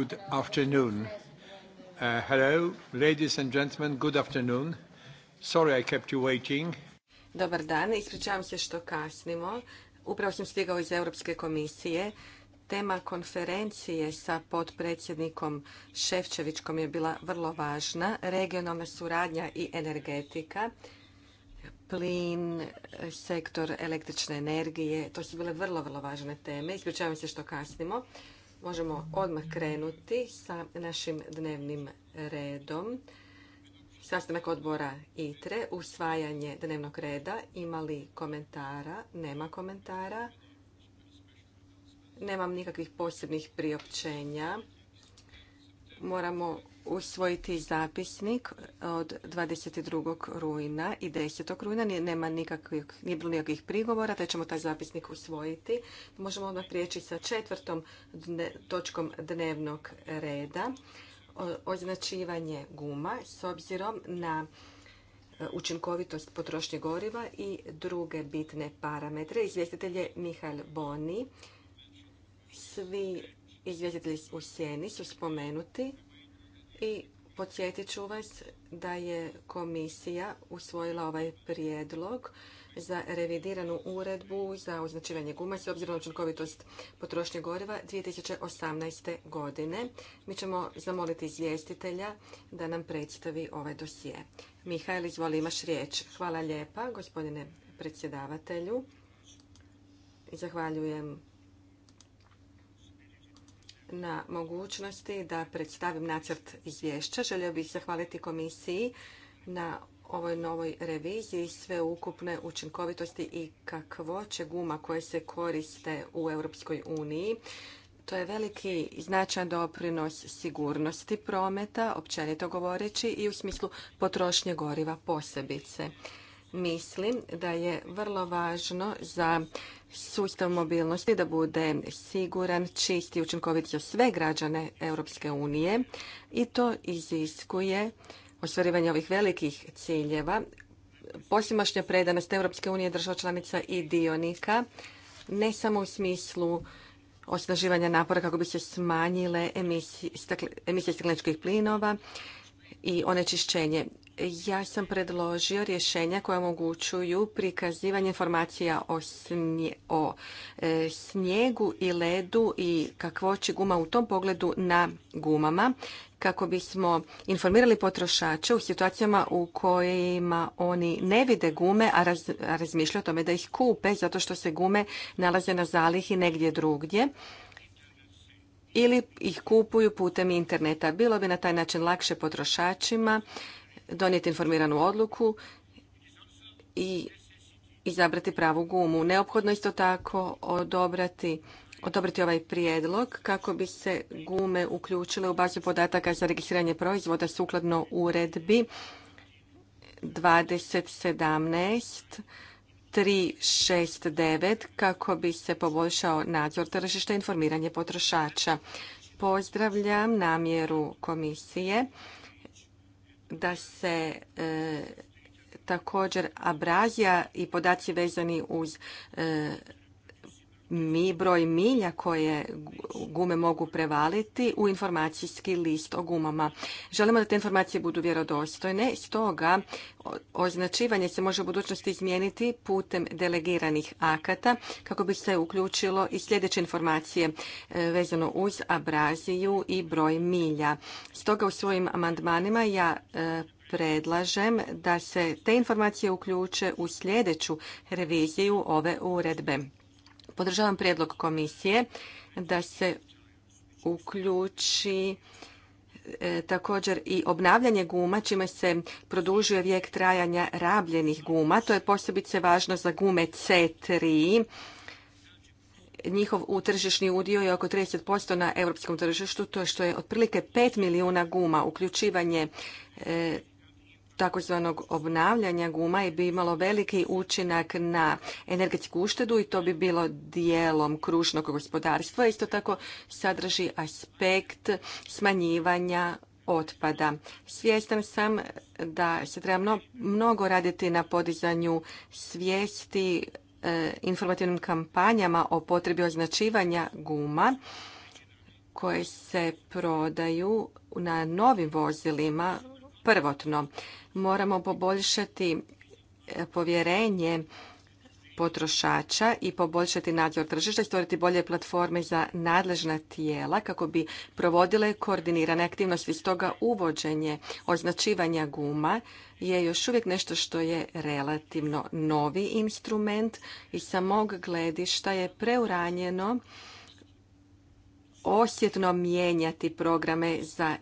Good afternoon. Uh, hello, ladies and gentlemen, good afternoon. Sorry I kept you waiting. Dobar dan, ispričavam se što kasnimo. Upravo sam stigao iz Europske komisije. Tema konferencije sa potpredsjednikom Šefčevičkom je bila vrlo važna. Regionalna suradnja i energetika plin, sektor električne energije. To su bile vrlo, vrlo važne teme. Ispričavam se što kasnimo. Možemo odmah krenuti sa našim dnevnim redom. Sastanak odbora ITRE, usvajanje dnevnog reda. Ima li komentara? Nema komentara. Nemam nikakvih posebnih priopćenja. Moramo usvojiti zapisnik od 22. rujna i 10. rujna. Nema nikakvih, nije bilo nikakvih prigovora, te ćemo taj zapisnik usvojiti. Možemo odmah prijeći sa četvrtom dne, točkom dnevnog reda. označivanje guma s obzirom na e, učinkovitost potrošnje goriva i druge bitne parametre. Izvjestitelj je Mihajl Boni. Svi izvjestitelji u sjeni su spomenuti i podsjetit ću vas da je komisija usvojila ovaj prijedlog za revidiranu uredbu za označivanje guma s obzirom na učinkovitost potrošnje goriva 2018. godine. Mi ćemo zamoliti izvjestitelja da nam predstavi ovaj dosije. Mihajl, izvoli, imaš riječ. Hvala lijepa, gospodine predsjedavatelju. Zahvaljujem na mogućnosti da predstavim nacrt izvješća. Želio bih zahvaliti komisiji na ovoj novoj reviziji sve ukupne učinkovitosti i kakvoće guma koje se koriste u Europskoj uniji. To je veliki značajan doprinos sigurnosti prometa, općenito govoreći, i u smislu potrošnje goriva posebice mislim da je vrlo važno za sustav mobilnosti da bude siguran, čist i učinkovit za sve građane Europske unije i to iziskuje ostvarivanje ovih velikih ciljeva, posimašnja predanost Europske unije država članica i dionika, ne samo u smislu osnaživanja napora kako bi se smanjile emisije stakleničkih plinova i onečišćenje. Ja sam predložio rješenja koja omogućuju prikazivanje informacija o, e, snijegu i ledu i kakvoći guma u tom pogledu na gumama kako bismo informirali potrošače u situacijama u kojima oni ne vide gume, a, razmišljaju o tome da ih kupe zato što se gume nalaze na zalihi negdje drugdje ili ih kupuju putem interneta. Bilo bi na taj način lakše potrošačima donijeti informiranu odluku i izabrati pravu gumu. Neophodno isto tako odobrati odobriti ovaj prijedlog kako bi se gume uključile u bazu podataka za registriranje proizvoda sukladno uredbi 2017 369 kako bi se poboljšao nadzor tržišta i informiranje potrošača. Pozdravljam namjeru komisije da se e, također abrazija i podaci vezani uz e, mi broj milja koje gume mogu prevaliti u informacijski list o gumama. Želimo da te informacije budu vjerodostojne, stoga označivanje se može u budućnosti izmijeniti putem delegiranih akata kako bi se uključilo i sljedeće informacije e, vezano uz abraziju i broj milja. Stoga u svojim amandmanima ja e, predlažem da se te informacije uključe u sljedeću reviziju ove uredbe. Podržavam prijedlog komisije da se uključi e, također i obnavljanje guma čime se produžuje vijek trajanja rabljenih guma. To je posebice važno za gume C3. Njihov utržišni udio je oko 30% na europskom tržištu, to je što je otprilike 5 milijuna guma. Uključivanje e, takozvanog obnavljanja guma i bi imalo veliki učinak na energetsku uštedu i to bi bilo dijelom kružnog gospodarstva. Isto tako sadrži aspekt smanjivanja otpada. Svjestan sam da se treba mnogo raditi na podizanju svijesti e, informativnim kampanjama o potrebi označivanja guma koje se prodaju na novim vozilima prvotno. Moramo poboljšati e, povjerenje potrošača i poboljšati nadzor tržišta, stvoriti bolje platforme za nadležna tijela kako bi provodile koordinirane aktivnosti. Stoga uvođenje označivanja guma je još uvijek nešto što je relativno novi instrument i sa mog gledišta je preuranjeno osjetno mijenjati programe za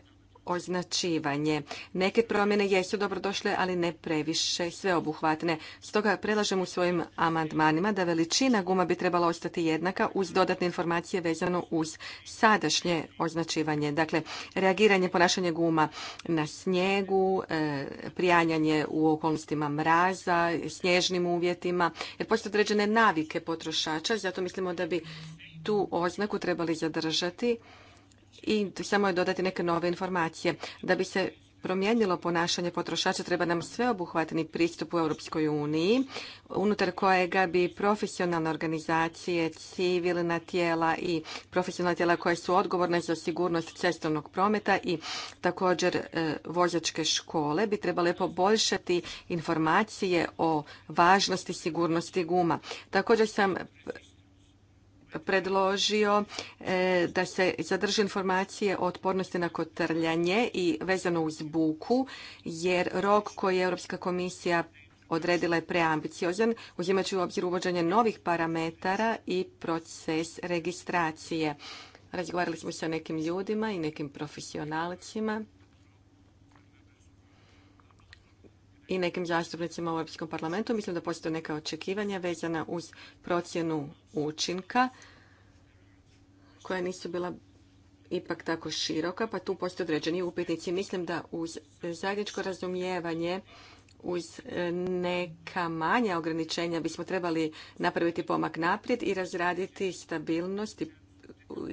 označivanje. Neke promjene jesu dobrodošle, ali ne previše sveobuhvatne. Stoga predlažem u svojim amandmanima da veličina guma bi trebala ostati jednaka uz dodatne informacije vezano uz sadašnje označivanje. Dakle, reagiranje ponašanje guma na snijegu, e, prijanjanje u okolnostima mraza, snježnim uvjetima, jer postoje određene navike potrošača, zato mislimo da bi tu oznaku trebali zadržati i samo je dodati neke nove informacije. Da bi se promijenilo ponašanje potrošača treba nam sveobuhvatni pristup u Europskoj uniji, unutar kojega bi profesionalne organizacije, civilna tijela i profesionalna tijela koja su odgovorna za sigurnost cestovnog prometa i također e, vozačke škole bi trebale poboljšati informacije o važnosti sigurnosti guma. Također sam predložio e, da se zadrži informacije o otpornosti na kotrljanje i vezano uz buku, jer rok koji je Europska komisija odredila je preambiciozan, uzimajući u obzir uvođenje novih parametara i proces registracije. Razgovarali smo sa nekim ljudima i nekim profesionalcima i nekim zastupnicima u Europskom parlamentu. Mislim da postoje neka očekivanja vezana uz procjenu učinka koja nisu bila ipak tako široka, pa tu postoje određeni upitnici. Mislim da uz zajedničko razumijevanje uz e, neka manja ograničenja bismo trebali napraviti pomak naprijed i razraditi stabilnost i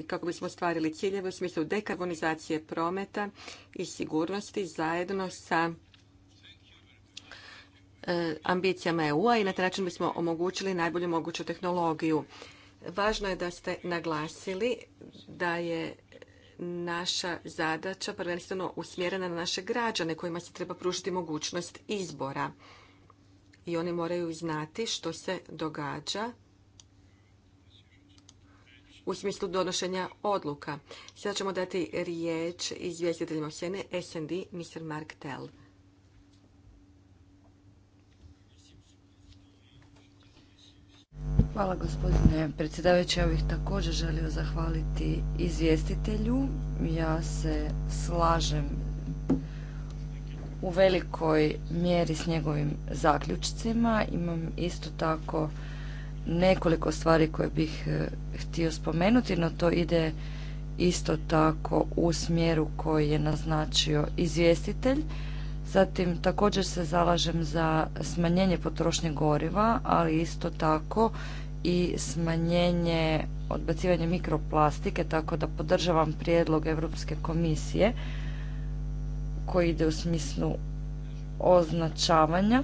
kako bismo stvarili ciljeve u smislu dekarbonizacije prometa i sigurnosti zajedno sa Eh, ambicijama EU-a i na taj način bismo omogućili najbolju moguću tehnologiju. Važno je da ste naglasili da je naša zadaća prvenstveno usmjerena na naše građane kojima se treba pružiti mogućnost izbora. I oni moraju znati što se događa u smislu donošenja odluka. Sada ćemo dati riječ izvjestiteljima Sjene, SND, Mr. Mark Tell. Hvala gospodine predsjedavajući. Ja bih također želio zahvaliti izvjestitelju. Ja se slažem u velikoj mjeri s njegovim zaključcima. Imam isto tako nekoliko stvari koje bih e, htio spomenuti, no to ide isto tako u smjeru koji je naznačio izvjestitelj. Zatim također se zalažem za smanjenje potrošnje goriva, ali isto tako i smanjenje odbacivanja mikroplastike, tako da podržavam prijedlog Europske komisije koji ide u smislu označavanja.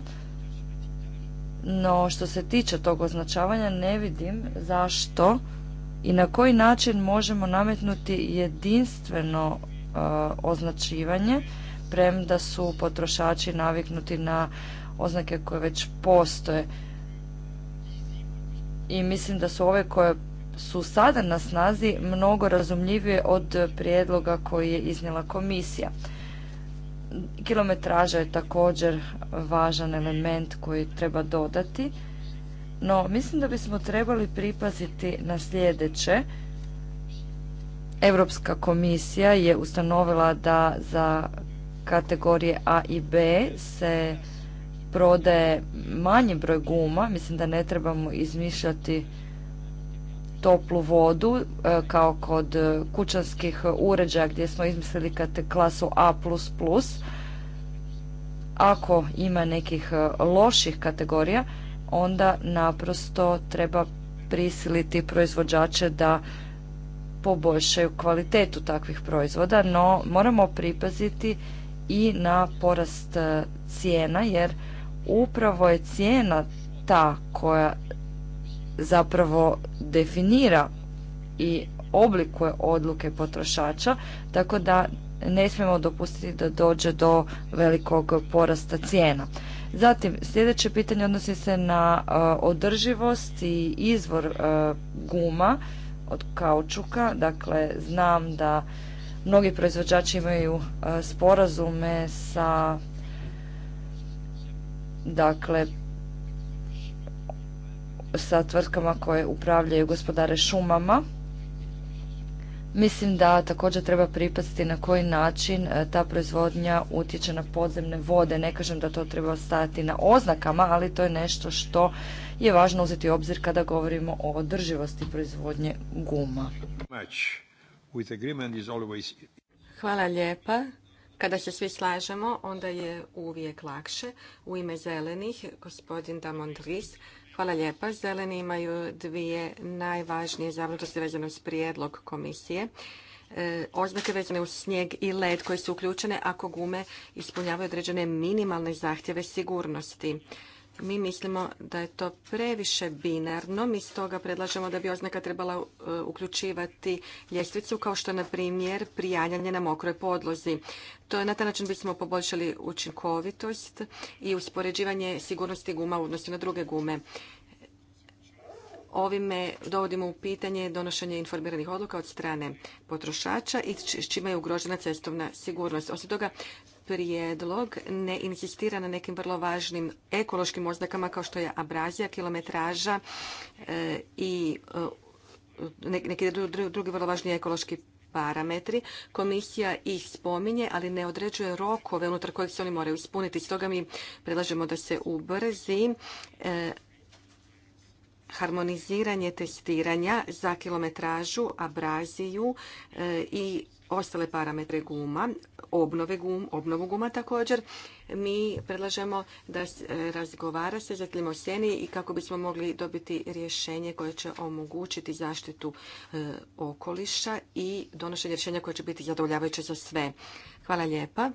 No što se tiče tog označavanja ne vidim zašto i na koji način možemo nametnuti jedinstveno e, označivanje premda su potrošači naviknuti na oznake koje već postoje i mislim da su ove koje su sada na snazi mnogo razumljivije od prijedloga koji je iznijela komisija. Kilometraža je također važan element koji treba dodati, no mislim da bismo trebali pripaziti na sljedeće. Europska komisija je ustanovila da za kategorije A i B se prodaje manji broj guma, mislim da ne trebamo izmišljati toplu vodu e, kao kod kućanskih uređaja gdje smo izmislili klasu A++. Ako ima nekih e, loših kategorija, onda naprosto treba prisiliti proizvođače da poboljšaju kvalitetu takvih proizvoda, no moramo pripaziti i na porast e, cijena jer upravo je cijena ta koja zapravo definira i oblikuje odluke potrošača, tako da ne smijemo dopustiti da dođe do velikog porasta cijena. Zatim, sljedeće pitanje odnosi se na e, održivost i izvor e, guma od kaučuka. Dakle, znam da mnogi proizvođači imaju e, sporazume sa dakle sa tvrtkama koje upravljaju gospodare šumama. Mislim da također treba pripasti na koji način e, ta proizvodnja utječe na podzemne vode. Ne kažem da to treba stajati na oznakama, ali to je nešto što je važno uzeti u obzir kada govorimo o održivosti proizvodnje guma. Hvala lijepa. Kada se svi slažemo, onda je uvijek lakše. U ime zelenih, gospodin Riz, Hvala lijepa. Zeleni imaju dvije najvažnije zabrinutosti vezane uz prijedlog komisije. E, oznake vezane uz snijeg i led koje su uključene ako gume ispunjavaju određene minimalne zahtjeve sigurnosti. Mi mislimo da je to previše binarno, mi stoga predlažemo da bi oznaka trebala e, uključivati ljestvicu kao što na primjer prijanjanje na mokroj podlozi. To je na taj način bismo poboljšali učinkovitost i uspoređivanje sigurnosti guma u odnosu na druge gume. Ovime dovodimo u pitanje donošenje informiranih odluka od strane potrošača i s čime je ugrožena cestovna sigurnost. Osim toga, prijedlog ne insistira na nekim vrlo važnim ekološkim oznakama kao što je abrazija, kilometraža e, i e, neki drugi vrlo važni ekološki parametri. Komisija ih spominje, ali ne određuje rokove unutar kojeg se oni moraju ispuniti. Stoga mi predlažemo da se ubrzi e, harmoniziranje testiranja za kilometražu, abraziju i ostale parametre guma, obnove gum, obnovu guma također, mi predlažemo da razgovara se za klimoseni i kako bismo mogli dobiti rješenje koje će omogućiti zaštitu e, okoliša i donošenje rješenja koje će biti zadovoljavajuće za sve. Hvala lijepa.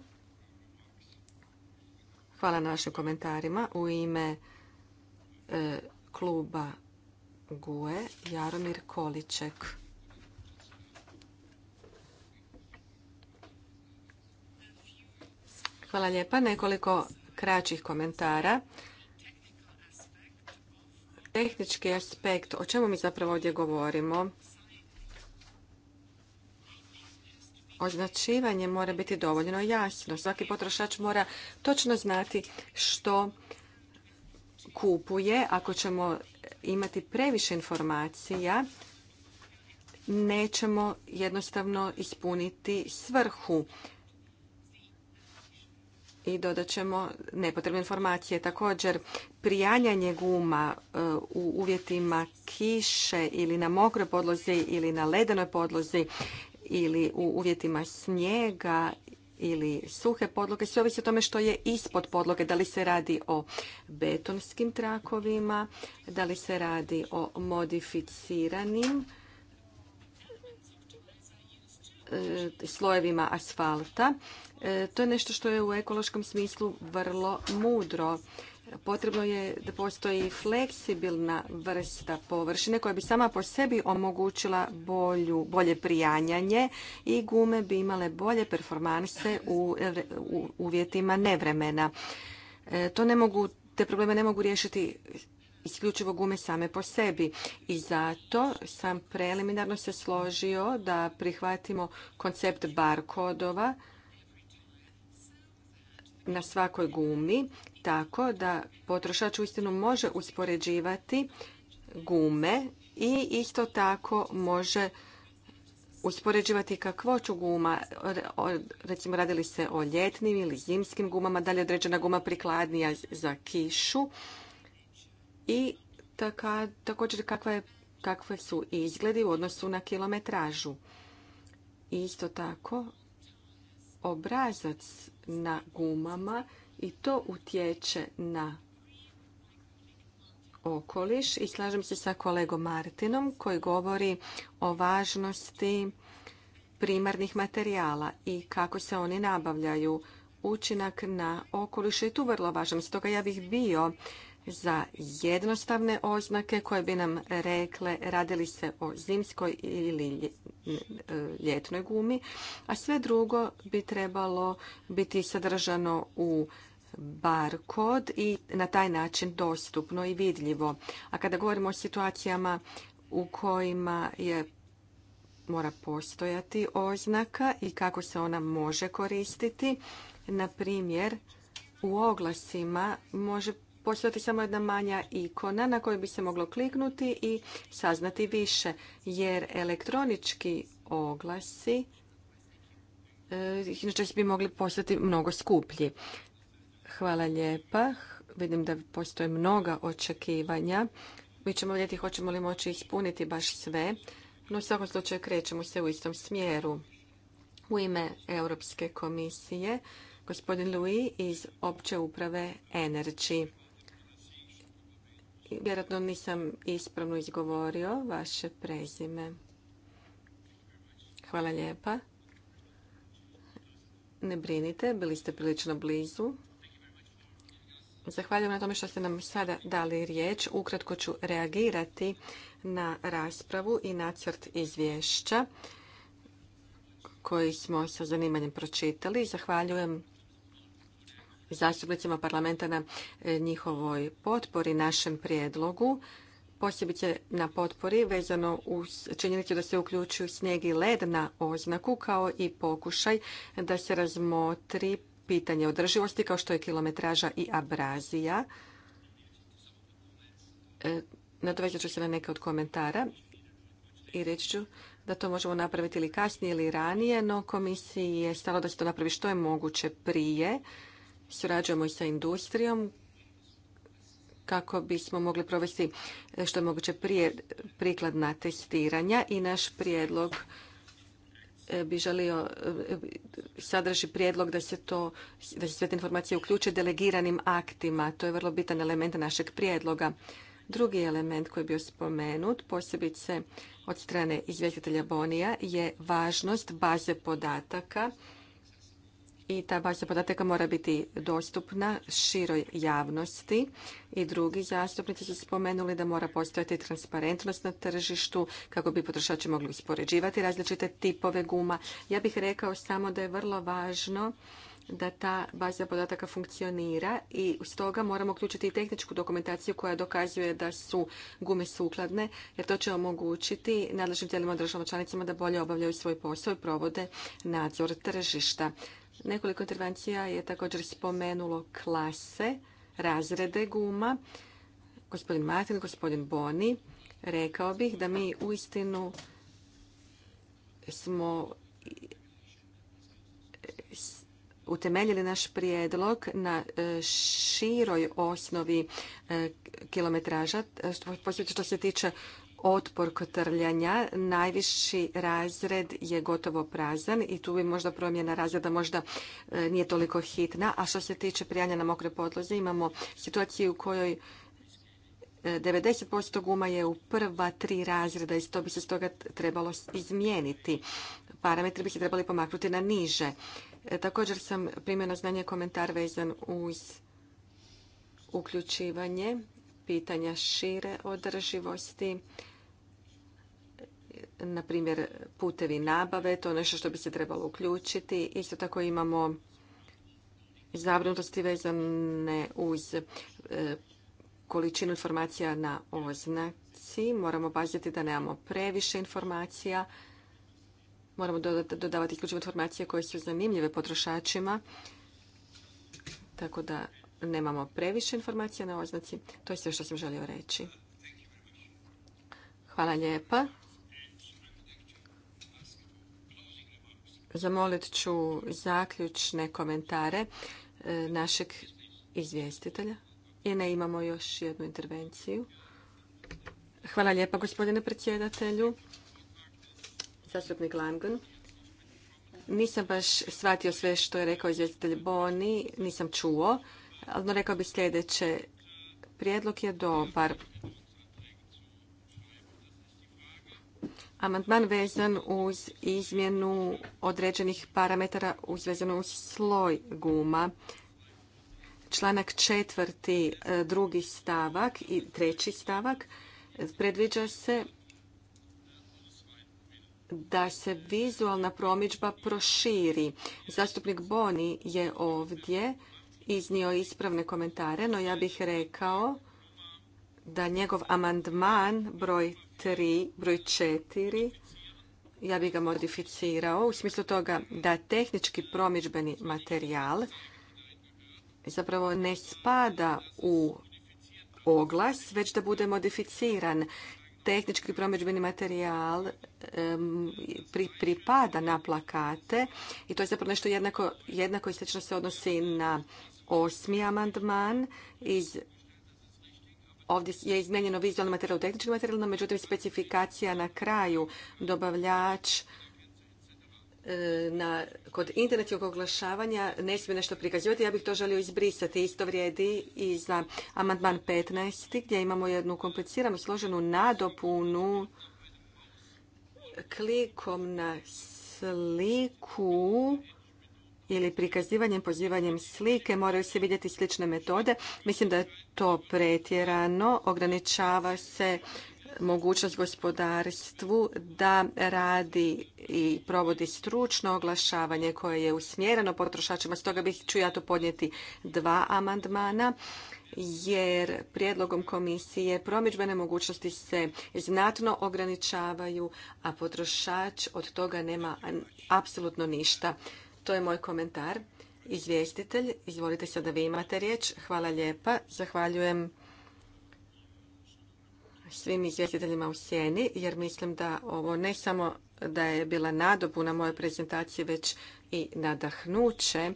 Hvala na vašim komentarima. U ime e, kluba GUE Jaromir Količek. Hvala lijepa. Nekoliko kraćih komentara. Tehnički aspekt, o čemu mi zapravo ovdje govorimo? Označivanje mora biti dovoljno jasno. Svaki potrošač mora točno znati što kupuje. Ako ćemo imati previše informacija, nećemo jednostavno ispuniti svrhu i dodat ćemo nepotrebne informacije. Također, prijanjanje guma e, u uvjetima kiše ili na mokroj podlozi ili na ledenoj podlozi ili u uvjetima snijega ili suhe podloge, sve ovisi o tome što je ispod podloge, da li se radi o betonskim trakovima, da li se radi o modificiranim e, slojevima asfalta. E, to je nešto što je u ekološkom smislu vrlo mudro. Potrebno je da postoji fleksibilna vrsta površine koja bi sama po sebi omogućila bolju, bolje prijanjanje i gume bi imale bolje performanse u uvjetima nevremena. E, to ne mogu, te probleme ne mogu riješiti isključivo gume same po sebi. I zato sam preliminarno se složio da prihvatimo koncept barkodova, kodova na svakoj gumi tako da potrošač uistinu može uspoređivati gume i isto tako može uspoređivati kakvoću guma, recimo radili se o ljetnim ili zimskim gumama, da li je određena guma prikladnija za kišu i također kakve, kakve su izgledi u odnosu na kilometražu. isto tako obrazac na gumama i to utječe na okoliš i slažem se sa kolegom Martinom koji govori o važnosti primarnih materijala i kako se oni nabavljaju učinak na okoliš I tu vrlo važan. Stoga ja bih bio za jednostavne oznake koje bi nam rekle radili se o zimskoj ili e, ljetnoj gumi, a sve drugo bi trebalo biti sadržano u bar kod i na taj način dostupno i vidljivo. A kada govorimo o situacijama u kojima je mora postojati oznaka i kako se ona može koristiti, na primjer u oglasima može postojati samo jedna manja ikona na koju bi se moglo kliknuti i saznati više, jer elektronički oglasi e, inače bi mogli postati mnogo skuplji. Hvala lijepa. Vidim da postoje mnoga očekivanja. Mi ćemo vidjeti hoćemo li moći ispuniti baš sve, no u svakom slučaju krećemo se u istom smjeru. U ime Europske komisije, gospodin Louis iz opće uprave Energy. Vjerojatno nisam ispravno izgovorio vaše prezime. Hvala lijepa. Ne brinite, bili ste prilično blizu. Zahvaljujem na tome što ste nam sada dali riječ. Ukratko ću reagirati na raspravu i nacrt izvješća koji smo sa zanimanjem pročitali. Zahvaljujem zastupnicima parlamenta na e, njihovoj potpori našem prijedlogu posebice na potpori vezano uz činjenicu da se uključuju snijeg i led na oznaku kao i pokušaj da se razmotri pitanje održivosti kao što je kilometraža i abrazija. E, nadovezat ću se na neke od komentara i reći ću da to možemo napraviti ili kasnije ili ranije, no komisiji je stalo da se to napravi što je moguće prije surađujemo sa industrijom kako bismo mogli provesti što je moguće prije prikladna testiranja i naš prijedlog e, bi želio e, sadrži prijedlog da se to da se sve te informacije uključe delegiranim aktima. To je vrlo bitan element našeg prijedloga. Drugi element koji je bio spomenut, posebice od strane izvjestitelja Bonija, je važnost baze podataka i ta baza podataka mora biti dostupna široj javnosti. I drugi zastupnici su spomenuli da mora postojati transparentnost na tržištu kako bi potrošači mogli uspoređivati različite tipove guma. Ja bih rekao samo da je vrlo važno da ta baza podataka funkcionira i stoga moramo uključiti i tehničku dokumentaciju koja dokazuje da su gume sukladne jer to će omogućiti nadležnim tijelima državama članicama da bolje obavljaju svoj posao i provode nadzor tržišta. Nekoliko intervencija je također spomenulo klase, razrede guma. Gospodin Martin, gospodin Boni, rekao bih da mi uistinu smo utemeljili naš prijedlog na e, široj osnovi e, kilometraža, što se tiče otpor kotrljanja, najviši razred je gotovo prazan i tu bi možda promjena razreda možda e, nije toliko hitna. A što se tiče prijanja na mokre podloze, imamo situaciju u kojoj 90% e, guma je u prva tri razreda i to bi se stoga trebalo izmijeniti. Parametri bi se trebali pomaknuti na niže. E, također sam primio na znanje komentar vezan uz uključivanje pitanja šire održivosti na primjer putevi nabave, to je nešto što bi se trebalo uključiti. Isto tako imamo zabrinutosti vezane uz e, količinu informacija na oznaci. Moramo paziti da nemamo previše informacija. Moramo dodavati isključivo informacije koje su zanimljive potrošačima. Tako da nemamo previše informacija na oznaci. To je sve što sam želio reći. Hvala lijepa. Zamolit ću zaključne komentare e, našeg izvjestitelja. I ne imamo još jednu intervenciju. Hvala lijepa gospodine predsjedatelju. Zastupnik Langen. Nisam baš shvatio sve što je rekao izvjestitelj Boni, nisam čuo, ali rekao bi sljedeće. Prijedlog je dobar. amandman vezan uz izmjenu određenih parametara uzvezano uz sloj guma. Članak četvrti, e, drugi stavak i treći stavak e, predviđa se da se vizualna promičba proširi. Zastupnik Boni je ovdje iznio ispravne komentare, no ja bih rekao da njegov amandman broj 3, broj četiri, ja bih ga modificirao u smislu toga da tehnički promidžbeni materijal zapravo ne spada u oglas, već da bude modificiran. Tehnički promidžbeni materijal pripada na plakate i to je zapravo nešto jednako, jednako i slično se odnosi na osmi amandman iz Ovdje je izmijenjeno vizualni materijal u tehnički materijal, međutim specifikacija na kraju dobavljač e, kod internetskog oglašavanja ne smije nešto prikazivati. Ja bih to želio izbrisati. Isto vrijedi i za amandman 15. gdje imamo jednu kompliciranu, složenu nadopunu klikom na sliku ili prikazivanjem, pozivanjem slike moraju se vidjeti slične metode. Mislim da je to pretjerano. Ograničava se mogućnost gospodarstvu da radi i provodi stručno oglašavanje koje je usmjereno potrošačima. Stoga bih ću ja to podnijeti dva amandmana jer prijedlogom komisije promidžbene mogućnosti se znatno ograničavaju, a potrošač od toga nema apsolutno ništa. To je moj komentar. Izvjestitelj, izvolite sada vi imate riječ. Hvala lijepa. Zahvaljujem svim izvjestiteljima u sjeni, jer mislim da ovo ne samo da je bila nadopuna na mojoj prezentaciji, već i nadahnuće,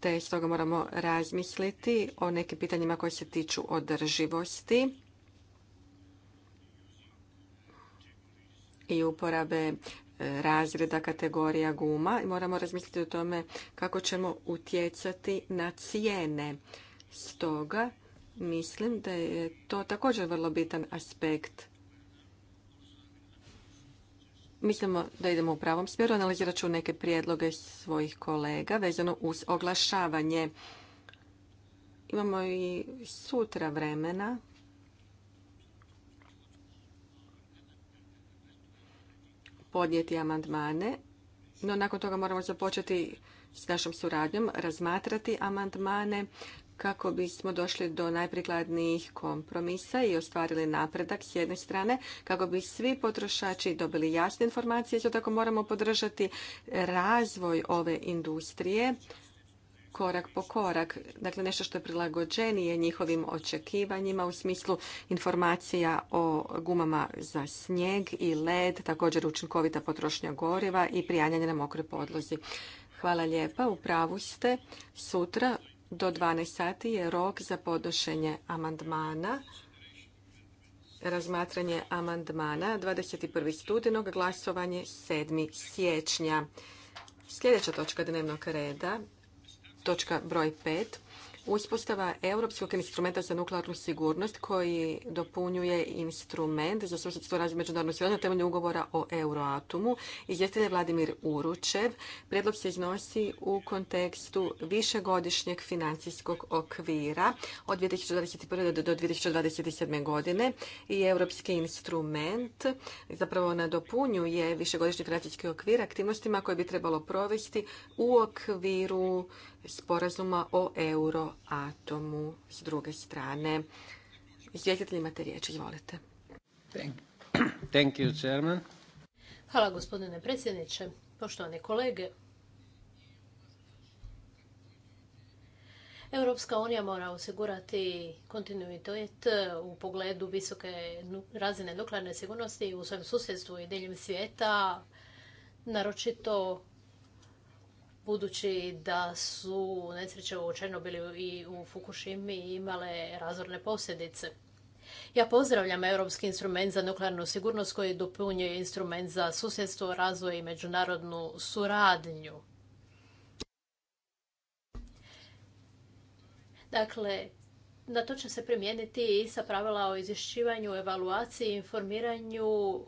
te stoga moramo razmisliti o nekim pitanjima koje se tiču održivosti i uporabe razreda kategorija guma i moramo razmisliti o tome kako ćemo utjecati na cijene. Stoga mislim da je to također vrlo bitan aspekt. Mislimo da idemo u pravom smjeru, analizirat ću neke prijedloge svojih kolega vezano uz oglašavanje. Imamo i sutra vremena podnijeti amandmane, no nakon toga moramo započeti s našom suradnjom, razmatrati amandmane kako bismo došli do najprikladnijih kompromisa i ostvarili napredak s jedne strane, kako bi svi potrošači dobili jasne informacije, isto tako moramo podržati razvoj ove industrije, korak po korak, dakle nešto što je prilagođenije njihovim očekivanjima u smislu informacija o gumama za snijeg i led, također učinkovita potrošnja goriva i prijanjanje na mokroj podlozi. Hvala lijepa, u pravu ste. Sutra do 12 sati je rok za podnošenje amandmana razmatranje amandmana 21. studenog, glasovanje 7. siječnja. Sljedeća točka dnevnog reda točka broj 5, uspostava Europskog instrumenta za nuklearnu sigurnost koji dopunjuje instrument za sustavstvo razvoja međunarodnog na temelju ugovora o Euroatomu. Izvjestitelj je Vladimir Uručev. Prijedlog se iznosi u kontekstu višegodišnjeg financijskog okvira od 2021. do 2027. godine i Europski instrument zapravo nadopunjuje višegodišnji financijski okvir aktivnostima koje bi trebalo provesti u okviru sporazuma o euroatomu s druge strane. Izvjetitelj imate riječ, izvolite. Hvala gospodine predsjedniče, poštovane kolege. Europska unija mora osigurati kontinuitet u pogledu visoke razine nuklearne sigurnosti u svojem susjedstvu i diljem svijeta, naročito budući da su nesreće u Černobilu i u Fukushimi imale razorne posljedice. Ja pozdravljam Europski instrument za nuklearnu sigurnost koji dopunjuje instrument za susjedstvo, razvoj i međunarodnu suradnju. Dakle, na to će se primijeniti i sa pravila o izvješćivanju, evaluaciji, informiranju,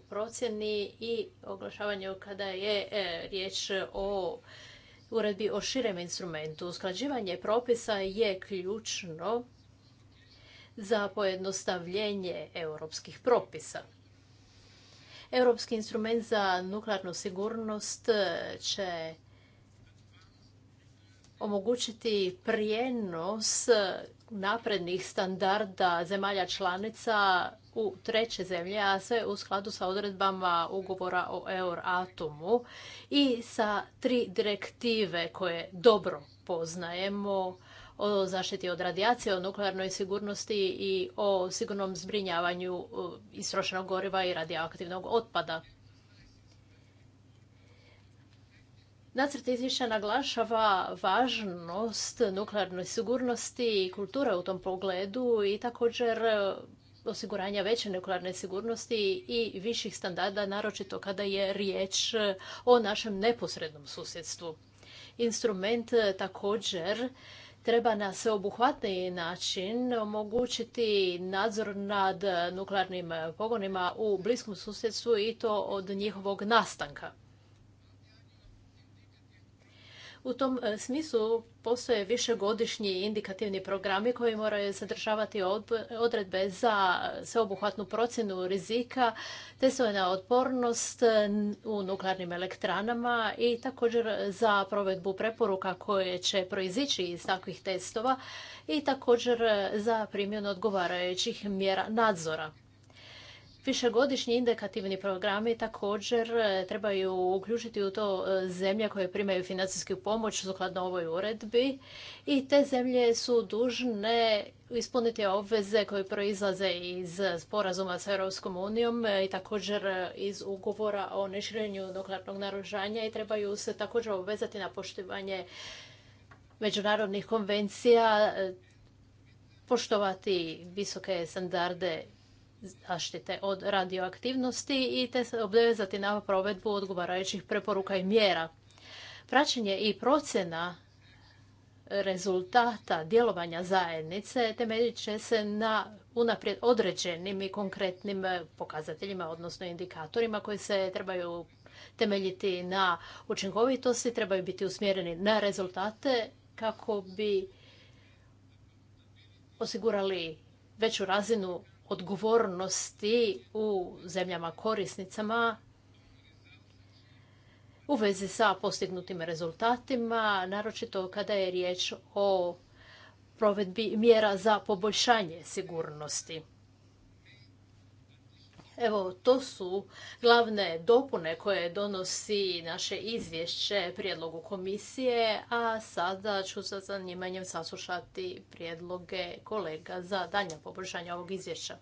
procjeni i oglašavanju kada je e, riječ o uredbi o širem instrumentu. Usklađivanje propisa je ključno za pojednostavljenje europskih propisa. Europski instrument za nuklearnu sigurnost će omogućiti prijenos naprednih standarda zemalja članica u treće zemlje, a sve u skladu sa odredbama ugovora o Euratomu i sa tri direktive koje dobro poznajemo o zaštiti od radijacije, o nuklearnoj sigurnosti i o sigurnom zbrinjavanju e, istrošenog goriva i radioaktivnog otpada. Nacrt izvješća naglašava važnost nuklearnoj sigurnosti i kulture u tom pogledu i također osiguranja veće nuklearne sigurnosti i viših standarda, naročito kada je riječ o našem neposrednom susjedstvu. Instrument e, također treba na sveobuhvatniji način omogućiti nadzor nad nuklearnim pogonima u bliskom susjedstvu i to od njihovog nastanka. U tom e, smislu postoje višegodišnji indikativni programi koji moraju sadržavati odredbe za sveobuhvatnu procjenu rizika, testove na otpornost u nuklearnim elektranama i također za provedbu preporuka koje će proizići iz takvih testova i također za primjenu odgovarajućih mjera nadzora. Višegodišnji indikativni programi također e, trebaju uključiti u to e, zemlje koje primaju financijsku pomoć sukladno ovoj uredbi i te zemlje su dužne ispuniti obveze koje proizlaze iz sporazuma sa Europskom unijom e, i također iz ugovora o neširenju nuklearnog naružanja i trebaju se također obvezati na poštivanje međunarodnih konvencija, poštovati visoke standarde zaštite od radioaktivnosti i te se obvezati na provedbu odgovarajućih preporuka i mjera. Praćenje i procjena rezultata djelovanja zajednice temeljit će se na unaprijed određenim i konkretnim pokazateljima, odnosno indikatorima koji se trebaju temeljiti na učinkovitosti, trebaju biti usmjereni na rezultate kako bi osigurali veću razinu odgovornosti u zemljama korisnicama u vezi sa postignutim rezultatima, naročito kada je riječ o provedbi mjera za poboljšanje sigurnosti. Evo, to su glavne dopune koje donosi naše izvješće prijedlogu komisije, a sada ću sa zanimanjem saslušati prijedloge kolega za daljnje poboljšanje ovog izvješća.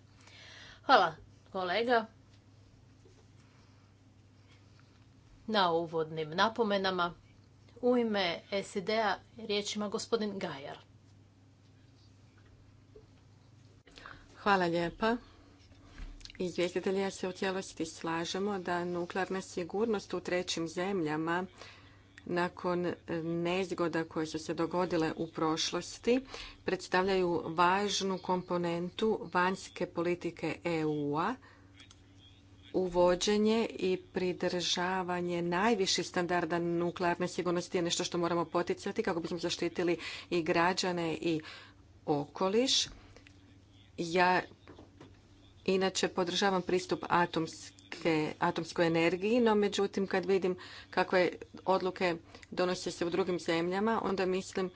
Hvala kolega na uvodnim napomenama. U ime SID-a riječima gospodin Gajar. Hvala lijepa ja se u cijelosti slažemo da nuklearna sigurnost u trećim zemljama nakon nezgoda koje su se dogodile u prošlosti predstavljaju važnu komponentu vanjske politike EU-a uvođenje i pridržavanje najviših standarda nuklearne sigurnosti je nešto što moramo poticati kako bismo zaštitili i građane i okoliš. Ja Inače, podržavam pristup atomske, atomskoj energiji, no međutim, kad vidim kakve odluke donose se u drugim zemljama, onda mislim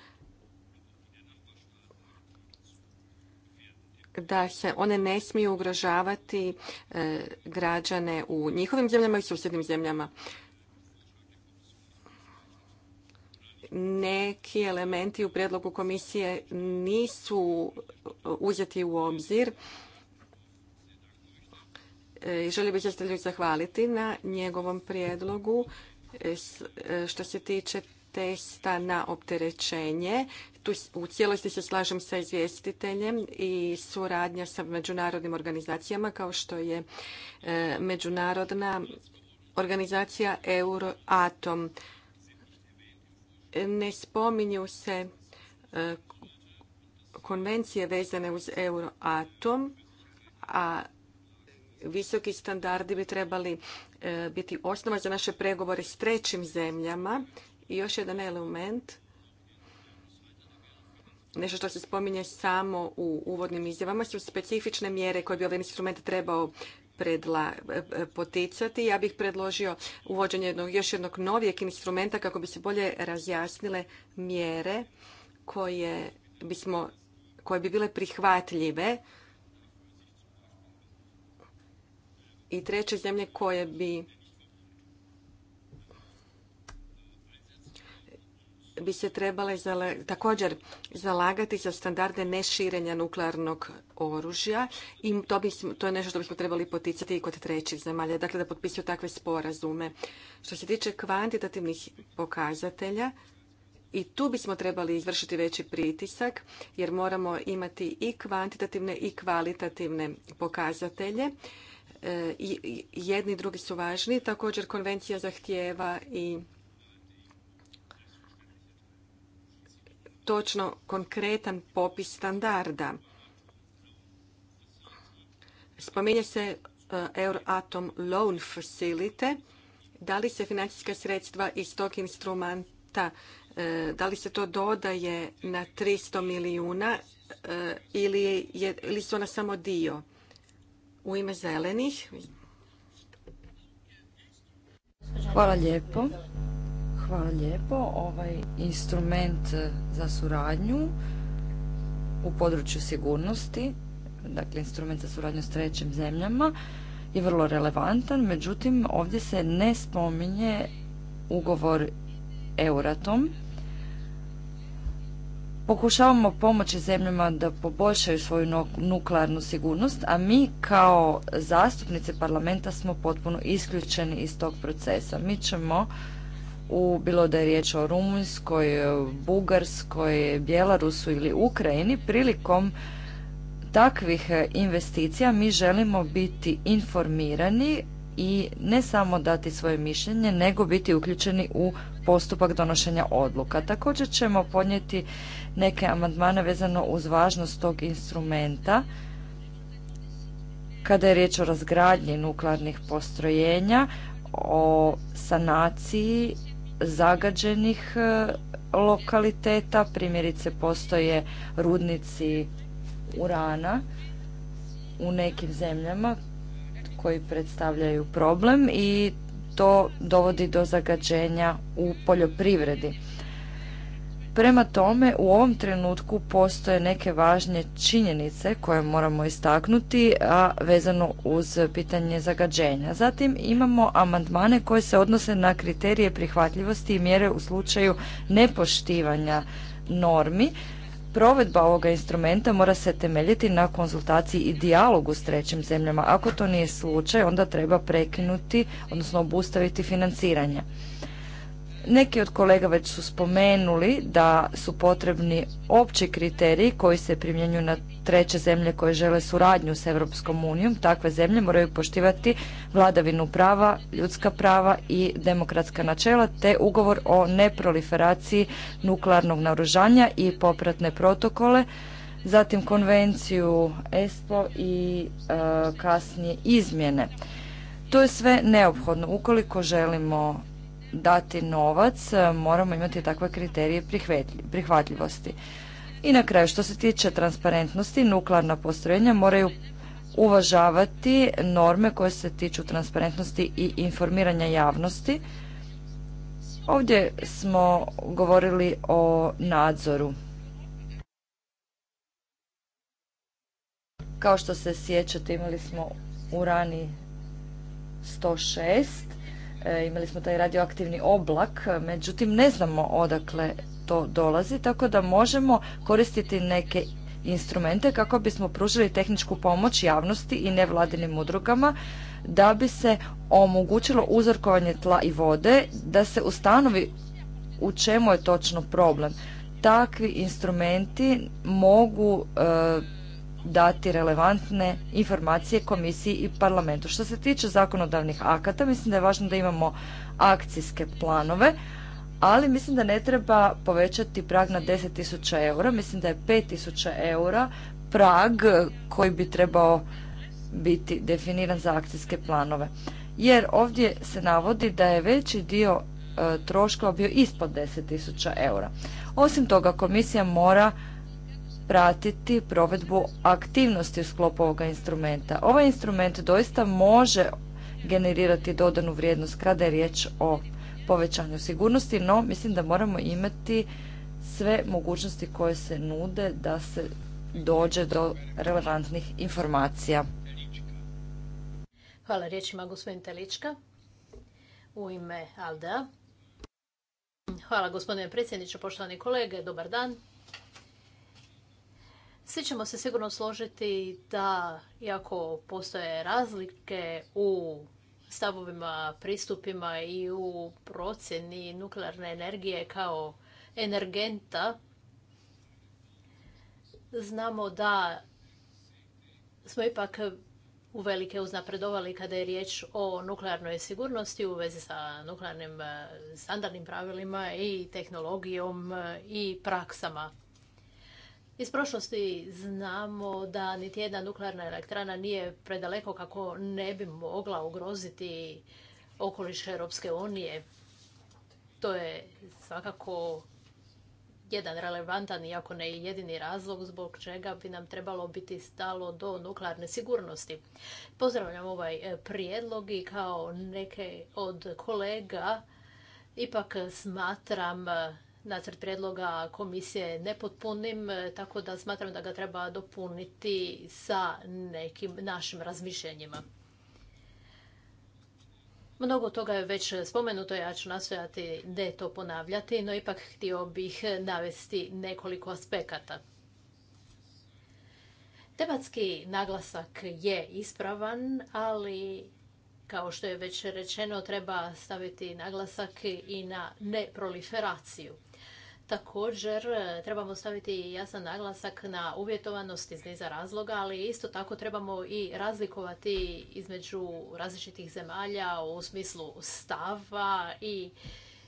da se one ne smiju ugrožavati e, građane u njihovim zemljama i susjednim zemljama. Neki elementi u predlogu komisije nisu uzeti u obzir. E, želio bih Jastelju zahvaliti na njegovom prijedlogu e, e, što se tiče testa na opterećenje. Tu u cijelosti se slažem sa izvjestiteljem i suradnja sa međunarodnim organizacijama kao što je međunarodna organizacija Euroatom. Ne spominju se konvencije vezane uz Euroatom, a visoki standardi bi trebali e, biti osnova za naše pregovore s trećim zemljama. I još jedan element, nešto što se spominje samo u uvodnim izjavama, su specifične mjere koje bi ovaj instrument trebao e, e, poticati. Ja bih predložio uvođenje još jednog novijeg instrumenta kako bi se bolje razjasnile mjere koje, bismo, koje bi bile prihvatljive i treće zemlje koje bi bi se trebale također zalagati za standarde neširenja nuklearnog oružja i to, to je nešto što bismo trebali poticati i kod trećih zemalja, dakle da potpisuju takve sporazume. Što se tiče kvantitativnih pokazatelja, i tu bismo trebali izvršiti veći pritisak jer moramo imati i kvantitativne i kvalitativne pokazatelje E, i jedni i drugi su važni. Također konvencija zahtijeva i točno konkretan popis standarda. Spominje se e, Euroatom Loan Facility. Da li se financijska sredstva iz tog instrumenta, e, da li se to dodaje na 300 milijuna ili su ona samo dio? u ime zelenih. Hvala lijepo. Hvala lijepo. Ovaj instrument za suradnju u području sigurnosti, dakle instrument za suradnju s trećim zemljama, je vrlo relevantan, međutim ovdje se ne spominje ugovor Euratom, pokušavamo pomoći zemljama da poboljšaju svoju nuklearnu sigurnost, a mi kao zastupnice parlamenta smo potpuno isključeni iz tog procesa. Mi ćemo u bilo da je riječ o Rumunjskoj, Bugarskoj, Bjelarusu ili Ukrajini prilikom takvih e, investicija mi želimo biti informirani i ne samo dati svoje mišljenje, nego biti uključeni u postupak donošenja odluka. Također ćemo podnijeti neke amandmane vezano uz važnost tog instrumenta kada je riječ o razgradnji nuklearnih postrojenja, o sanaciji zagađenih e, lokaliteta, primjerice postoje rudnici urana u nekim zemljama koji predstavljaju problem i to dovodi do zagađenja u poljoprivredi. Prema tome, u ovom trenutku postoje neke važne činjenice koje moramo istaknuti, a vezano uz pitanje zagađenja. Zatim imamo amandmane koje se odnose na kriterije prihvatljivosti i mjere u slučaju nepoštivanja normi. Provedba ovoga instrumenta mora se temeljiti na konzultaciji i dijalogu s trećim zemljama. Ako to nije slučaj, onda treba prekinuti, odnosno obustaviti financiranje. Neki od kolega već su spomenuli da su potrebni opći kriteriji koji se primjenjuju na treće zemlje koje žele suradnju s Europskom unijom. Takve zemlje moraju poštivati vladavinu prava, ljudska prava i demokratska načela te ugovor o neproliferaciji nuklearnog naoružanja i popratne protokole, zatim konvenciju ESPO i e, kasnije izmjene. To je sve neophodno ukoliko želimo dati novac, e, moramo imati takve kriterije prihvatljivosti. I na kraju, što se tiče transparentnosti, nuklearna postrojenja moraju uvažavati norme koje se tiču transparentnosti i informiranja javnosti. Ovdje smo govorili o nadzoru. Kao što se sjećate, imali smo u rani 106 E, imali smo taj radioaktivni oblak, međutim ne znamo odakle to dolazi, tako da možemo koristiti neke instrumente kako bismo pružili tehničku pomoć javnosti i nevladinim udrugama da bi se omogućilo uzorkovanje tla i vode, da se ustanovi u čemu je točno problem. Takvi instrumenti mogu e, dati relevantne informacije komisiji i parlamentu. Što se tiče zakonodavnih akata, mislim da je važno da imamo akcijske planove, ali mislim da ne treba povećati prag na 10.000 eura. Mislim da je 5.000 eura prag koji bi trebao biti definiran za akcijske planove. Jer ovdje se navodi da je veći dio e, troškova bio ispod 10.000 eura. Osim toga, komisija mora pratiti provedbu aktivnosti u sklopu ovoga instrumenta. Ovaj instrument doista može generirati dodanu vrijednost kada je riječ o povećanju sigurnosti, no mislim da moramo imati sve mogućnosti koje se nude da se dođe do relevantnih informacija. Hvala riječima gospodin Telička u ime Aldea. Hvala gospodine predsjedniče, poštovani kolege, dobar dan. Svi ćemo se sigurno složiti da, iako postoje razlike u stavovima, pristupima i u procjeni nuklearne energije kao energenta, znamo da smo ipak uvelike uznapredovali kada je riječ o nuklearnoj sigurnosti u vezi sa nuklearnim standardnim pravilima i tehnologijom i praksama. Iz prošlosti znamo da niti jedna nuklearna elektrana nije predaleko kako ne bi mogla ugroziti okoliš Europske unije. To je svakako jedan relevantan, iako ne i jedini razlog zbog čega bi nam trebalo biti stalo do nuklearne sigurnosti. Pozdravljam ovaj e, prijedlog i kao neke od kolega ipak smatram nacrt prijedloga komisije nepotpunim, e, tako da smatram da ga treba dopuniti sa nekim našim razmišljenjima. Mnogo toga je već spomenuto, ja ću nastojati ne to ponavljati, no ipak htio bih navesti nekoliko aspekata. Tematski naglasak je ispravan, ali kao što je već rečeno treba staviti naglasak i na neproliferaciju. Također e, trebamo staviti jasan naglasak na uvjetovanost iz niza razloga, ali isto tako trebamo i razlikovati između različitih zemalja u smislu stava i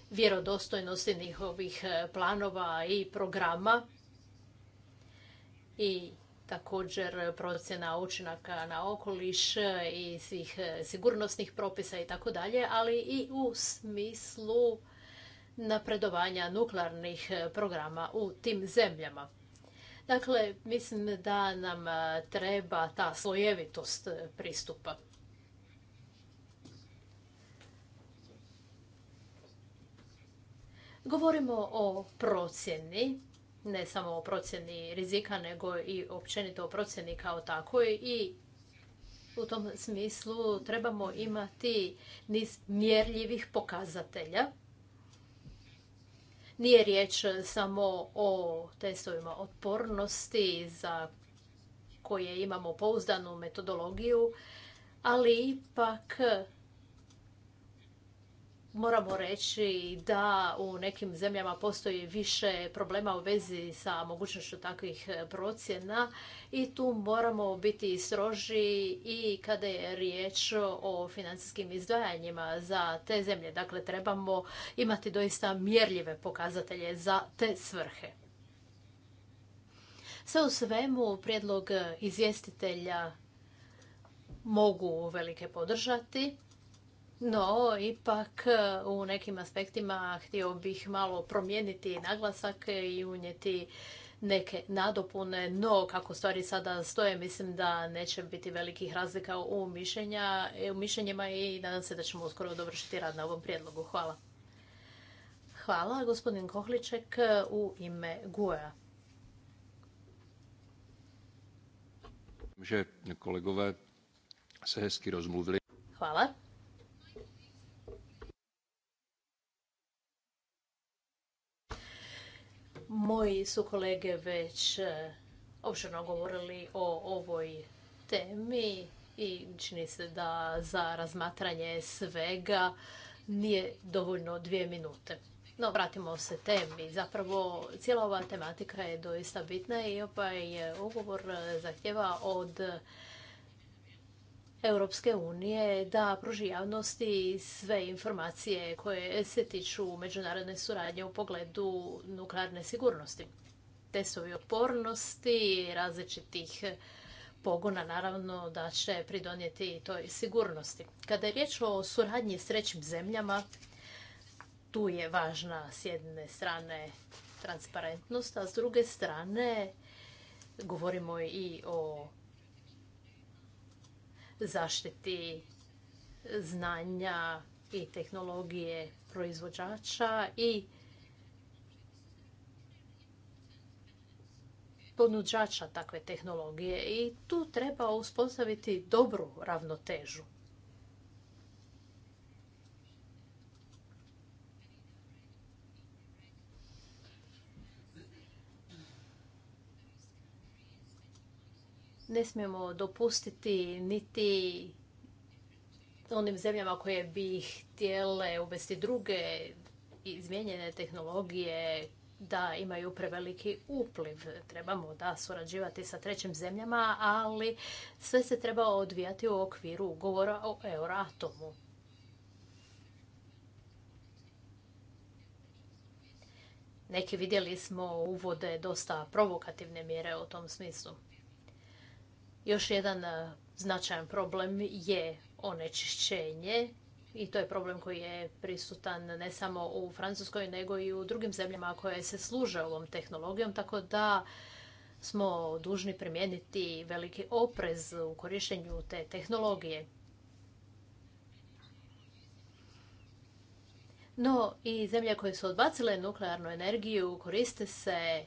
vjerodostojnosti njihovih e, planova i programa i također procjena učinaka na okoliš e, i svih sigurnosnih propisa i tako dalje, ali i u smislu napredovanja nuklearnih eh, programa u tim zemljama. Dakle, mislim da nam eh, treba ta slojevitost eh, pristupa. Govorimo o procjeni, ne samo o procjeni rizika, nego i općenito o procjeni kao takvoj i u tom smislu trebamo imati niz mjerljivih pokazatelja nije riječ samo o testovima otpornosti za koje imamo pouzdanu metodologiju, ali ipak moramo reći da u nekim zemljama postoji više problema u vezi sa mogućnošću takvih e, procjena i tu moramo biti stroži i kada je riječ o financijskim izdvajanjima za te zemlje. Dakle, trebamo imati doista mjerljive pokazatelje za te svrhe. Sve u svemu, prijedlog e, izvjestitelja mogu velike podržati no, ipak e, u nekim aspektima htio bih malo promijeniti naglasak i unijeti neke nadopune, no kako stvari sada stoje, mislim da neće biti velikih razlika u, e, mišljenjima i nadam se da ćemo uskoro dovršiti rad na ovom prijedlogu. Hvala. Hvala, gospodin Kohliček e, u ime gue Hvala. Moji su kolege već e, opširno govorili o ovoj temi i čini se da za razmatranje svega nije dovoljno dvije minute. No, vratimo se temi. Zapravo, cijela ova tematika je doista bitna i ovaj e, ugovor e, zahtjeva od Europske unije da pruži javnosti sve informacije koje se tiču međunarodne suradnje u pogledu nuklearne sigurnosti. Testovi otpornosti različitih pogona naravno da će pridonijeti toj sigurnosti. Kada je riječ o suradnji s trećim zemljama, tu je važna s jedne strane transparentnost, a s druge strane govorimo i o zaštiti znanja i tehnologije proizvođača i ponuđača takve tehnologije i tu treba uspostaviti dobru ravnotežu. Ne smijemo dopustiti niti onim zemljama koje bi htjele uvesti druge izmijenjene tehnologije da imaju preveliki upliv. Trebamo da surađivati sa trećim zemljama, ali sve se treba odvijati u okviru ugovora o Euratomu. Neki vidjeli smo uvode dosta provokativne mjere u tom smislu. Još jedan e, značajan problem je onečišćenje i to je problem koji je prisutan ne samo u Francuskoj nego i u drugim zemljama koje se služe ovom tehnologijom, tako da smo dužni primijeniti veliki oprez u korištenju te tehnologije. No i zemlje koje su odbacile nuklearnu energiju koriste se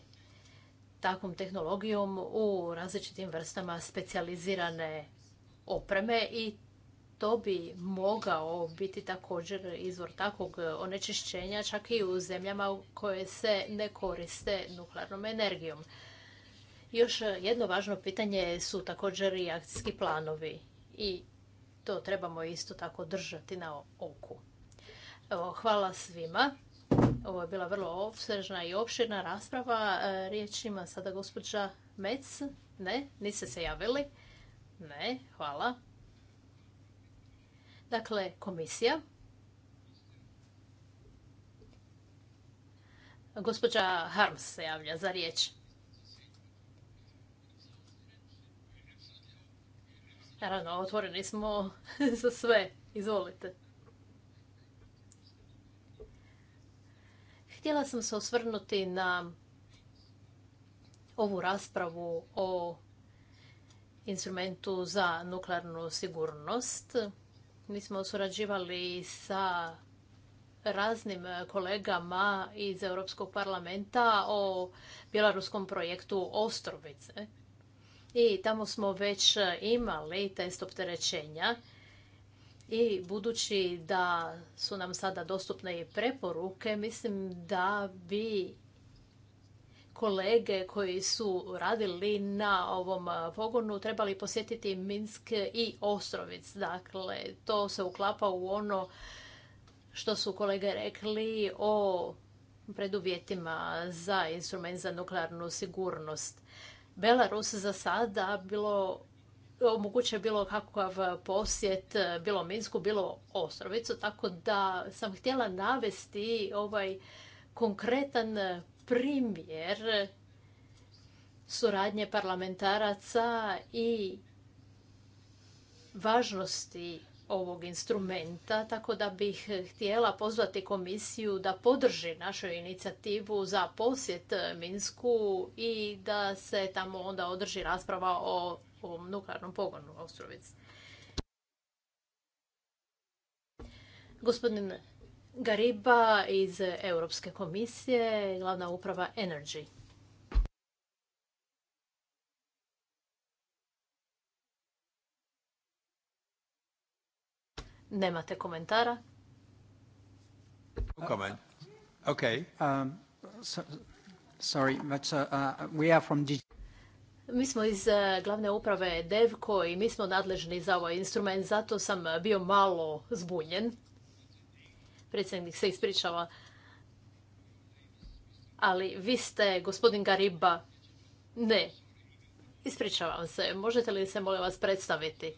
takvom tehnologijom u različitim vrstama specijalizirane opreme i to bi mogao biti također izvor takvog onečišćenja čak i u zemljama koje se ne koriste nuklearnom energijom. Još jedno važno pitanje su također i akcijski planovi i to trebamo isto tako držati na oku. hvala svima. Ovo je bila vrlo opsežna i opširna rasprava. E, riječ ima sada gospođa Mec. Ne, niste se javili. Ne, hvala. Dakle, komisija. Gospođa Harms se javlja za riječ. Naravno, otvoreni smo za sve. Izvolite. Htjela sam se osvrnuti na ovu raspravu o instrumentu za nuklearnu sigurnost. Mi smo surađivali sa raznim kolegama iz Europskog parlamenta o bjeloruskom projektu Ostrovice. I tamo smo već imali test opterećenja i budući da su nam sada dostupne i preporuke, mislim da bi kolege koji su radili na ovom pogonu trebali posjetiti Minsk i Ostrovic. Dakle, to se uklapa u ono što su kolege rekli o preduvjetima za instrument za nuklearnu sigurnost. Belarus za sada bilo omoguće bilo kakav posjet, bilo Minsku, bilo Ostrovicu, tako da sam htjela navesti ovaj konkretan primjer suradnje parlamentaraca i važnosti ovog instrumenta, tako da bih htjela pozvati komisiju da podrži našu inicijativu za posjet Minsku i da se tamo onda održi rasprava o ovom nuklearnom pogonu Ostrovic. Gospodin Gariba iz Europske komisije, glavna uprava Energy. Nemate komentara? Comment. Okay. Um, so, sorry, but uh, uh we are from mi smo iz e, glavne uprave DEVKO i mi smo nadležni za ovaj instrument, zato sam bio malo zbunjen. Predsjednik se ispričava. Ali vi ste, gospodin Gariba, ne. Ispričavam se. Možete li se, molim vas, predstaviti?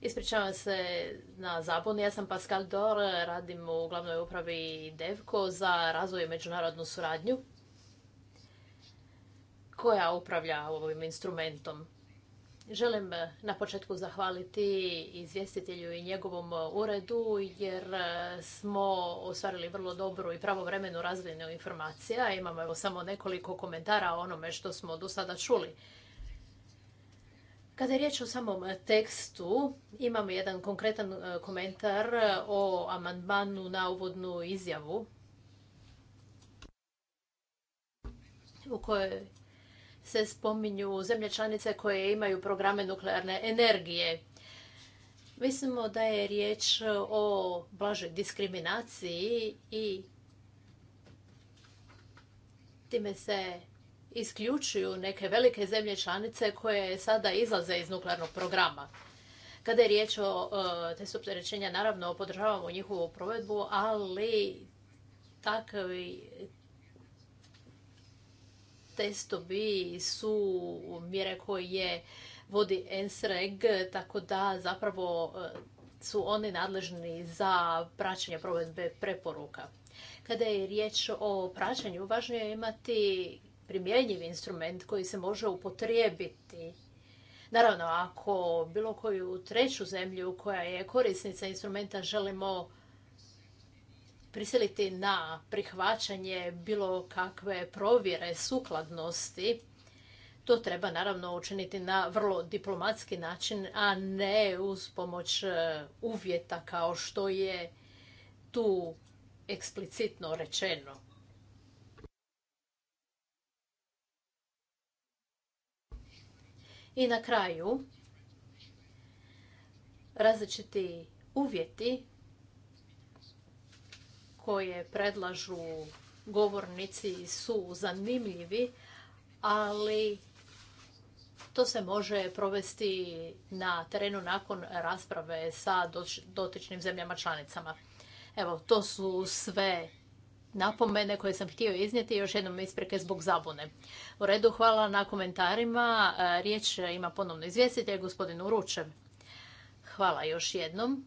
Ispričavam se na zabun. Ja sam Pascal Dor, radim u glavnoj upravi DEVKO za razvoj i međunarodnu suradnju koja upravlja ovim instrumentom. Želim eh, na početku zahvaliti izvjestitelju i njegovom eh, uredu jer eh, smo ostvarili vrlo dobru i pravovremenu razvijenu informacija. Imamo evo samo nekoliko komentara o onome što smo do sada čuli. Kada je riječ o samom tekstu, imamo jedan konkretan komentar o amandmanu na uvodnu izjavu u kojoj se spominju zemlje članice koje imaju programe nuklearne energije. Mislimo da je riječ o blažoj diskriminaciji i time se isključuju neke velike zemlje članice koje sada izlaze iz nuklearnog programa. Kada je riječ o e, te opterećenja, naravno podržavamo njihovu provedbu, ali takvi testovi su mjere koje vodi NSREG, tako da zapravo e, su oni nadležni za praćenje provedbe preporuka. Kada je riječ o praćenju, važno je imati primjenjiv instrument koji se može upotrijebiti. Naravno, ako bilo koju treću zemlju koja je korisnica instrumenta želimo prisiliti na prihvaćanje bilo kakve provjere sukladnosti, to treba naravno učiniti na vrlo diplomatski način, a ne uz pomoć e, uvjeta kao što je tu eksplicitno rečeno. I na kraju različiti uvjeti koje predlažu govornici su zanimljivi, ali to se može provesti na terenu nakon rasprave sa dotičnim zemljama članicama. Evo, to su sve napomene koje sam htio iznijeti. Još jednom isprike zbog zabune. U redu, hvala na komentarima. E, riječ ima ponovno izvjestitelj, gospodin Uručev. Hvala još jednom.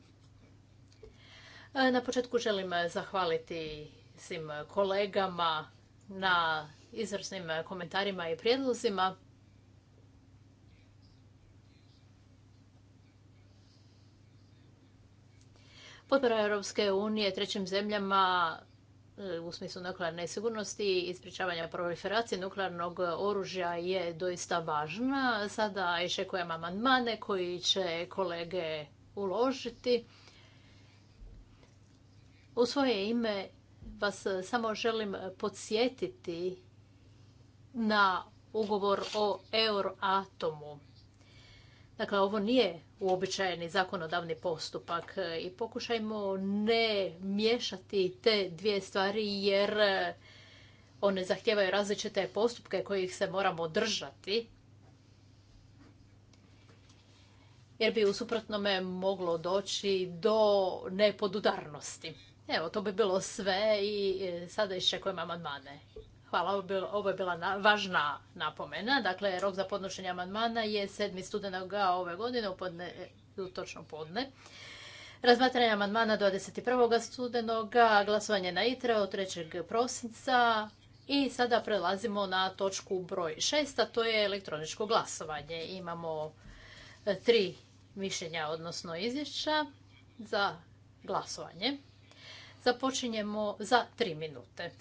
E, na početku želim zahvaliti svim kolegama na izvrsnim komentarima i prijedlozima. Potpora Europske unije trećim zemljama e, u smislu nuklearne sigurnosti i sprječavanja proliferacije nuklearnog oružja je doista važna. Sada iščekujem amandmane koji će kolege uložiti. U svoje ime vas e, samo želim podsjetiti na ugovor o Euroatomu. Dakle, ovo nije uobičajeni zakonodavni postupak e, i pokušajmo ne miješati te dvije stvari jer e, one zahtijevaju različite postupke kojih se moramo držati. Jer bi u suprotnome moglo doći do nepodudarnosti. Evo, to bi bilo sve i e, sada iščekujem amandmane. Hvala, ovo je bila važna napomena. Dakle, rok za podnošenje amandmana je 7. studenoga ove godine, u podne, e, točno podne. Razmatranje amandmana 21. studenoga, glasovanje na ITRE od 3. prosinca i sada prelazimo na točku broj 6, a to je elektroničko glasovanje. Imamo e, tri mišljenja, odnosno izvješća za glasovanje. Započinjemo za tri minute.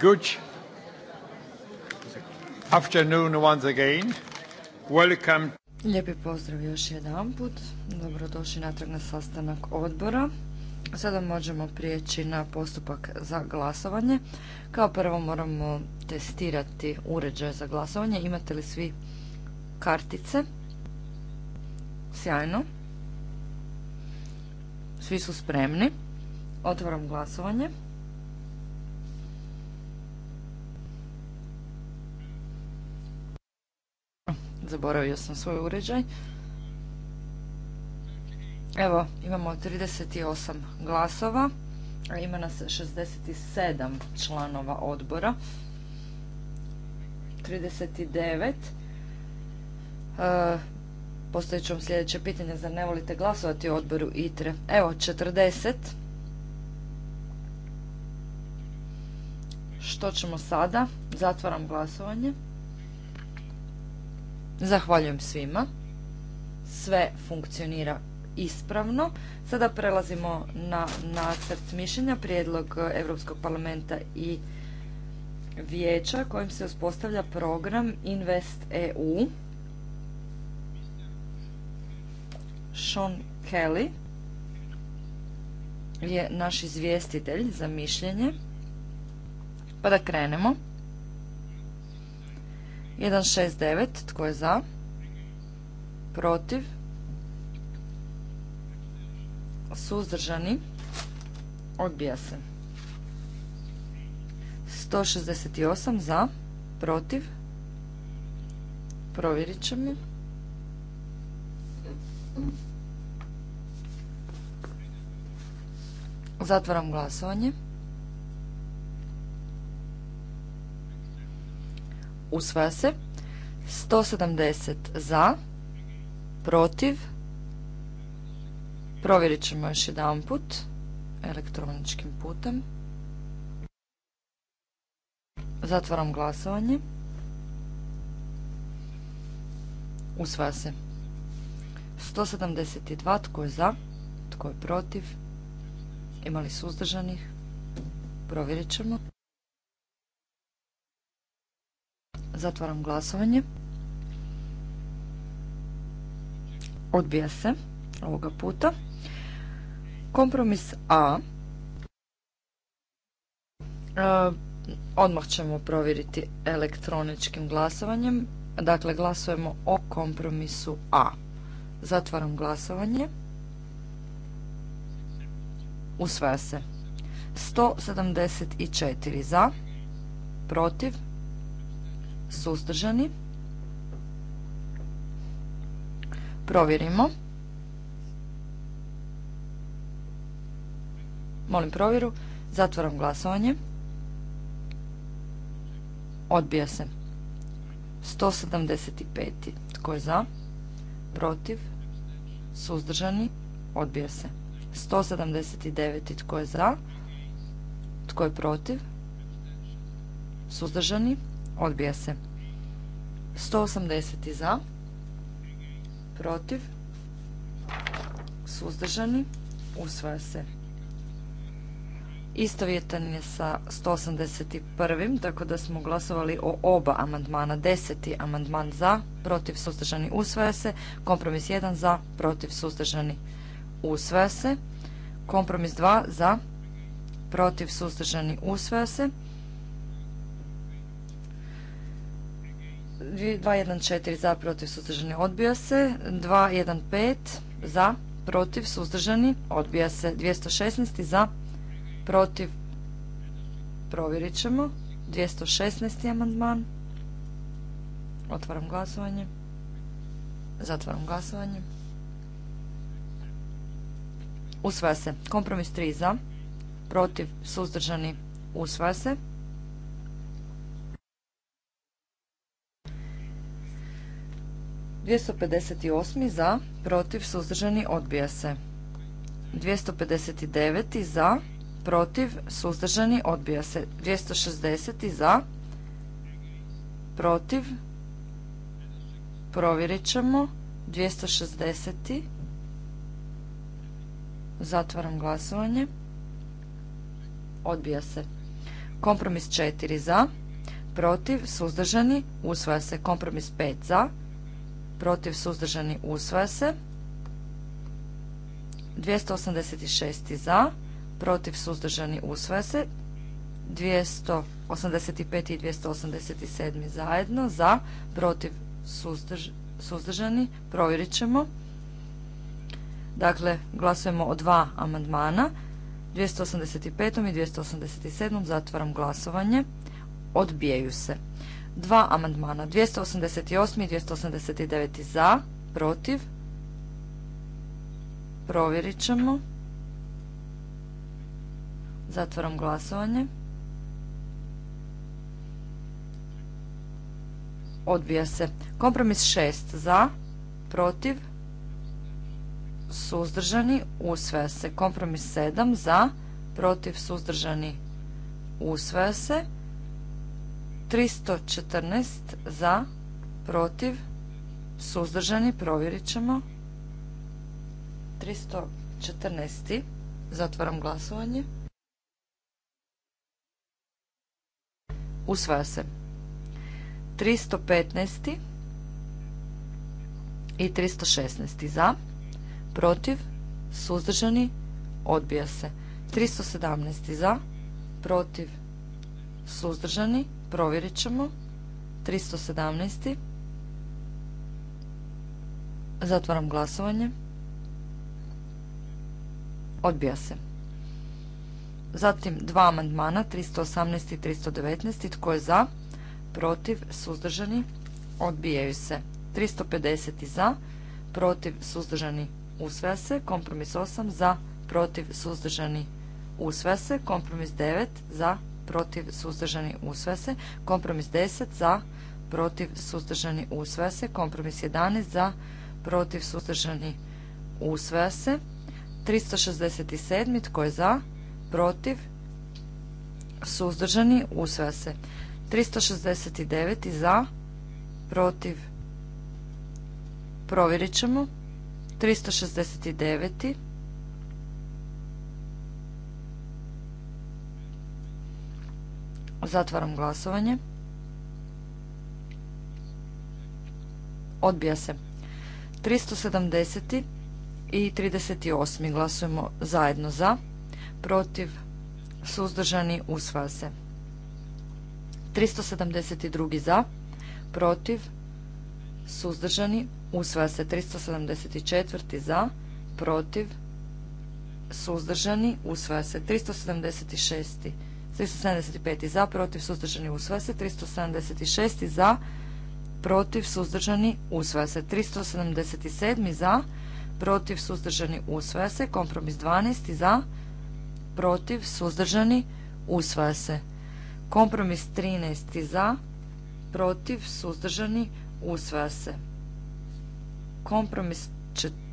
Good afternoon once again. Welcome. Lijepi pozdrav još jedan put. Dobrodošli natrag na sastanak odbora. Sada možemo prijeći na postupak za glasovanje. Kao prvo moramo testirati uređaj za glasovanje. Imate li svi kartice? Sjajno. Svi su spremni. Otvaram glasovanje. zaboravio sam svoj uređaj. Evo, imamo 38 glasova, a ima nas 67 članova odbora. 39. E, Postavit ću vam sljedeće pitanje, zar ne volite glasovati u odboru ITRE? Evo, 40. Što ćemo sada? Zatvaram glasovanje. Zahvaljujem svima. Sve funkcionira ispravno. Sada prelazimo na nacrt mišljenja, prijedlog Europskog parlamenta i vijeća kojim se uspostavlja program Invest EU. Sean Kelly je naš izvjestitelj za mišljenje. Pa da krenemo. 169. Tko je za? Protiv? Suzdržani? Odbija se. 168 za, protiv. Provjerit ćemo. Zatvaram glasovanje. Usvaja se. 170 za. Protiv. Provjerit ćemo još jedan put. Elektroničkim putem. Zatvaram glasovanje. Usvaja se. 172. Tko je za? Tko je protiv? Imali suzdržanih? Provjerit ćemo. Zatvaram glasovanje. Odbija se ovoga puta. Kompromis A. E, odmah ćemo provjeriti elektroničkim glasovanjem. Dakle, glasujemo o kompromisu A. Zatvaram glasovanje. Usvaja se. 174 za, protiv, suzdržani. Provjerimo. Molim provjeru. Zatvaram glasovanje. Odbija se. 175. Tko je za? Protiv? Suzdržani? Odbija se. 179. Tko je za? Tko je protiv? Suzdržani? Odbija se. 180. za. Protiv. Suzdržani. Usvaja se. vjetan je sa 181. Tako da smo glasovali o oba amandmana. 10. amandman za. Protiv. Suzdržani. Usvaja se. Kompromis 1 za. Protiv. Suzdržani. Usvaja se. Kompromis 2 za. Protiv. Suzdržani. Usvaja se. 214 za, protiv, suzdržani, odbija se. 215 za, protiv, suzdržani, odbija se. 216 za, protiv, provjerit ćemo. 216. amandman. Otvaram glasovanje. Zatvaram glasovanje. Usvaja se. Kompromis 3 za, protiv, suzdržani, usvaja se. 258. za, protiv, suzdržani, odbija se. 259. za, protiv, suzdržani, odbija se. 260. za, protiv, provjerit ćemo. 260. Zatvaram glasovanje. Odbija se. Kompromis 4 za, protiv, suzdržani, usvaja se. Kompromis 5 za, protiv, suzdržani, usvaja se. 286. za, protiv, suzdržani, usvaja se. 285. i 287. zajedno, za, protiv, suzdržani, provjerit ćemo. Dakle, glasujemo o dva amandmana, 285. i 287. zatvaram glasovanje, odbijaju se. Dva amandmana, 288. i 289. za, protiv. Provjerit ćemo. Zatvaram glasovanje. Odbija se. Kompromis 6 za, protiv, suzdržani, usvaja se. Kompromis 7 za, protiv, suzdržani, usvaja se. 314 za, protiv, suzdržani, provjerit ćemo. 314. Zatvaram glasovanje. Usvaja se. 315. i 316. za, protiv, suzdržani, odbija se. 317. za, protiv, suzdržani, Provjerit ćemo. 317. Zatvaram glasovanje. Odbija se. Zatim dva amandmana, 318 i 319. Tko je za? Protiv? Suzdržani? Odbijaju se. 350 za, protiv? Suzdržani? usveja se. Kompromis 8 za, protiv? Suzdržani? usveja se. Kompromis 9 za, protiv, suzdržani, usvaja se. Kompromis 10 za, protiv, suzdržani, usvaja se. Kompromis 11 za, protiv, suzdržani, usvaja se. 367. Tko je za? Protiv? Suzdržani? Usvaja se. 369. Za? Protiv? Provjerit ćemo. 369. Zatvaram glasovanje. Odbija se. 370. i 38. Glasujemo zajedno za, protiv, suzdržani, usvaja se. 372. za, protiv, suzdržani, usvaja se. 374. za, protiv, suzdržani, usvaja se. 376. 375. za, protiv, suzdržani, usvaja se. 376. za, protiv, suzdržani, usvaja se. 377. za, protiv, suzdržani, usvaja se. Kompromis 12. za, protiv, suzdržani, usvaja se. Kompromis 13. za, protiv, suzdržani, usvaja se. Kompromis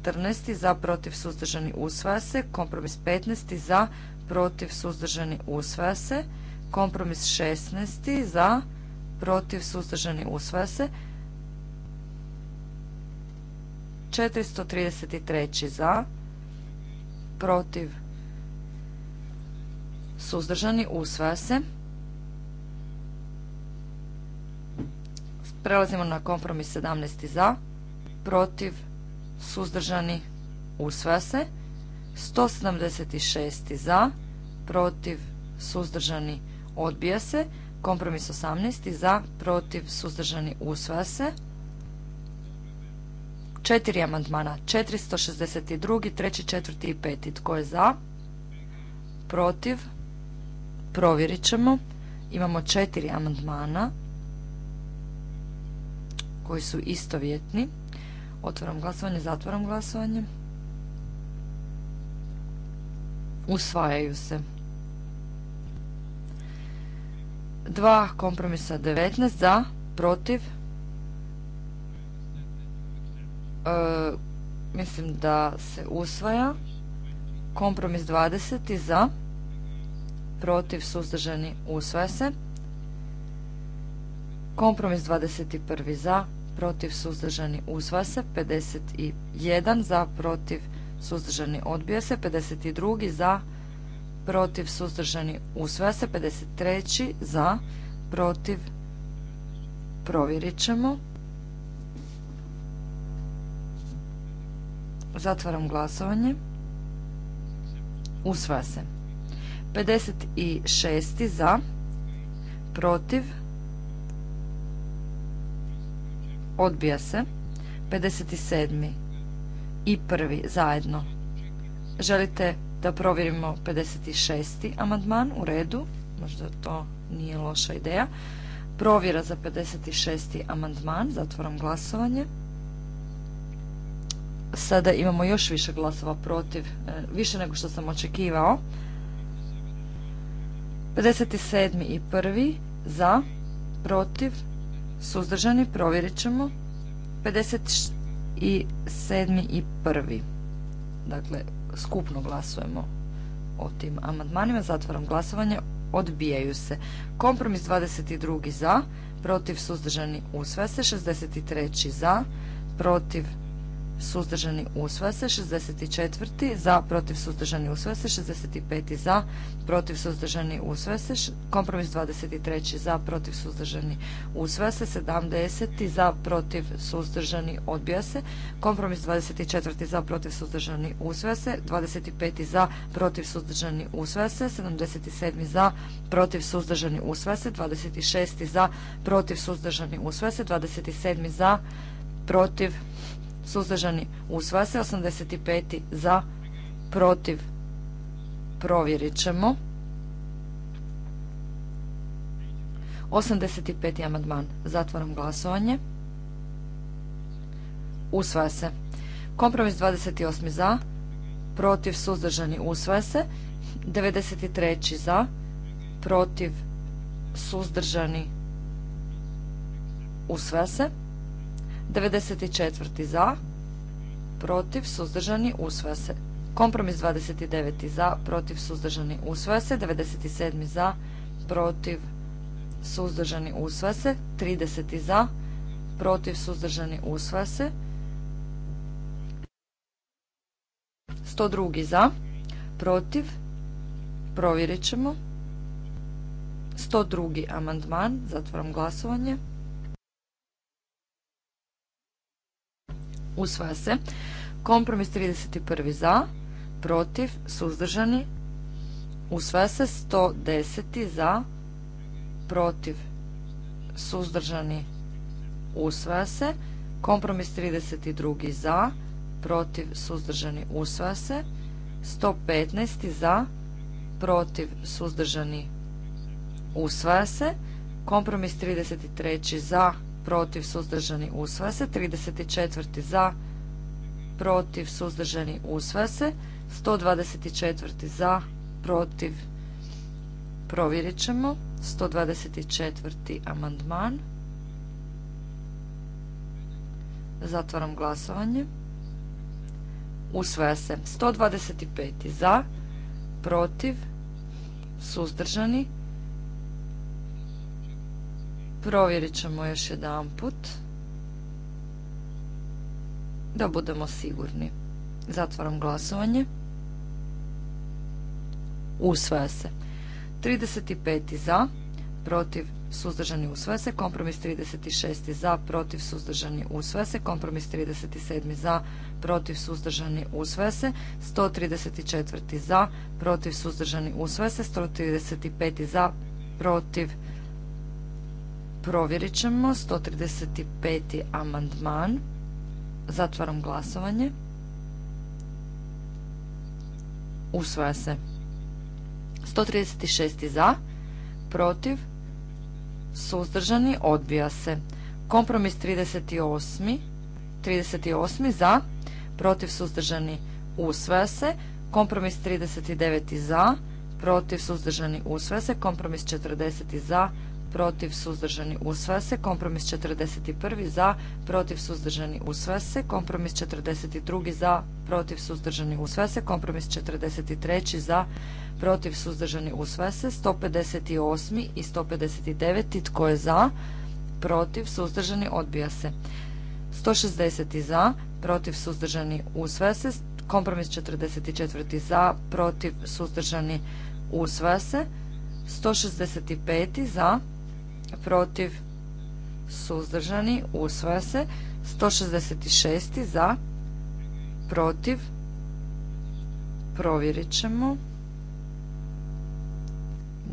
14. za, protiv, suzdržani, usvaja se. Kompromis 15. za, protiv, suzdržani, usvaja se. Kompromis 16. za, protiv, suzdržani, usvaja se. 433. za, protiv, suzdržani, usvaja se. Prelazimo na kompromis 17. za, protiv, suzdržani, usvaja se. 176. za, protiv, suzdržani, odbija se. Kompromis 18. za, protiv, suzdržani, usvaja se. Četiri amandmana, 462., treći, četvrti i peti, Tko je za? Protiv? Provjerit ćemo. Imamo četiri amandmana koji su istovjetni. Otvaram glasovanje, zatvaram glasovanje. Usvajaju se. Dva kompromisa 19 za, protiv. E, mislim da se usvaja. Kompromis 20 za, protiv, suzdržani, usvaja se. Kompromis 21 za, protiv, suzdržani, usvaja se. 51 za, protiv, suzdržani, odbija se. 52. za, protiv, suzdržani, usvaja se. 53. za, protiv, provjerit ćemo. Zatvaram glasovanje. Usvaja se. 56. za, protiv, odbija se. 57 i prvi zajedno. Želite da provjerimo 56. amandman u redu, možda to nije loša ideja. Provjera za 56. amandman, zatvoram glasovanje. Sada imamo još više glasova protiv, e, više nego što sam očekivao. 57. i prvi za, protiv, suzdržani, provjerit ćemo. 56 i sedmi i prvi. Dakle, skupno glasujemo o tim amandmanima. Zatvaram glasovanje. Odbijaju se. Kompromis 22. za, protiv suzdržani usvaja se. 63. za, protiv suzdržani usvaja se, 64. za, protiv suzdržani usvaja se, 65. za, protiv suzdržani usvaja se, kompromis 23. za, protiv suzdržani usvaja se, 70. za, protiv suzdržani odbija se, kompromis 24. za, protiv suzdržani usvaja se, 25. za, protiv suzdržani usvaja se, 77. za, protiv suzdržani usvaja se, 26. za, protiv suzdržani usvaja se, 27. za, protiv suzdržani, usvaja se. 85. za, protiv, provjerit ćemo. 85. amandman. Zatvaram glasovanje. Usvaja se. Kompromis 28. za, protiv, suzdržani, usvaja se. 93. za, protiv, suzdržani, usvaja se. 94. za, protiv, suzdržani, usvaja se. Kompromis 29. za, protiv, suzdržani, usvaja se. 97. za, protiv, suzdržani, usvaja se. 30. za, protiv, suzdržani, usvaja se. 102. za, protiv, provjerit ćemo. 102. amandman, zatvoram glasovanje. Usvaja se. Kompromis 31. za, protiv, suzdržani. Usvaja se 110. za, protiv, suzdržani. Usvaja se. Kompromis 32. za, protiv, suzdržani. Usvaja se. 115. za, protiv, suzdržani. Usvaja se. Kompromis 33. za, protiv, suzdržani, usvaja se. 34. za, protiv, suzdržani, usvaja se. 124. za, protiv, provjerit ćemo. 124. amandman. Zatvaram glasovanje. Usvaja se. 125. za, protiv, suzdržani, Provjerit ćemo još jedanput. Da budemo sigurni. Zatvaram glasovanje. Usvaja se. 35. za, protiv, suzdržani usvaja se. Kompromis 36. za, protiv, suzdržani usvaja se. Kompromis 37. za, protiv, suzdržani usvaja se. 134. za, protiv, suzdržani usvaja se. 135. za, protiv, Provjerit ćemo 135. amandman. Zatvaram glasovanje. Usvaja se. 136. za, protiv, suzdržani, odbija se. Kompromis 38. 38. za, protiv, suzdržani, usvaja se. Kompromis 39. za, protiv, suzdržani, usvaja se. Kompromis 40. za, protiv, protiv suzdržani usvaja se, kompromis 41 za, protiv suzdržani usvaja se, kompromis 42 za, protiv suzdržani usvaja se, kompromis 43 za, protiv suzdržani usvaja se, 158 i 159 tko je za, protiv suzdržani odbija se. 160 za, protiv suzdržani usvaja se, kompromis 44 za, protiv suzdržani usvaja se, 165 za, protiv, suzdržani, usvaja se. 166. za, protiv, provjerit ćemo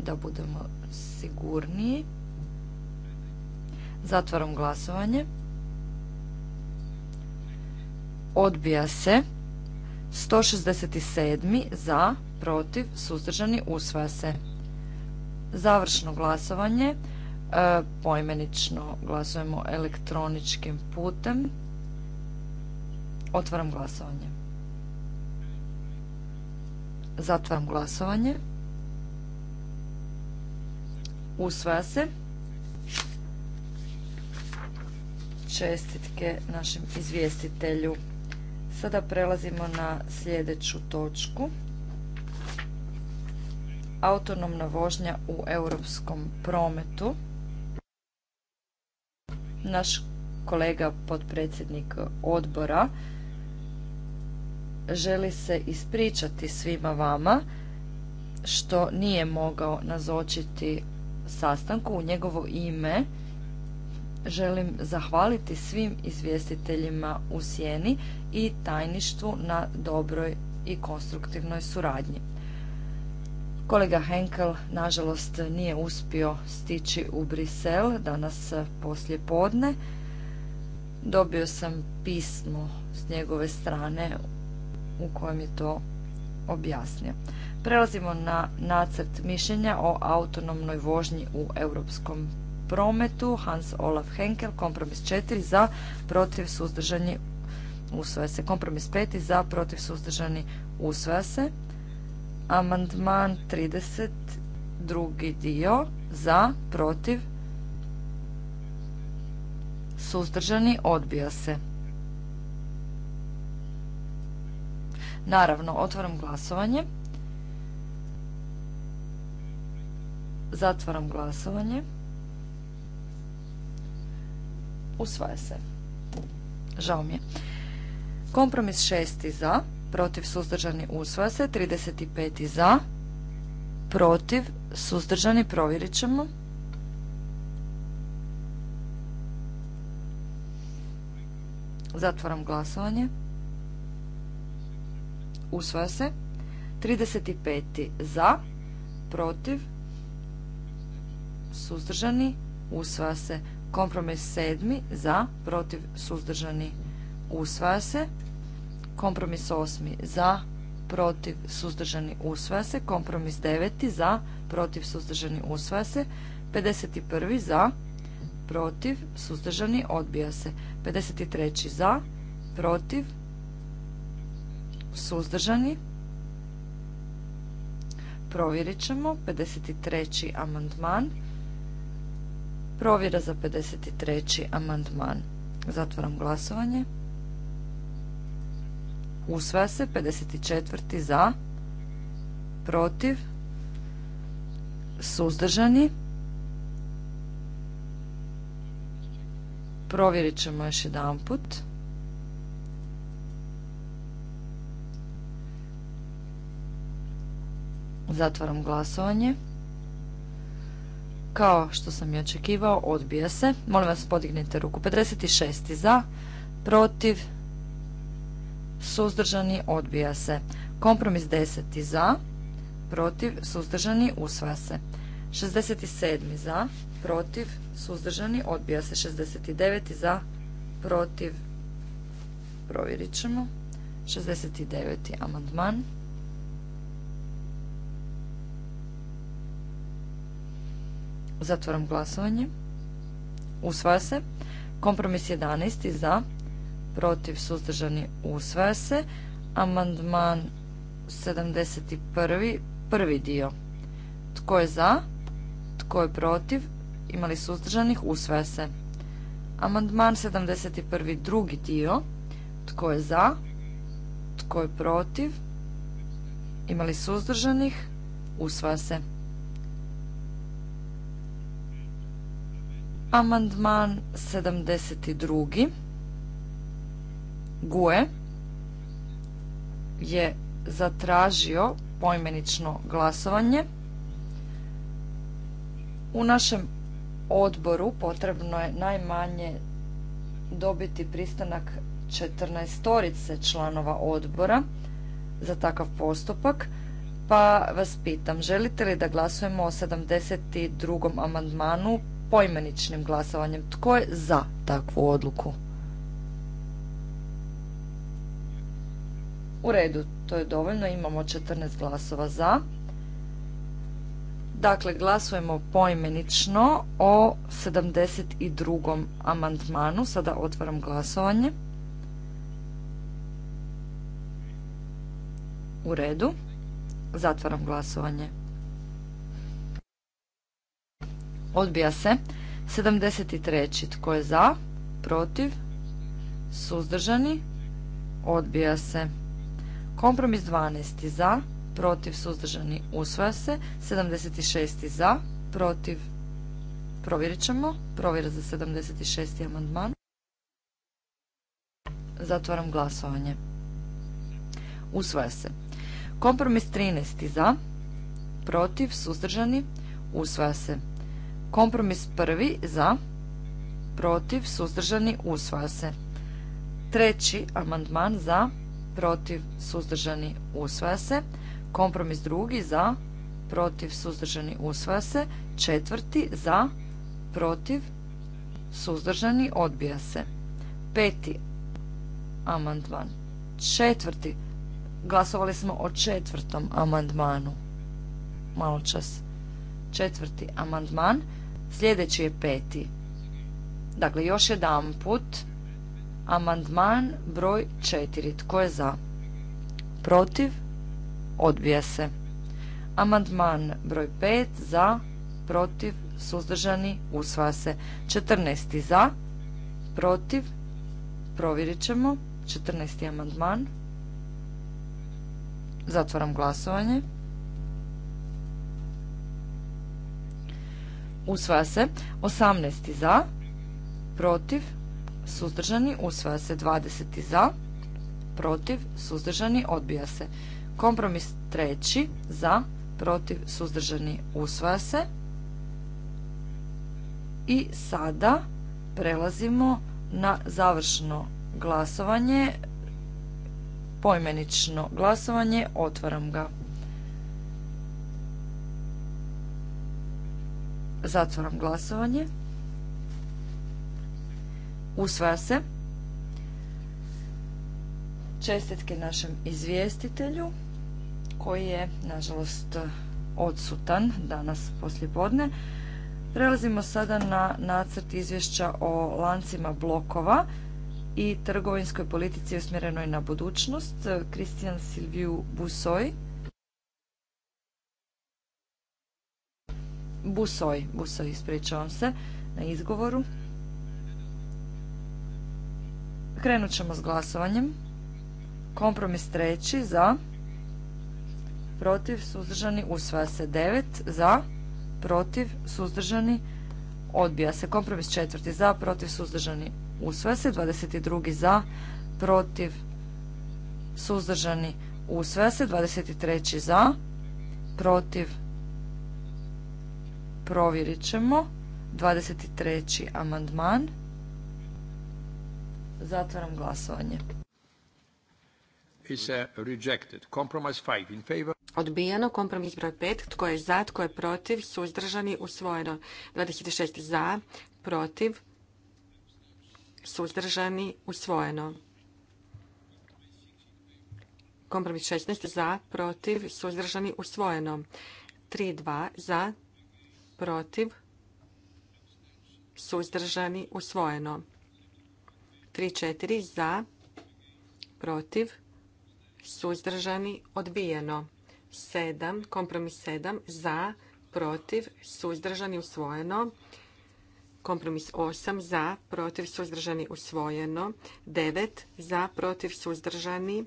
da budemo sigurniji. Zatvaram glasovanje. Odbija se. 167. za, protiv, suzdržani, usvaja se. Završno glasovanje. E, poimenično glasujemo elektroničkim putem. Otvaram glasovanje. Zatvaram glasovanje. Usvaja se. Čestitke našem izvjestitelju. Sada prelazimo na sljedeću točku. Autonomna vožnja u europskom prometu. Naš kolega potpredsjednik odbora želi se ispričati svima vama što nije mogao nazočiti sastanku u njegovo ime. Želim zahvaliti svim izvjestiteljima u sjeni i tajništvu na dobroj i konstruktivnoj suradnji. Kolega Henkel nažalost nije uspio stići u Brisel danas eh, poslje podne. Dobio sam pismo s njegove strane u kojem je to objasnio. Prelazimo na nacrt mišljenja o autonomnoj vožnji u europskom prometu. Hans Olaf Henkel, kompromis 4 za, protiv suzdržani usvaja se. Kompromis 5 za, protiv suzdržani usvaja se. Amandman 30, drugi dio, za, protiv, suzdržani, odbija se. Naravno, otvaram glasovanje. Zatvaram glasovanje. Usvaja se. Žao mi je. Kompromis šesti za protiv, suzdržani, usvaja se. 35. za, protiv, suzdržani, provjerit ćemo. Zatvaram glasovanje. Usvaja se. 35. za, protiv, suzdržani, usvaja se. Kompromis 7. za, protiv, suzdržani, usvaja se. Kompromis 8. Za, protiv, suzdržani, usvaja se. Kompromis 9. Za, protiv, suzdržani, usvaja se. 51. Za, protiv, suzdržani, odbija se. 53. Za, protiv, suzdržani, provjerit ćemo. 53. amandman. Provjera za 53. amandman. Zatvaram glasovanje usvaja se. 54. za, protiv, suzdržani. Provjerit ćemo još jedan put. Zatvaram glasovanje. Kao što sam i očekivao, odbija se. Molim vas podignite ruku. 56. za, protiv, suzdržani, odbija se. Kompromis 10. za, protiv, suzdržani, usvaja se. 67. za, protiv, suzdržani, odbija se. 69. za, protiv, provjerit ćemo. 69. amandman. Zatvoram glasovanje. Usvaja se. Kompromis 11. za, protiv, suzdržani, usvaja se. Amandman 71. prvi dio. Tko je za? Tko je protiv? Imali suzdržanih? Usvaja se. Amandman 71. drugi dio. Tko je za? Tko je protiv? Imali suzdržanih? Usvaja se. Amandman 72. GUE je zatražio poimenično glasovanje. U našem odboru potrebno je najmanje dobiti pristanak 14 članova odbora za takav postupak. Pa vas pitam, želite li da glasujemo o 72. amandmanu poimeničnim glasovanjem? Tko je za takvu odluku? U redu, to je dovoljno, imamo 14 glasova za. Dakle, glasujemo poimenično o 72. amandmanu. Sada otvaram glasovanje. U redu. Zatvaram glasovanje. Odbija se. 73. Tko je za? Protiv? Suzdržani? Odbija se. Kompromis 12. za, protiv, suzdržani, usvaja se. 76. za, protiv, provjerit ćemo. Provjera za 76. amandman. Zatvaram glasovanje. Usvaja se. Kompromis 13. za, protiv, suzdržani, usvaja se. Kompromis 1. za, protiv, suzdržani, usvaja se. Treći amandman za, protiv, suzdržani, usvaja se. Kompromis drugi za, protiv, suzdržani, usvaja se. Četvrti za, protiv, suzdržani, odbija se. Peti amandman. Četvrti. Glasovali smo o četvrtom amandmanu. Malo čas. Četvrti amandman. Sljedeći je peti. Dakle, još jedan put Amandman broj 4. Tko je za? Protiv? Odbija se. Amandman broj 5. Za? Protiv? Suzdržani? Usvaja se. 14. Za? Protiv? Provjerit ćemo. 14. amandman. Zatvoram glasovanje. Usvaja se. 18. za. Protiv suzdržani, usvaja se 20. za, protiv, suzdržani, odbija se. Kompromis treći, za, protiv, suzdržani, usvaja se. I sada prelazimo na završno glasovanje, poimenično glasovanje, otvaram ga. Zatvoram glasovanje. Usvaja se. Čestitke našem izvjestitelju koji je, nažalost, odsutan danas podne. Prelazimo sada na nacrt izvješća o lancima blokova i trgovinskoj politici usmjerenoj na budućnost. Kristijan Silviju Busoj. Busoj, Busoj, ispričavam se na izgovoru. Krenut ćemo s glasovanjem. Kompromis treći za, protiv, suzdržani, usvaja se Devet za, protiv, suzdržani, odbija se. Kompromis četvrti za, protiv, suzdržani, usvaja se. 22. za, protiv, suzdržani, usvaja se. 23. za, protiv, provjerit ćemo. 23. amandman. Zatvaram glasovanje. Uh, Odbijeno. Kompromis broj 5. Tko je za, tko je protiv, suzdržani, usvojeno. 26 za, protiv, suzdržani, usvojeno. Kompromis 16 za, protiv, suzdržani, usvojeno. 3-2 za, protiv, suzdržani, usvojeno. 3-4 za, protiv, suzdržani, odbijeno. 7, kompromis 7 za, protiv, suzdržani, usvojeno. Kompromis 8 za, protiv, suzdržani, usvojeno. 9 za, protiv, suzdržani,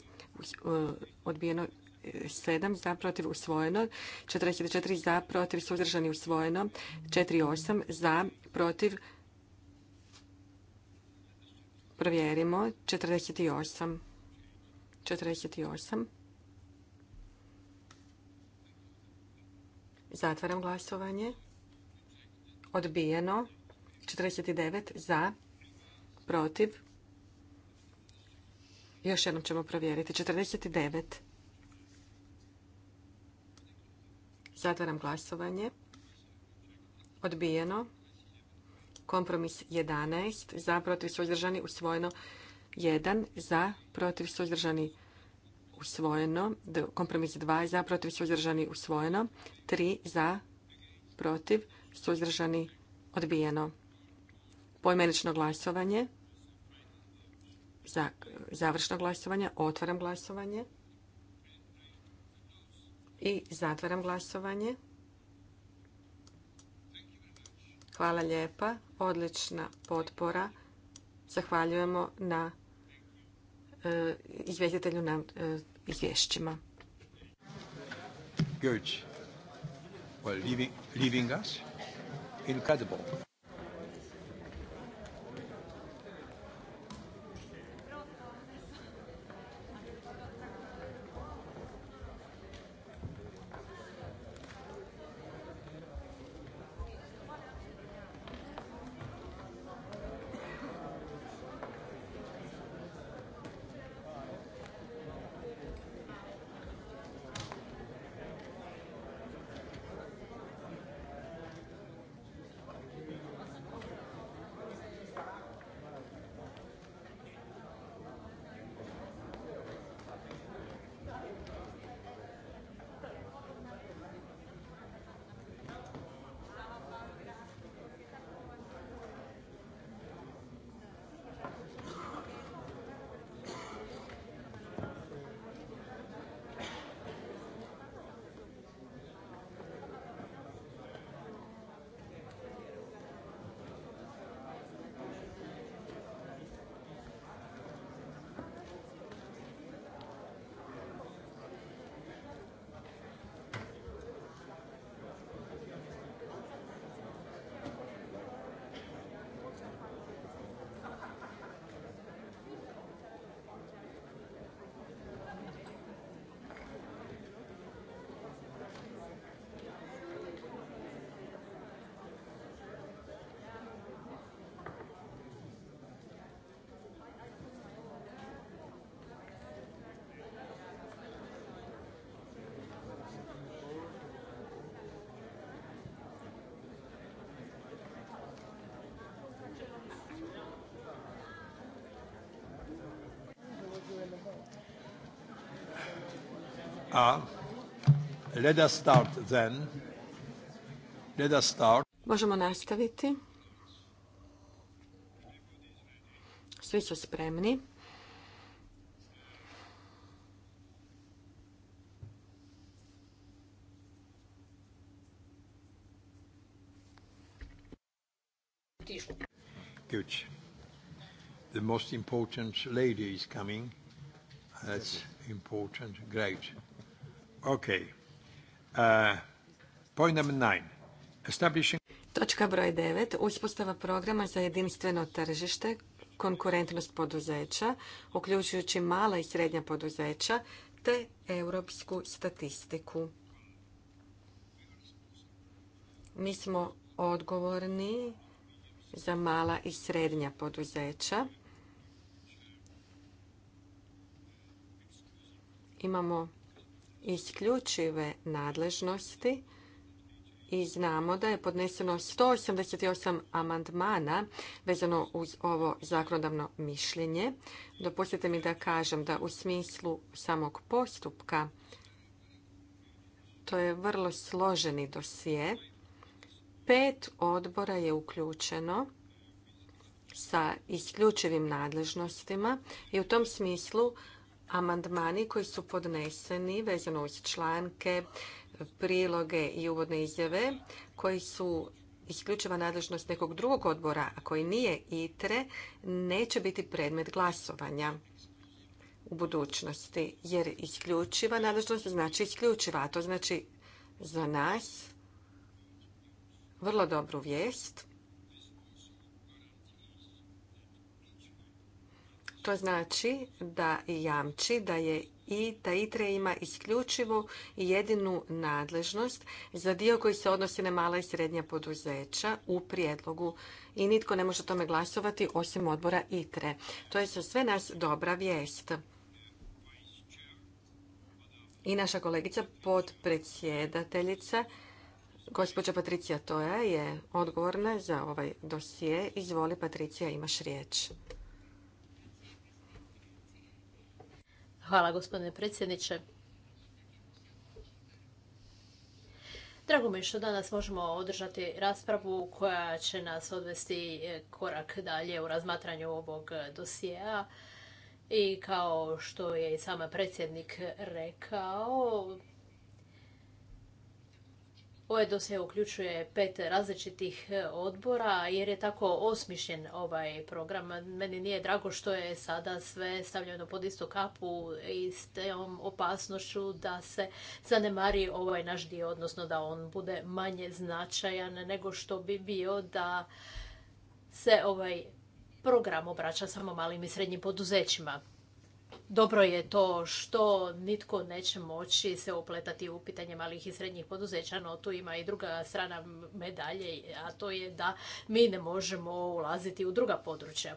odbijeno. 7 za, protiv, usvojeno. 44 za, protiv, suzdržani, usvojeno. 4-8 za, protiv, suzdržani, Provjerimo. 48. 48. Zatvaram glasovanje. Odbijeno. 49 za. Protiv. Još jednom ćemo provjeriti. 49. Zatvaram glasovanje. Odbijeno. Kompromis 11 za protiv suzdržani usvojeno 1 za protiv suzdržani usvojeno. Kompromis 2 za protiv suzdržani usvojeno. 3 za protiv suzdržani odbijeno. Poimenično glasovanje. Za, završno glasovanje. Otvaram glasovanje. I zatvaram glasovanje. Hvala lijepa, odlična potpora. Zahvaljujemo na uh, e, izvjetitelju na e, izvješćima. let us start then. Let us start. Možemo nastaviti. Svi su spremni. Good. The most important lady is coming. That's important. Great. Okay. Uh, point nine. Točka broj 9. Uspostava programa za jedinstveno tržište, konkurentnost poduzeća, uključujući mala i srednja poduzeća, te europsku statistiku. Mi smo odgovorni za mala i srednja poduzeća. Imamo isključive nadležnosti i znamo da je podneseno 188 amandmana vezano uz ovo zakonodavno mišljenje. Dopustite mi da kažem da u smislu samog postupka to je vrlo složeni dosije. Pet odbora je uključeno sa isključivim nadležnostima i u tom smislu Amandmani koji su podneseni vezano uz članke, priloge i uvodne izjave koji su isključiva nadležnost nekog drugog odbora, a koji nije ITRE, neće biti predmet glasovanja u budućnosti. Jer isključiva nadležnost znači isključiva, a to znači za nas vrlo dobru vijest. To znači da jamči da je i ITRE ima isključivu i jedinu nadležnost za dio koji se odnosi na mala i srednja poduzeća u prijedlogu i nitko ne može tome glasovati osim odbora ITRE. To je za sve nas dobra vijest. I naša kolegica podpredsjedateljica Gospođa Patricija Toja je odgovorna za ovaj dosije. Izvoli, Patricija, imaš riječ. Hvala gospodine predsjedniče. Drago mi je što danas možemo održati raspravu koja će nas odvesti e, korak dalje u razmatranju ovog dosjea. I kao što je i sama predsjednik rekao, Ovaj dosje uključuje pet različitih e, odbora jer je tako osmišljen ovaj program. Meni nije drago što je sada sve stavljeno pod istu kapu i s tom opasnošću da se zanemari ovaj naš dio, odnosno da on bude manje značajan nego što bi bio da se ovaj program obraća samo malim i srednjim poduzećima. Dobro je to što nitko neće moći se opletati u pitanje malih i srednjih poduzeća, no tu ima i druga strana medalje, a to je da mi ne možemo ulaziti u druga područja.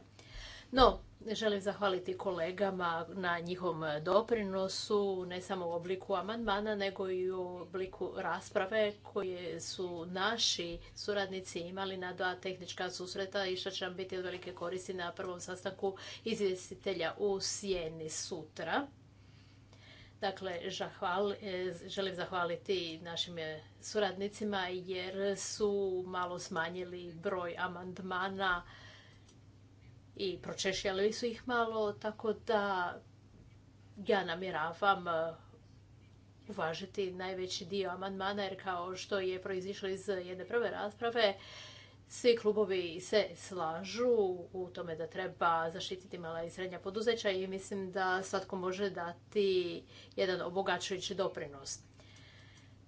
No, želim zahvaliti kolegama na njihom doprinosu, ne samo u obliku amandmana, nego i u obliku rasprave koje su naši suradnici imali na dva tehnička susreta i što će nam biti od velike koristi na prvom sastanku izvjestitelja u Sjeni sutra. Dakle, e, želim zahvaliti našim e, suradnicima jer su malo smanjili broj amandmana i pročešljali su ih malo, tako da ja namjeravam e, uvažiti najveći dio amandmana, jer kao što je proizišlo iz jedne prve rasprave, svi klubovi se slažu u tome da treba zaštititi mala i srednja poduzeća i mislim da svatko može dati jedan obogačujući doprinos.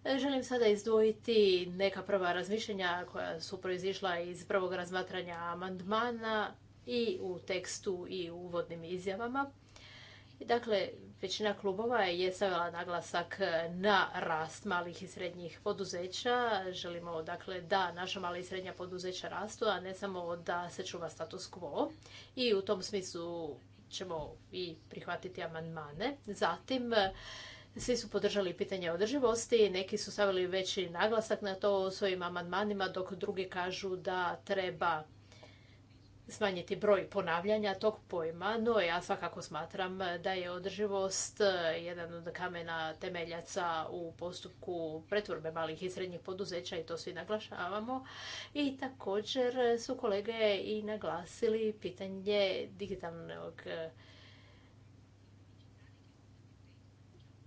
E, želim sada izdvojiti neka prva razmišljenja koja su proizišla iz prvog razmatranja amandmana i u tekstu i u uvodnim izjavama. Dakle, većina klubova je stavila naglasak na rast malih i srednjih poduzeća. Želimo dakle da naša mala i srednja poduzeća rastu, a ne samo da se čuva status quo. I u tom smislu ćemo i prihvatiti amandmane. Zatim, svi su podržali pitanje održivosti, neki su stavili veći naglasak na to svojim amandmanima, dok drugi kažu da treba smanjiti broj ponavljanja tog pojma, no ja svakako smatram da je održivost e, jedan od kamena temeljaca u postupku pretvorbe malih i srednjih poduzeća i to svi naglašavamo. I također su kolege i naglasili pitanje digitalnog e,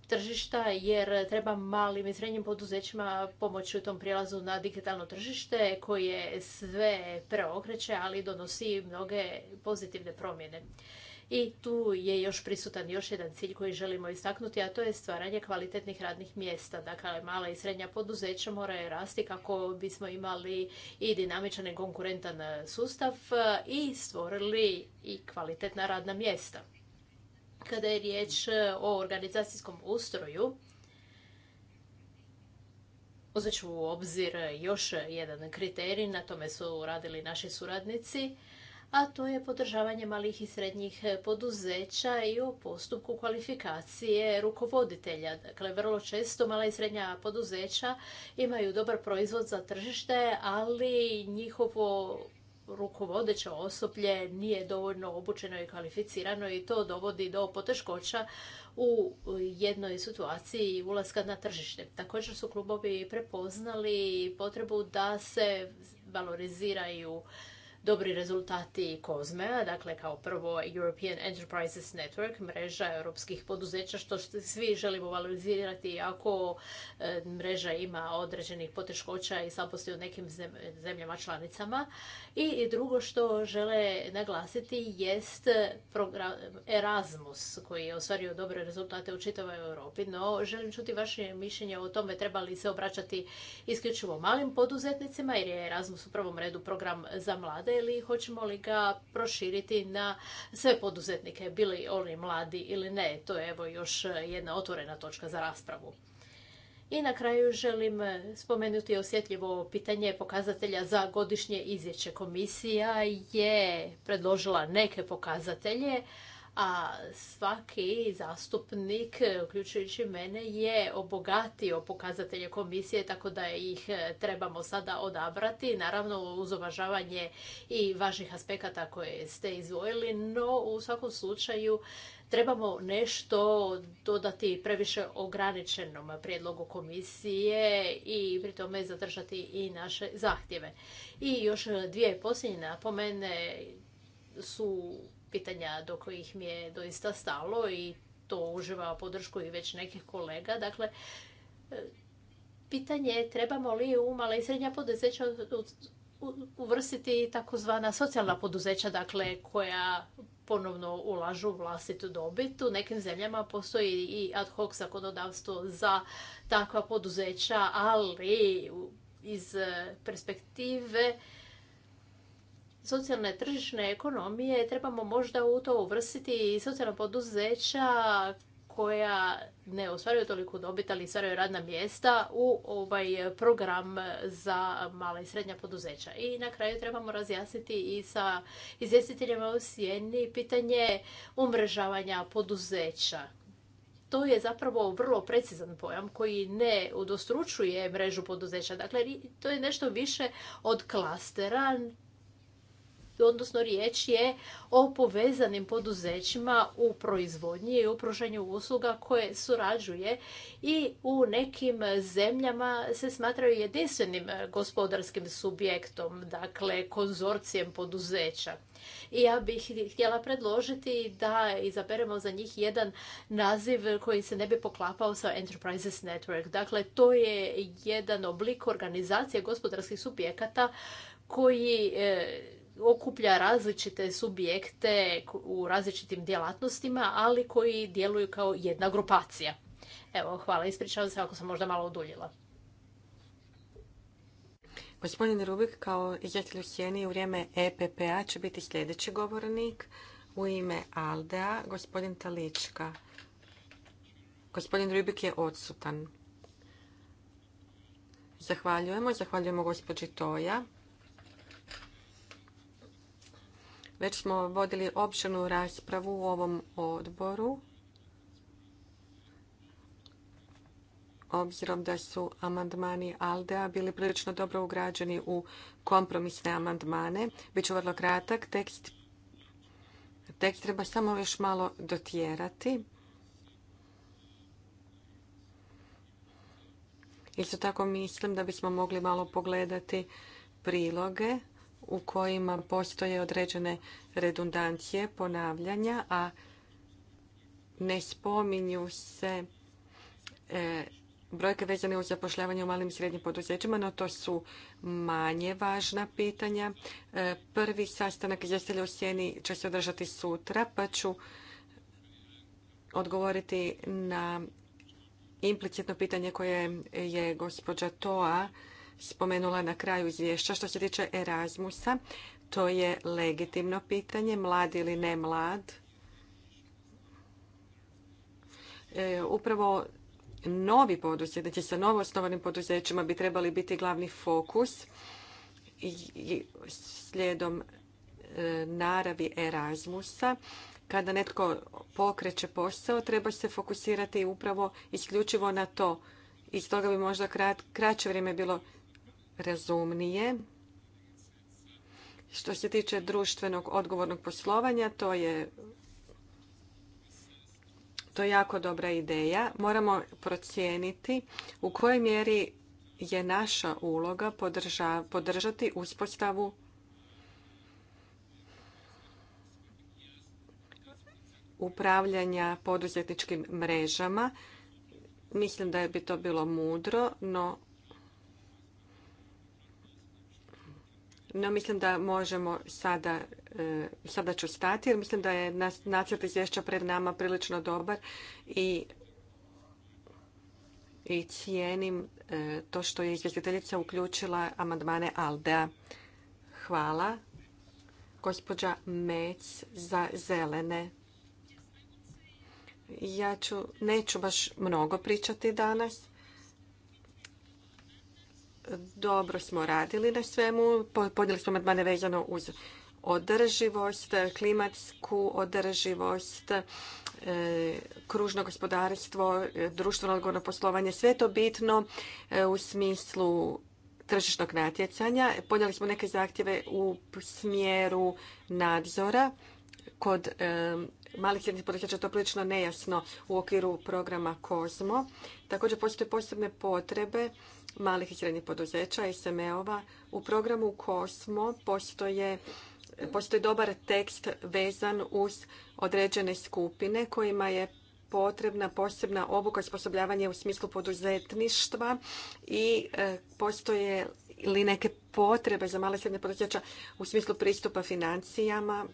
tržišta jer treba malim i srednjim poduzećima pomoći u tom prijelazu na digitalno tržište koje sve preokreće, ali donosi mnoge pozitivne promjene. I tu je još prisutan još jedan cilj koji želimo istaknuti, a to je stvaranje kvalitetnih radnih mjesta. Dakle, mala i srednja poduzeća moraju rasti kako bismo imali i dinamičan i konkurentan sustav i stvorili i kvalitetna radna mjesta kada je riječ e, o organizacijskom ustroju, uzet ću u obzir još jedan kriterij, na tome su radili naši suradnici, a to je podržavanje malih i srednjih poduzeća i o postupku kvalifikacije rukovoditelja. Dakle, vrlo često mala i srednja poduzeća imaju dobar proizvod za tržište, ali njihovo rukovodeće osoblje nije dovoljno obučeno i kvalificirano i to dovodi do poteškoća u jednoj situaciji ulaska na tržište. Također su klubovi prepoznali potrebu da se valoriziraju dobri rezultati Kozmea, dakle kao prvo European Enterprises Network, mreža europskih poduzeća, što svi želimo valorizirati ako e, mreža ima određenih poteškoća i slabosti u nekim zemljama članicama. I drugo što žele naglasiti jest program Erasmus koji je ostvario dobre rezultate u čitavoj Europi, no želim čuti vaše mišljenje o tome treba li se obraćati isključivo malim poduzetnicima jer je Erasmus u prvom redu program za mlade ili hoćemo li ga proširiti na sve poduzetnike, bili oni mladi ili ne. To je evo još jedna otvorena točka za raspravu. I na kraju želim spomenuti osjetljivo pitanje pokazatelja za godišnje izvješće. Komisija je predložila neke pokazatelje, a svaki zastupnik, uključujući mene, je obogatio pokazatelje komisije, tako da ih e, trebamo sada odabrati, naravno uz uvažavanje i važnih aspekata koje ste izvojili, no u svakom slučaju trebamo nešto dodati previše ograničenom prijedlogu komisije i pri tome zadržati i naše zahtjeve. I još dvije posljednje napomene su pitanja do kojih mi je doista stalo i to uživa podršku i već nekih kolega. Dakle, e, pitanje je trebamo li u mala i srednja poduzeća uvrstiti takozvana socijalna poduzeća, dakle koja ponovno ulažu vlastitu dobit. U nekim zemljama postoji i ad hoc zakonodavstvo za takva poduzeća, ali iz perspektive socijalne tržišne ekonomije trebamo možda u to uvrstiti i socijalna poduzeća koja ne ostvaruju toliko dobit, ali ostvaruju radna mjesta u ovaj program za mala i srednja poduzeća. I na kraju trebamo razjasniti i sa izvjestiteljima u Sjeni pitanje umrežavanja poduzeća. To je zapravo vrlo precizan pojam koji ne udostručuje mrežu poduzeća. Dakle, to je nešto više od klastera, odnosno riječ je o povezanim poduzećima u proizvodnji i u pružanju usluga koje surađuje i u nekim zemljama se smatraju jedinstvenim gospodarskim subjektom, dakle konzorcijem poduzeća. I ja bih htjela predložiti da izaberemo za njih jedan naziv koji se ne bi poklapao sa Enterprises Network. Dakle, to je jedan oblik organizacije gospodarskih subjekata koji e, okuplja različite subjekte u različitim djelatnostima, ali koji djeluju kao jedna grupacija. Evo, hvala, ispričavam se ako sam možda malo oduljila. Gospodin Rubik kao u sjeni u vrijeme EPP-a će biti sljedeći govornik u ime Aldea, gospodin Talička. Gospodin Rubik je odsutan. Zahvaljujemo, zahvaljujemo gospođi Toja. Već smo vodili opširnu raspravu u ovom odboru. Obzirom da su amandmani Aldea bili prilično dobro ugrađeni u kompromisne amandmane, bit ću vrlo kratak, tekst, tekst treba samo još malo dotjerati. Isto tako mislim da bismo mogli malo pogledati priloge u kojima postoje određene redundancije, ponavljanja, a ne spominju se e, brojke vezane uz zapošljavanje u malim i srednjim poduzećima, no to su manje važna pitanja. E, prvi sastanak izvjestelja u Sjeni će se održati sutra, pa ću odgovoriti na implicitno pitanje koje je gospođa Toa spomenula na kraju izvješća što se tiče Erasmusa. To je legitimno pitanje, mlad ili ne mlad. E, upravo novi poduzetnici sa novoosnovanim poduzećima bi trebali biti glavni fokus i slijedom e, naravi Erasmusa. Kada netko pokreće posao, treba se fokusirati upravo isključivo na to. Iz toga bi možda kraće vrijeme bilo razumnije. Što se tiče društvenog odgovornog poslovanja, to je to je jako dobra ideja. Moramo procijeniti u kojoj mjeri je naša uloga podržati uspostavu upravljanja poduzetničkim mrežama. Mislim da bi to bilo mudro, no No, mislim da možemo sada, e, sada ću stati jer mislim da je nacrt izvješća pred nama prilično dobar i i cijenim e, to što je izvjestiteljica uključila amandmane Aldea. Hvala. Gospođa Mec za zelene. Ja ću, neću baš mnogo pričati danas. Dobro smo radili na svemu. Podnijeli smo amandmane vezano uz održivost, klimatsku održivost, e, kružno gospodarstvo, društveno odgovorno poslovanje. Sve to bitno e, u smislu tržišnog natjecanja. Podnijeli smo neke zahtjeve u smjeru nadzora. Kod e, malih srednjih poduzeća to prilično nejasno u okviru programa COSMO. Također postoje posebne potrebe malih i srednjih poduzeća, SME-ova. U programu Kosmo postoje Postoji dobar tekst vezan uz određene skupine kojima je potrebna posebna obuka osposobljavanje u smislu poduzetništva i e, postoje li neke potrebe za male srednje poduzeća u smislu pristupa financijama,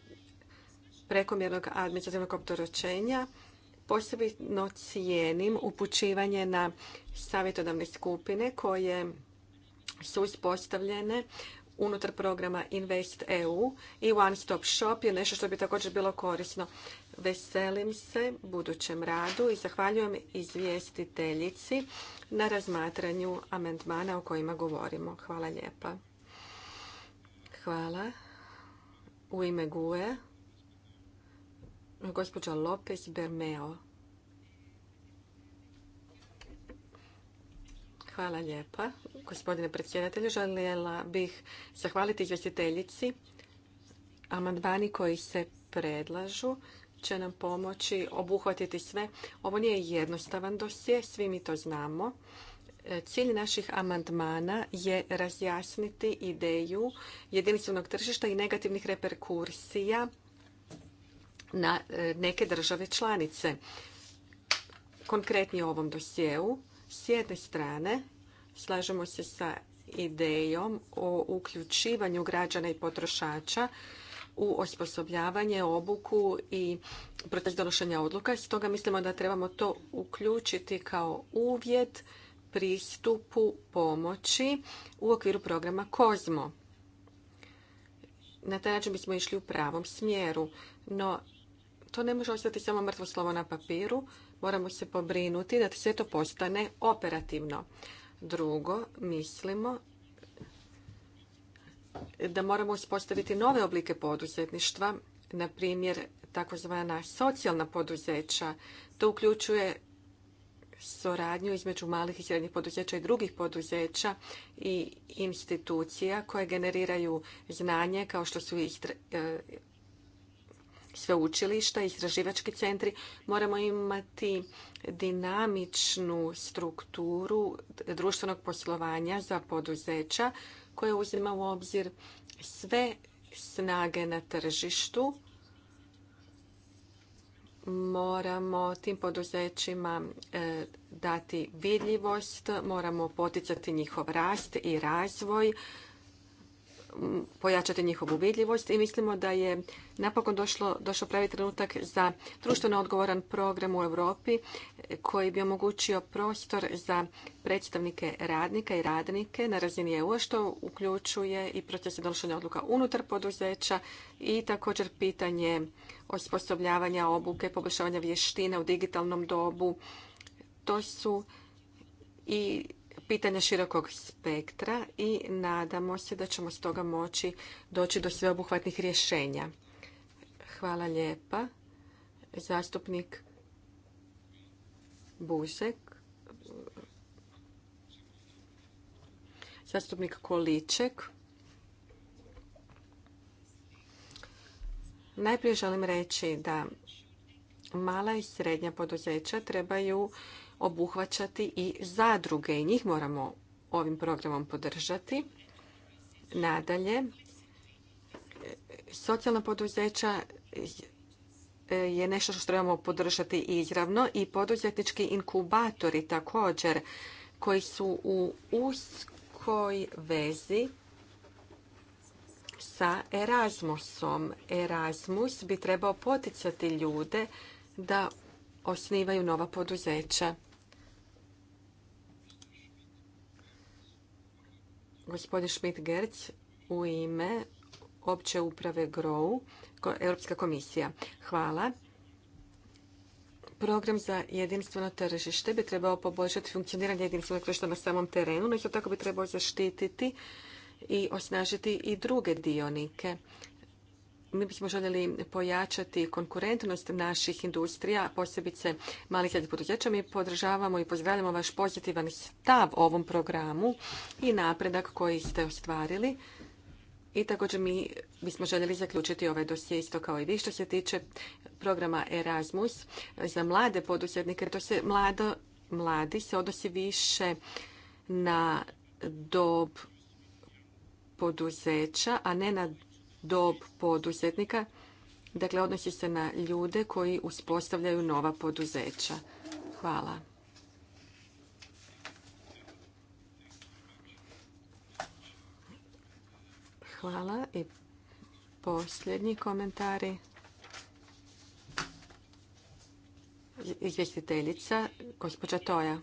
prekomjernog administrativnog opterećenja. Posebno cijenim upućivanje na savjetodavne skupine koje su uspostavljene unutar programa Invest EU i One Stop Shop je nešto što bi također bilo korisno. Veselim se budućem radu i zahvaljujem izvjestiteljici na razmatranju amendmana o kojima govorimo. Hvala lijepa. Hvala. U ime GUE. Gospođa Lopez Bermeo. Hvala lijepa. Gospodine predsjedatelju, željela bih zahvaliti izvjestiteljici. Amandmani koji se predlažu će nam pomoći obuhvatiti sve. Ovo nije jednostavan dosje, svi mi to znamo. Cilj naših amandmana je razjasniti ideju jedinstvenog tržišta i negativnih reperkursija na e, neke države članice. Konkretnije u ovom dosjeu, s jedne strane slažemo se sa idejom o uključivanju građana i potrošača u osposobljavanje, obuku i proces donošenja odluka. Stoga mislimo da trebamo to uključiti kao uvjet pristupu pomoći u okviru programa COSMO. Na taj način bismo išli u pravom smjeru, no to ne može ostati samo mrtvo slovo na papiru. Moramo se pobrinuti da sve to postane operativno. Drugo, mislimo da moramo uspostaviti nove oblike poduzetništva, na primjer takozvana socijalna poduzeća. To uključuje suradnju između malih i srednjih poduzeća i drugih poduzeća i institucija koje generiraju znanje kao što su i istraživački centri, moramo imati dinamičnu strukturu društvenog poslovanja za poduzeća koja uzima u obzir sve snage na tržištu. Moramo tim poduzećima e, dati vidljivost, moramo poticati njihov rast i razvoj, pojačati njihovu vidljivost i mislimo da je napokon došlo, došao pravi trenutak za društveno odgovoran program u Europi koji bi omogućio prostor za predstavnike radnika i radnike na razini EU, što uključuje i proces donošenja odluka unutar poduzeća i također pitanje osposobljavanja obuke, poboljšavanja vještina u digitalnom dobu. To su i pitanja širokog spektra i nadamo se da ćemo stoga moći doći do sveobuhvatnih rješenja. Hvala lijepa. Zastupnik Buzek. Zastupnik Količek. Najprije želim reći da mala i srednja poduzeća trebaju obuhvaćati i zadruge i njih moramo ovim programom podržati. Nadalje, socijalna poduzeća je nešto što trebamo podržati izravno i poduzetnički inkubatori također koji su u uskoj vezi sa Erasmusom. Erasmus bi trebao poticati ljude da osnivaju nova poduzeća. Gospodin Schmidt-Gerc u ime opće uprave GROW, Europska komisija. Hvala. Program za jedinstveno tržište bi trebao poboljšati funkcioniranje jedinstvenog tržišta na samom terenu, no isto tako bi trebao zaštititi i osnažiti i druge dionike mi bismo željeli pojačati konkurentnost naših industrija, posebice malih srednjih poduzeća. Mi podržavamo i pozdravljamo vaš pozitivan stav ovom programu i napredak koji ste ostvarili. I također mi bismo željeli zaključiti ovaj dosje isto kao i vi što se tiče programa Erasmus za mlade poduzetnike. To se mlado, mladi se odnosi više na dob poduzeća, a ne na dob poduzetnika. Dakle, odnosi se na ljude koji uspostavljaju nova poduzeća. Hvala. Hvala i posljednji komentari. Izvjestiteljica, gospođa Toja.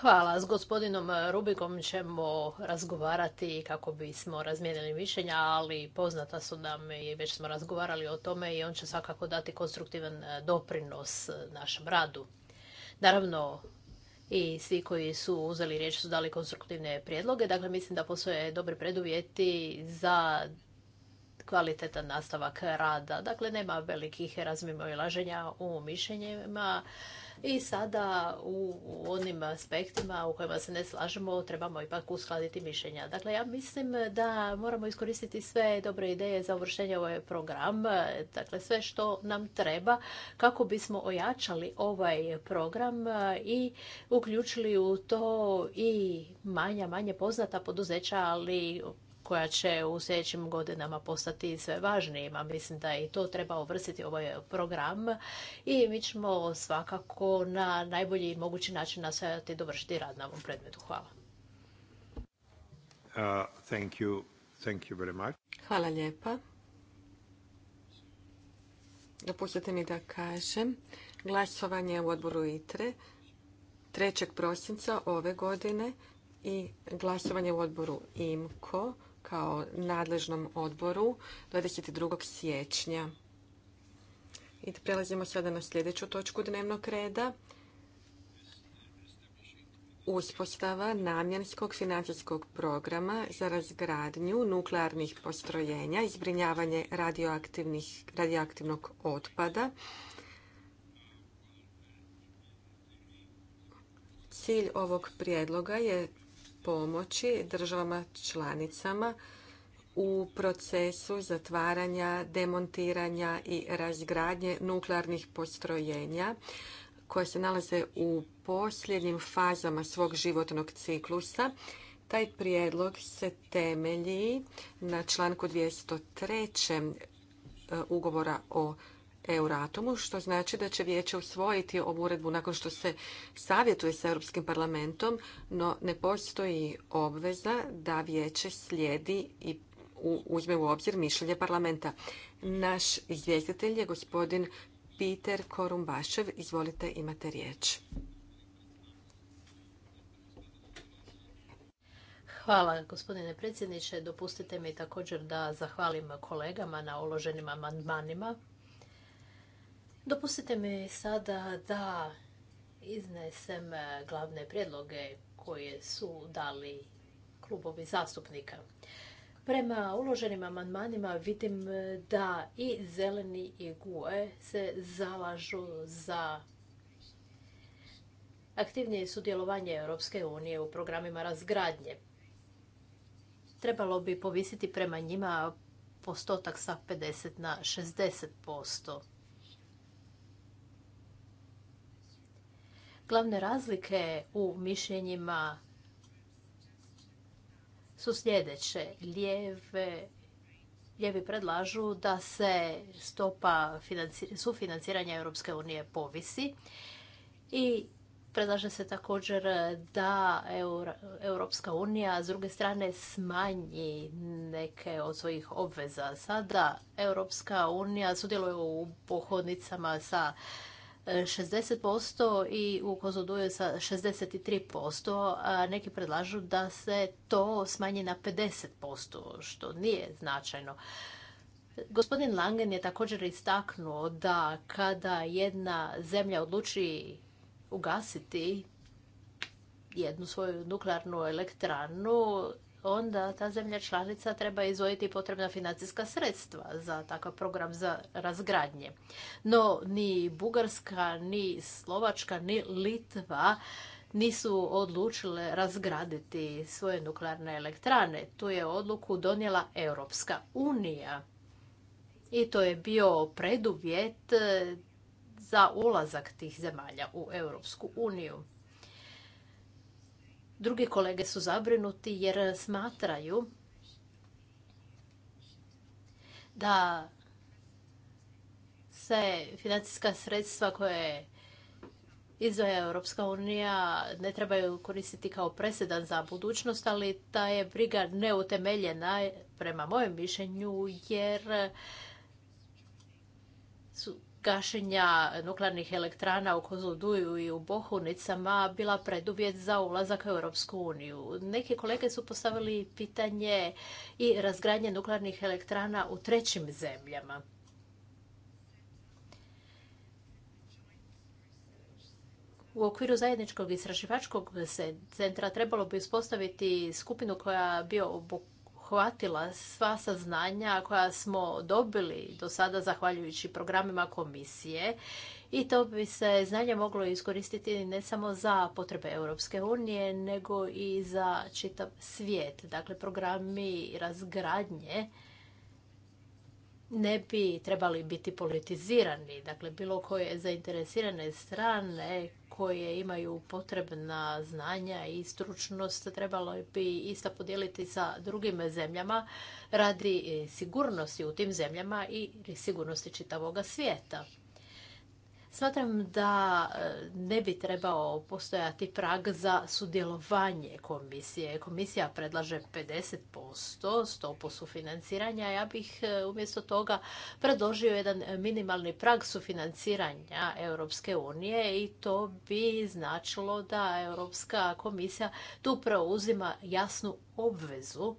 Hvala. S gospodinom Rubikom ćemo razgovarati kako bismo razmijenili mišljenja, ali poznata su nam i već smo razgovarali o tome i on će svakako dati konstruktivan doprinos našem radu. Naravno, i svi koji su uzeli riječ su dali konstruktivne prijedloge. Dakle, mislim da postoje dobri preduvjeti za kvalitetan nastavak rada. Dakle, nema velikih razmimoilaženja u mišljenjima i sada u, onim aspektima u kojima se ne slažemo trebamo ipak uskladiti mišljenja. Dakle, ja mislim da moramo iskoristiti sve dobre ideje za uvršenje ovaj program, dakle sve što nam treba kako bismo ojačali ovaj program i uključili u to i manja, manje poznata poduzeća, ali koja će u sljedećim godinama postati sve važnijima. Mislim da i to treba uvrstiti ovaj program i mi ćemo svakako na najbolji mogući način nastaviti dovršiti rad na ovom predmetu. Hvala. Uh, Hvala lijepa. Dopustite mi da kažem, glasovanje u odboru ITRE 3. prosinca ove godine i glasovanje u odboru IMKO kao nadležnom odboru 22. siječnja. I prelazimo sada na sljedeću točku dnevnog reda. Uspostava namjenskog financijskog programa za razgradnju nuklearnih postrojenja i zbrinjavanje radioaktivnog otpada. Cilj ovog prijedloga je pomoći državama članicama u procesu zatvaranja, demontiranja i razgradnje nuklearnih postrojenja koje se nalaze u posljednjim fazama svog životnog ciklusa. Taj prijedlog se temelji na članku 203. E, ugovora o Euratomu, što znači da će vijeće usvojiti ovu uredbu nakon što se savjetuje sa Europskim parlamentom, no ne postoji obveza da vijeće slijedi i uzme u obzir mišljenje parlamenta. Naš izvjestitelj je gospodin Peter Korumbašev. Izvolite, imate riječ. Hvala gospodine predsjedniče. Dopustite mi također da zahvalim kolegama na uloženim amandmanima. Dopustite mi sada da iznesem e, glavne prijedloge koje su dali klubovi zastupnika. Prema uloženim amandmanima vidim e, da i zeleni i guje se zalažu za aktivnije sudjelovanje Europske unije u programima razgradnje. Trebalo bi povisiti prema njima postotak sa 50 na 60%. Glavne razlike u mišljenjima su sljedeće. Lijeve, lijevi predlažu da se stopa sufinanciranja Europske unije povisi i predlaže se također da Europska unija s druge strane smanji neke od svojih obveza. Sada Europska unija sudjeluje u pohodnicama sa 60% i u Kozoduje sa 63%, a neki predlažu da se to smanji na 50%, što nije značajno. Gospodin Langen je također istaknuo da kada jedna zemlja odluči ugasiti jednu svoju nuklearnu elektranu, onda ta zemlja članica treba izvojiti potrebna financijska sredstva za takav program za razgradnje. No, ni Bugarska, ni Slovačka, ni Litva nisu odlučile razgraditi svoje nuklearne elektrane. Tu je odluku donijela Europska unija. I to je bio preduvjet za ulazak tih zemalja u Europsku uniju. Drugi kolege su zabrinuti jer smatraju da se financijska sredstva koje izdvaja Europska unija ne trebaju koristiti kao presedan za budućnost, ali ta je briga neutemeljena prema mojem mišljenju jer su gašenja nuklearnih elektrana u Kozoduju i u Bohunicama bila preduvjet za ulazak u Europsku uniju. Neki kolege su postavili pitanje i razgradnje nuklearnih elektrana u trećim zemljama. U okviru zajedničkog istraživačkog centra trebalo bi uspostaviti skupinu koja bi obuhvatila sva saznanja koja smo dobili do sada zahvaljujući programima komisije i to bi se znanje moglo iskoristiti ne samo za potrebe Europske unije, nego i za čitav svijet. Dakle, programi razgradnje ne bi trebali biti politizirani. Dakle, bilo koje zainteresirane strane koje imaju potrebna znanja i stručnost trebalo bi ista podijeliti sa drugim zemljama radi sigurnosti u tim zemljama i sigurnosti čitavoga svijeta. Smatram da e, ne bi trebao postojati prag za sudjelovanje komisije. Komisija predlaže 50% stopu sufinanciranja. Ja bih e, umjesto toga predložio jedan minimalni prag sufinanciranja Europske unije i to bi značilo da Europska komisija tu preuzima jasnu obvezu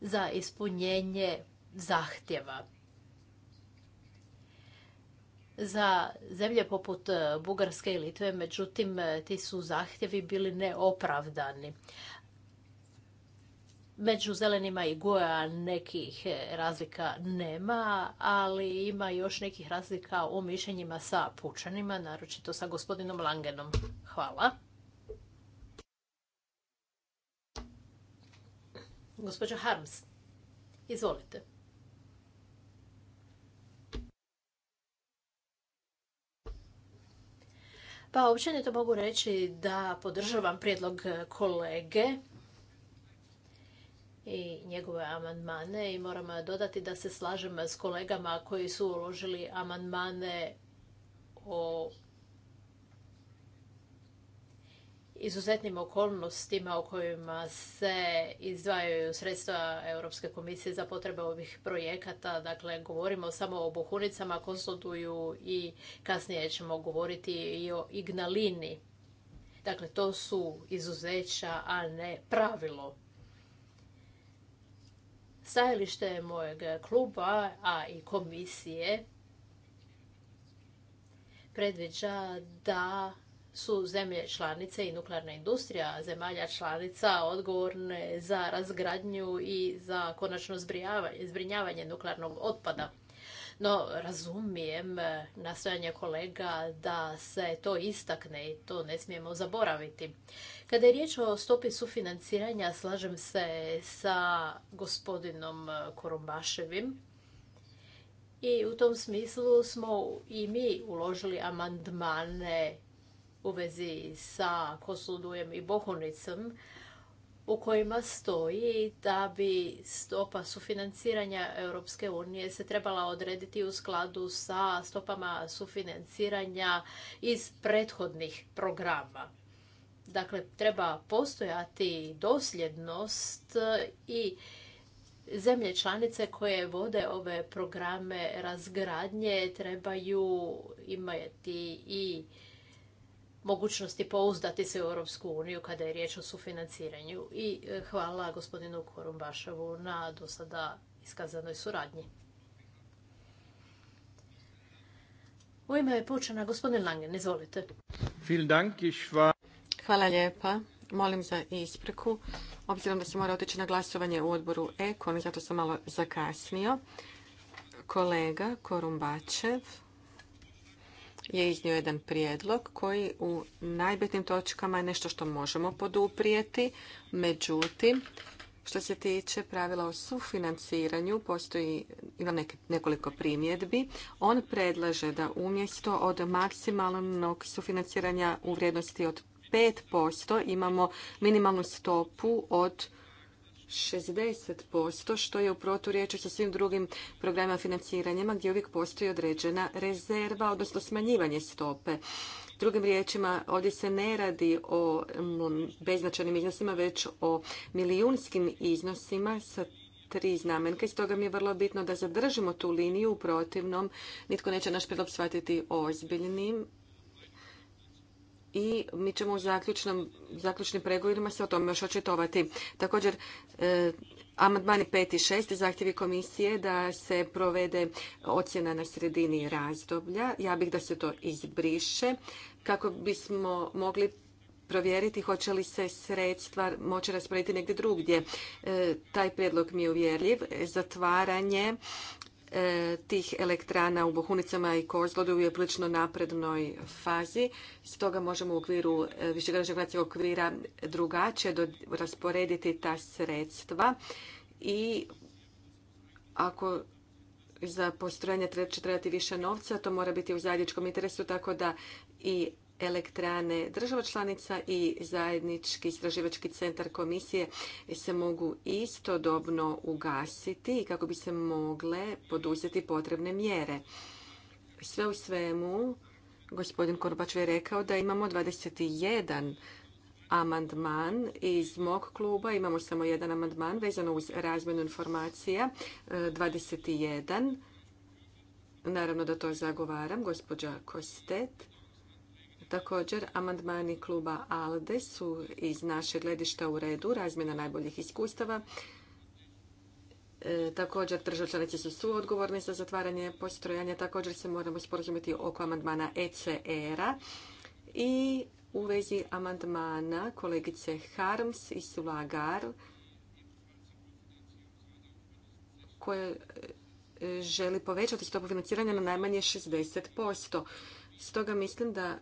za ispunjenje zahtjeva. Za zemlje poput e, Bugarske i Litve, međutim, e, ti su zahtjevi bili neopravdani. Među zelenima i goja nekih e, razlika nema, ali ima još nekih razlika u mišljenjima sa pučanima, naročito sa gospodinom Langenom. Hvala. Gospođa Harms, izvolite. Pa to mogu reći da podržavam prijedlog kolege i njegove amandmane i moram dodati da se slažem s kolegama koji su uložili amandmane o izuzetnim okolnostima u kojima se izdvajaju sredstva Europske komisije za potrebe ovih projekata. Dakle, govorimo samo o Bohunicama, Kosoduju i kasnije ćemo govoriti i o Ignalini. Dakle, to su izuzeća, a ne pravilo. Stajalište mojeg kluba, a i komisije, predviđa da su zemlje članice i nuklearna industrija zemalja članica odgovorne za razgradnju i za konačno zbrinjavanje nuklearnog otpada. No, razumijem e, nastojanje kolega da se to istakne i to ne smijemo zaboraviti. Kada je riječ o stopi sufinanciranja, slažem se sa gospodinom Korumbaševim. I u tom smislu smo i mi uložili amandmane u vezi sa Kosludujem i Bohunicom u kojima stoji da bi stopa sufinanciranja Europske unije se trebala odrediti u skladu sa stopama sufinanciranja iz prethodnih programa. Dakle, treba postojati dosljednost i zemlje članice koje vode ove programe razgradnje trebaju imati i mogućnosti pouzdati se u Europsku uniju kada je riječ o sufinanciranju. I e, hvala gospodinu Korumbaševu na do sada iskazanoj suradnji. U ime je počena gospodin Langen, izvolite. Hvala lijepa. Molim za ispriku. Obzirom da se mora otići na glasovanje u odboru Ekon, zato sam malo zakasnio. Kolega Korumbačev je iznio jedan prijedlog koji u najbitnim točkama je nešto što možemo poduprijeti. Međutim, što se tiče pravila o sufinanciranju, postoji ima nekoliko primjedbi. On predlaže da umjesto od maksimalnog sufinanciranja u vrijednosti od 5% imamo minimalnu stopu od 60%, što je u riječi sa svim drugim programima financiranjima gdje uvijek postoji određena rezerva, odnosno smanjivanje stope. Drugim riječima, ovdje se ne radi o beznačajnim iznosima, već o milijunskim iznosima sa tri znamenke Iz toga mi je vrlo bitno da zadržimo tu liniju, u protivnom nitko neće naš prijedlog shvatiti ozbiljnim i mi ćemo u zaključnim pregovorima se o tome još očitovati. Također, e, amandmani 5 i 6 zahtjevi komisije da se provede ocjena na sredini razdoblja. Ja bih da se to izbriše kako bismo mogli provjeriti hoće li se sredstva moći rasporediti negdje drugdje. E, taj prijedlog mi je uvjerljiv. Zatvaranje E, tih elektrana u Bohunicama i Kozlodu je u prilično naprednoj fazi. Stoga možemo u okviru e, višegodišnjeg okvira drugačije rasporediti ta sredstva i ako za postrojenje će trebati više novca, to mora biti u zajedničkom interesu, tako da i elektrane država članica i zajednički istraživački centar komisije se mogu istodobno ugasiti i kako bi se mogle poduzeti potrebne mjere. Sve u svemu, gospodin Korbač je rekao da imamo 21 amandman iz mog kluba. Imamo samo jedan amandman vezano uz razmjenu informacija. 21. E, Naravno da to zagovaram, gospođa Kostet. Također, amandmani kluba ALDE su iz naše gledišta u redu, razmjena najboljih iskustava. E, također, države članice su suodgovorne za zatvaranje postrojanja. Također se moramo sporazumjeti oko amandmana ECR-a e i u vezi amandmana kolegice Harms i Sulagar koje e, želi povećati stopu financiranja na najmanje 60%. Stoga mislim da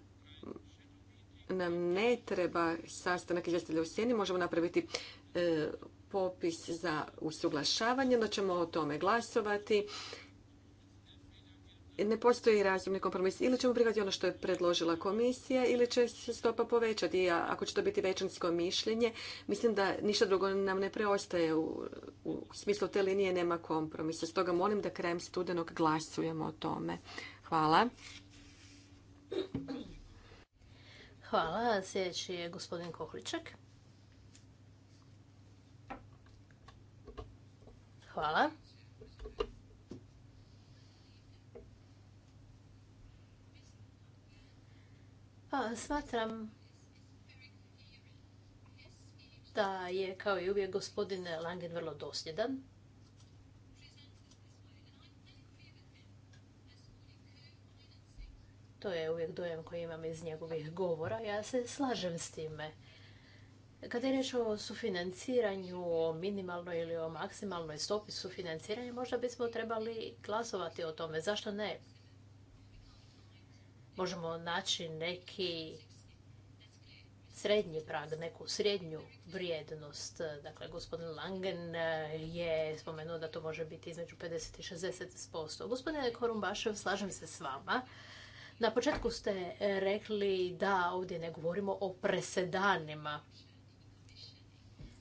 nam ne treba sastanak izvjestitelja u sjeni, možemo napraviti e, popis za usuglašavanje, no ćemo o tome glasovati. Ne postoji razumni kompromis. Ili ćemo prihvatiti ono što je predložila komisija, ili će se stopa povećati. I ako će to biti većinsko mišljenje, mislim da ništa drugo nam ne preostaje. U, u smislu te linije nema kompromisa. Stoga molim da krajem studenog glasujemo o tome. Hvala. Hvala. Sljedeći je gospodin Kohličak. Hvala. Pa, smatram da je kao i uvijek gospodin Langen vrlo dosljedan. To je uvijek dojem koji imam iz njegovih govora. Ja se slažem s time. Kada je riječ o sufinanciranju, o minimalnoj ili o maksimalnoj stopi sufinanciranja, možda bismo trebali glasovati o tome. Zašto ne? Možemo naći neki srednji prag, neku srednju vrijednost. Dakle, gospodin Langen je spomenuo da to može biti između 50 i 60%. Gospodine Korumbašev, slažem se s vama na početku ste rekli da ovdje ne govorimo o presedanima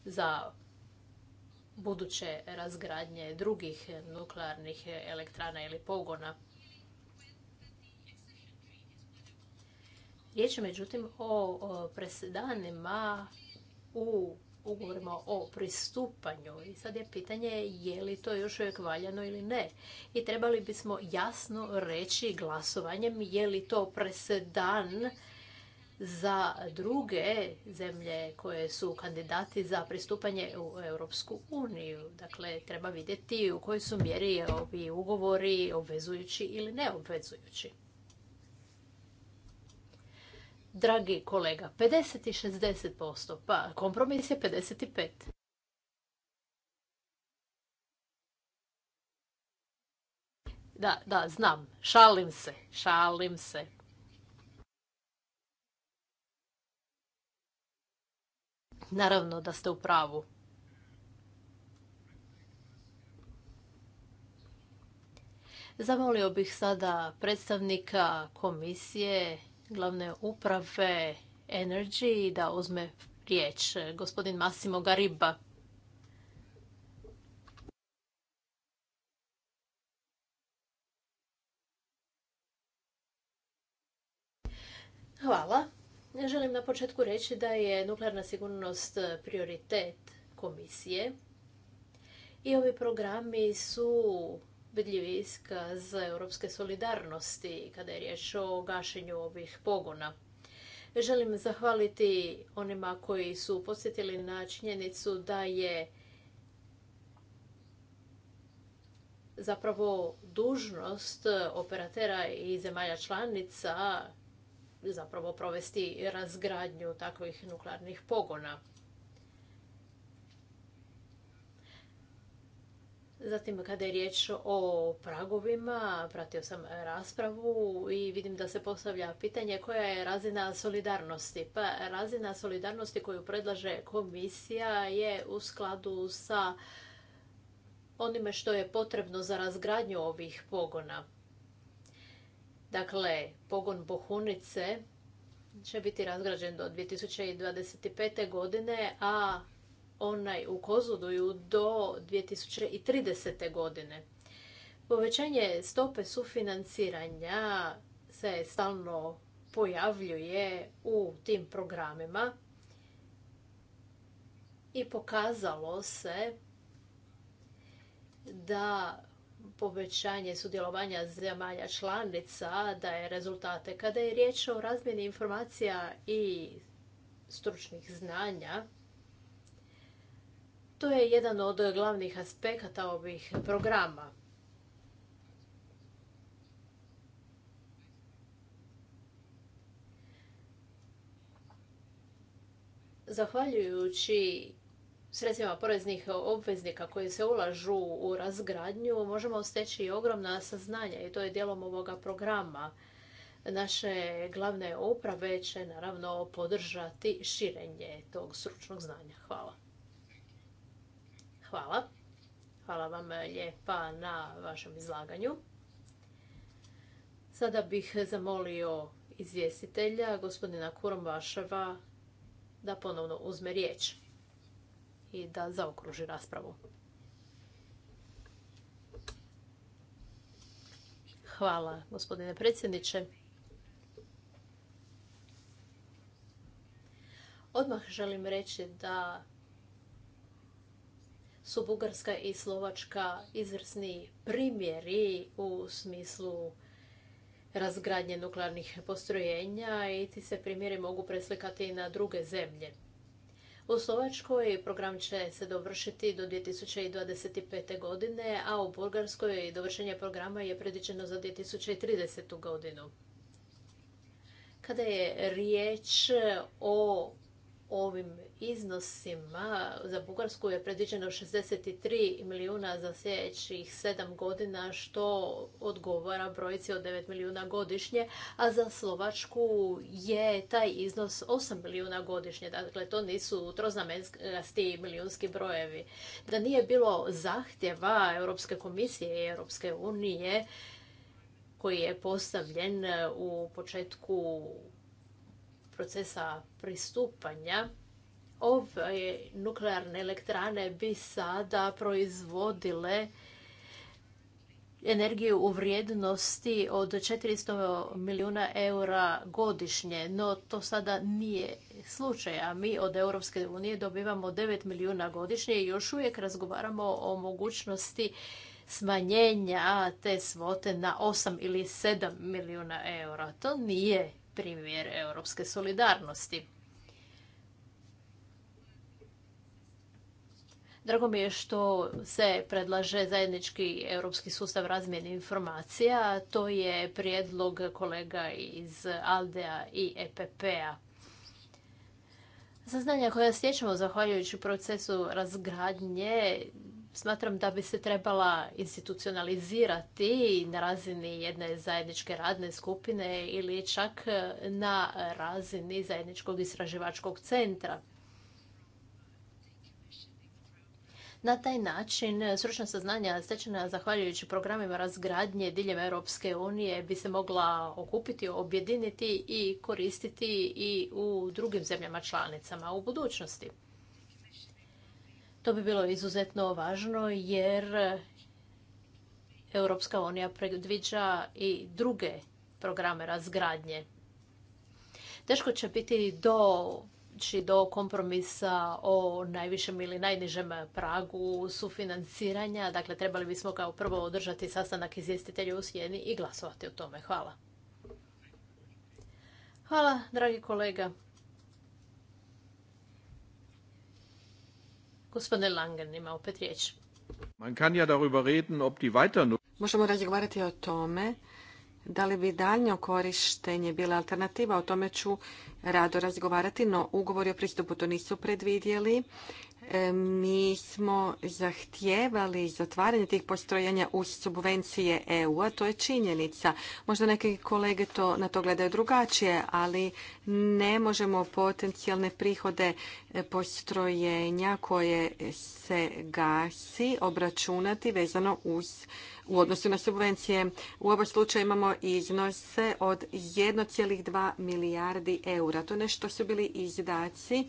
za buduće razgradnje drugih nuklearnih elektrana ili pogona. Riječ je međutim o presedanima u ugovorima o pristupanju. I sad je pitanje je li to još uvijek valjano ili ne. I trebali bismo jasno reći glasovanjem je li to presedan za druge zemlje koje su kandidati za pristupanje u Europsku uniju. Dakle, treba vidjeti u kojoj su mjeri ovi ugovori obvezujući ili neobvezujući dragi kolega, 50 i 60%, pa kompromis je 55%. Da, da, znam. Šalim se, šalim se. Naravno da ste u pravu. Zamolio bih sada predstavnika komisije glavne uprave Energy da uzme riječ. Gospodin Massimo Gariba. Hvala. Želim na početku reći da je nuklearna sigurnost prioritet komisije i ovi programi su vidljivi iskaz europske solidarnosti kada je riječ o gašenju ovih pogona. Želim zahvaliti onima koji su posjetili na činjenicu da je zapravo dužnost operatera i zemalja članica zapravo provesti razgradnju takvih nuklearnih pogona. Zatim, kada je riječ o pragovima, pratio sam raspravu i vidim da se postavlja pitanje koja je razina solidarnosti. Pa razina solidarnosti koju predlaže komisija je u skladu sa onime što je potrebno za razgradnju ovih pogona. Dakle, pogon Bohunice će biti razgrađen do 2025. godine, a onaj u Kozoduju do 2030. godine. Povećanje stope sufinanciranja se stalno pojavljuje u tim programima i pokazalo se da povećanje sudjelovanja zemalja članica daje rezultate. Kada je riječ o razmjeni informacija i stručnih znanja, to je jedan od glavnih aspekata ovih programa. Zahvaljujući sredstvima poreznih obveznika koji se ulažu u razgradnju, možemo steći ogromna saznanja i to je dijelom ovoga programa. Naše glavne uprave će naravno podržati širenje tog stručnog znanja. Hvala. Hvala. Hvala vam eh, lijepa na vašem izlaganju. Sada bih zamolio izvjestitelja, gospodina Kurombaševa, da ponovno uzme riječ i da zaokruži raspravu. Hvala, gospodine predsjedniče. Odmah želim reći da su Bugarska i Slovačka izvrsni primjeri u smislu razgradnje nuklearnih postrojenja i ti se primjeri mogu preslikati na druge zemlje. U Slovačkoj program će se dovršiti do 2025. godine, a u Bugarskoj dovršenje programa je predviđeno za 2030. godinu. Kada je riječ o ovim iznosima za Bugarsku je predviđeno 63 milijuna za sljedećih 7 godina, što odgovara brojci od 9 milijuna godišnje, a za Slovačku je taj iznos 8 milijuna godišnje. Dakle, to nisu troznamenski milijunski brojevi. Da nije bilo zahtjeva Europske komisije i Europske unije, koji je postavljen u početku procesa pristupanja, ove nuklearne elektrane bi sada proizvodile energiju u vrijednosti od 400 milijuna eura godišnje, no to sada nije slučaj, a mi od Europske unije dobivamo 9 milijuna godišnje i još uvijek razgovaramo o mogućnosti smanjenja te svote na 8 ili 7 milijuna eura. To nije primjer europske solidarnosti. Drago mi je što se predlaže zajednički europski sustav razmjene informacija. To je prijedlog kolega iz Aldea i EPP-a. Saznanja koja stječemo zahvaljujući procesu razgradnje Smatram da bi se trebala institucionalizirati na razini jedne zajedničke radne skupine ili čak e, na razini zajedničkog istraživačkog centra. Na taj način e, stručna saznanja stečena zahvaljujući programima razgradnje diljem Europske unije bi se mogla okupiti, objediniti i koristiti i u drugim zemljama članicama u budućnosti. To bi bilo izuzetno važno jer Europska unija predviđa i druge programe razgradnje. Teško će biti doći do kompromisa o najvišem ili najnižem pragu sufinanciranja. Dakle, trebali bismo kao prvo održati sastanak izvjestitelja u Sjeni i glasovati o tome. Hvala. Hvala, dragi kolega. Gospodine Langen ima opet riječ. Man Možemo razgovarati o tome da li bi daljnje korištenje bila alternativa. O tome ću rado razgovarati, no ugovori o pristupu to nisu predvidjeli E, mi smo zahtijevali zatvaranje tih postrojenja uz subvencije EU-a, to je činjenica. Možda neke kolege to, na to gledaju drugačije, ali ne možemo potencijalne prihode e, postrojenja koje se gasi obračunati vezano uz u odnosu na subvencije. U ovom slučaju imamo iznose od 1,2 milijardi eura. To nešto su bili izdaci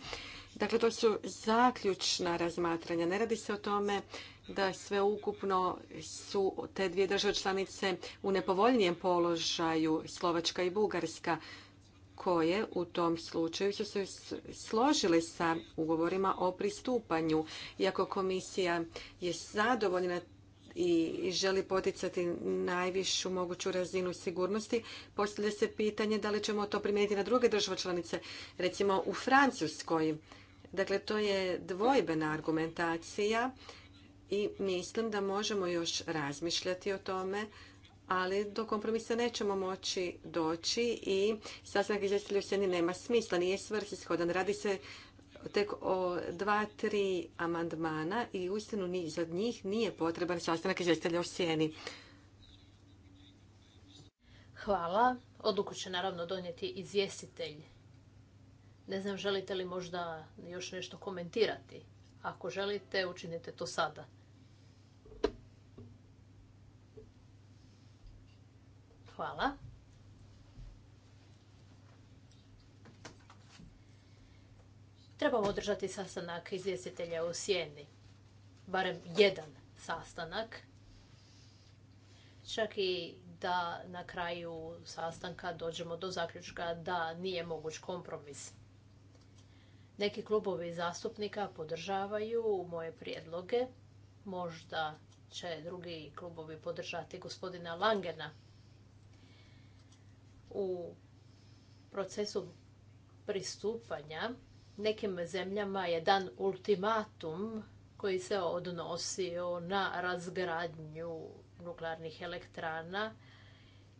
Dakle, to su zaključna razmatranja. Ne radi se o tome da sve ukupno su te dvije države članice u nepovoljnijem položaju Slovačka i Bugarska koje u tom slučaju su se složile sa ugovorima o pristupanju. Iako komisija je zadovoljna i želi poticati najvišu moguću razinu sigurnosti, postavlja se pitanje da li ćemo to primijeniti na druge države članice, recimo u Francuskoj Dakle, to je dvojbena argumentacija i mislim da možemo još razmišljati o tome, ali do kompromisa nećemo moći doći i sastanak izvjestitelja u sjeni nema smisla, nije svrsishodan. Radi se tek o dva, tri amandmana i uistinu za njih nije potreban sastanak izvjestitelja u sjeni. Hvala. Odluku će naravno donijeti izvjestitelj ne znam, želite li možda još nešto komentirati? Ako želite, učinite to sada. Hvala. Trebamo održati sastanak izvjestitelja u Sjeni. Barem jedan sastanak. Čak i da na kraju sastanka dođemo do zaključka da nije moguć kompromis. Neki klubovi zastupnika podržavaju moje prijedloge. Možda će drugi klubovi podržati gospodina Langena. U procesu pristupanja nekim zemljama je dan ultimatum koji se odnosio na razgradnju nuklearnih elektrana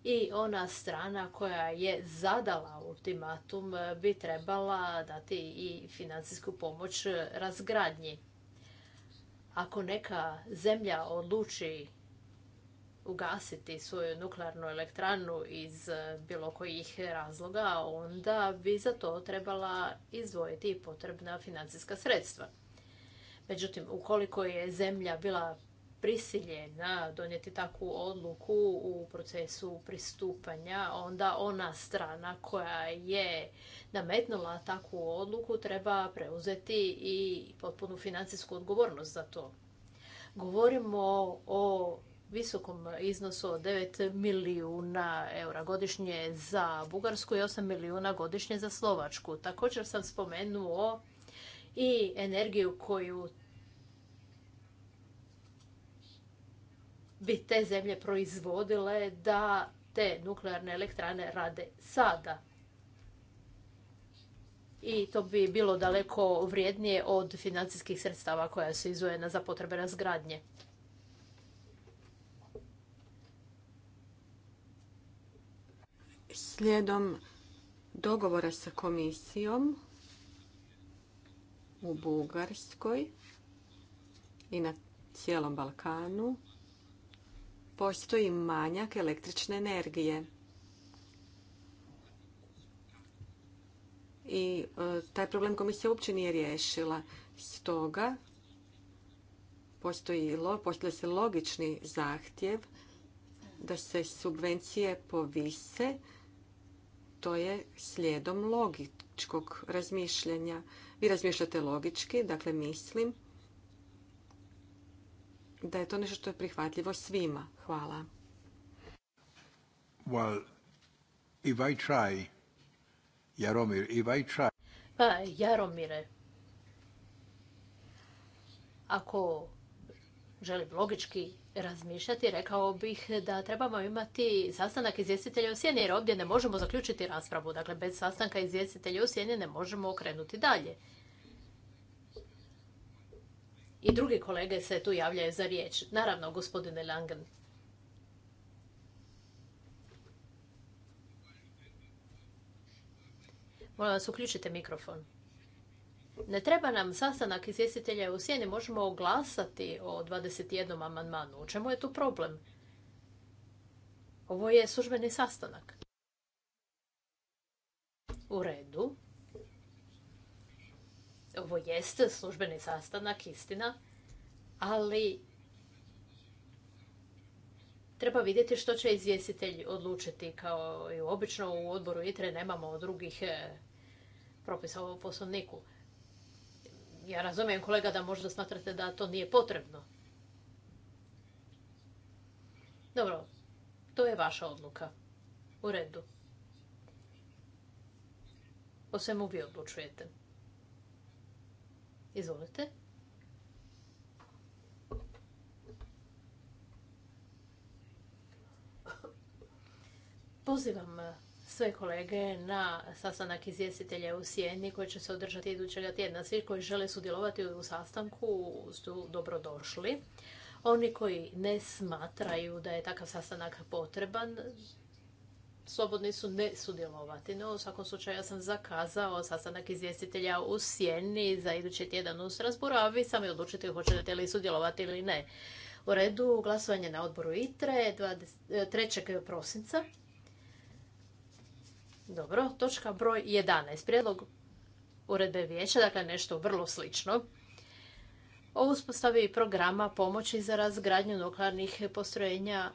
i ona strana koja je zadala ultimatum eh, bi trebala dati i financijsku pomoć eh, razgradnji. Ako neka zemlja odluči ugasiti svoju nuklearnu elektranu iz eh, bilo kojih razloga, onda bi za to trebala izdvojiti potrebna financijska sredstva. Međutim, ukoliko je zemlja bila prisiljena donijeti takvu odluku u procesu pristupanja, onda ona strana koja je nametnula takvu odluku treba preuzeti i potpunu financijsku odgovornost za to. Govorimo o visokom iznosu od 9 milijuna eura godišnje za Bugarsku i 8 milijuna godišnje za Slovačku. Također sam spomenuo i energiju koju bi te zemlje proizvodile da te nuklearne elektrane rade sada. I to bi bilo daleko vrijednije od financijskih sredstava koja su izvojena za potrebe razgradnje. Slijedom dogovora sa komisijom u Bugarskoj i na cijelom Balkanu postoji manjak električne energije. I e, taj problem komisija uopće nije riješila. Stoga postoji se logični zahtjev da se subvencije povise. To je slijedom logičkog razmišljanja. Vi razmišljate logički, dakle mislim da je to nešto što je prihvatljivo svima. Hvala. if Jaromir, Pa, Jaromire, ako želim logički razmišljati, rekao bih da trebamo imati sastanak izvjestitelja u sjeni, jer ovdje ne možemo zaključiti raspravu. Dakle, bez sastanka izvjestitelja u sjeni ne možemo okrenuti dalje. I drugi kolege se tu javljaju za riječ. Naravno, gospodine Langen. Molim vas, uključite mikrofon. Ne treba nam sastanak izvjestitelja u sjeni, možemo oglasati o 21. amandmanu. U čemu je tu problem? Ovo je službeni sastanak. U redu. Ovo jeste službeni sastanak, istina, ali treba vidjeti što će izvjestitelj odlučiti. Kao i obično u odboru ITRE nemamo drugih eh, propisao u poslovniku. Ja razumijem kolega da možda smatrate da to nije potrebno. Dobro, to je vaša odluka. U redu. O svemu vi odlučujete. Izvolite. Pozivam sve kolege na sastanak izvjestitelja u sjeni koji će se održati idućeg tjedna. Svi koji žele sudjelovati u sastanku su dobrodošli. Oni koji ne smatraju da je takav sastanak potreban, slobodni su ne sudjelovati. No, u svakom slučaju ja sam zakazao sastanak izvjestitelja u Sjeni za idući tjedan u Strasburu, a vi sami odlučite hoćete li sudjelovati ili ne. U redu, glasovanje na odboru ITRE 23. E, prosinca. Dobro, točka broj 11. Prijedlog uredbe vijeća, dakle nešto vrlo slično. O uspostavi programa pomoći za razgradnju nuklearnih postrojenja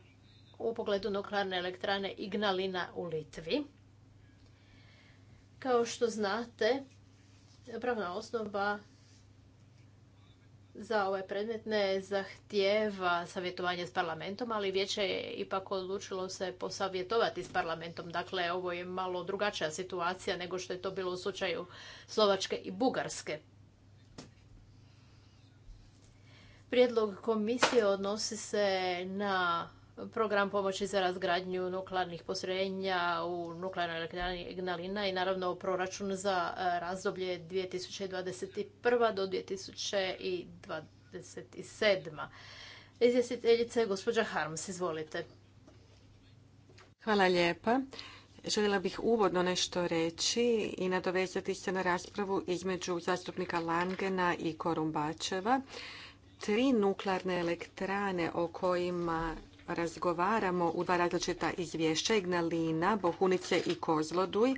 u pogledu nuklearne elektrane Ignalina u Litvi. Kao što znate, pravna osnova za ovaj predmet ne zahtijeva savjetovanje s parlamentom, ali vijeće je ipak odlučilo se posavjetovati s parlamentom. Dakle, ovo je malo drugačija situacija nego što je to bilo u slučaju Slovačke i Bugarske. Prijedlog komisije odnosi se na program pomoći za razgradnju nuklearnih postrojenja u nuklearnoj elektrani Ignalina i naravno proračun za e, razdoblje 2021. do 2027. Izvjestiteljice, gospođa Harms, izvolite. Hvala lijepa. Željela bih uvodno nešto reći i nadovezati se na raspravu između zastupnika Langena i Korumbačeva. Tri nuklearne elektrane o kojima razgovaramo u dva različita izvješća, Ignalina, Bohunice i Kozloduj,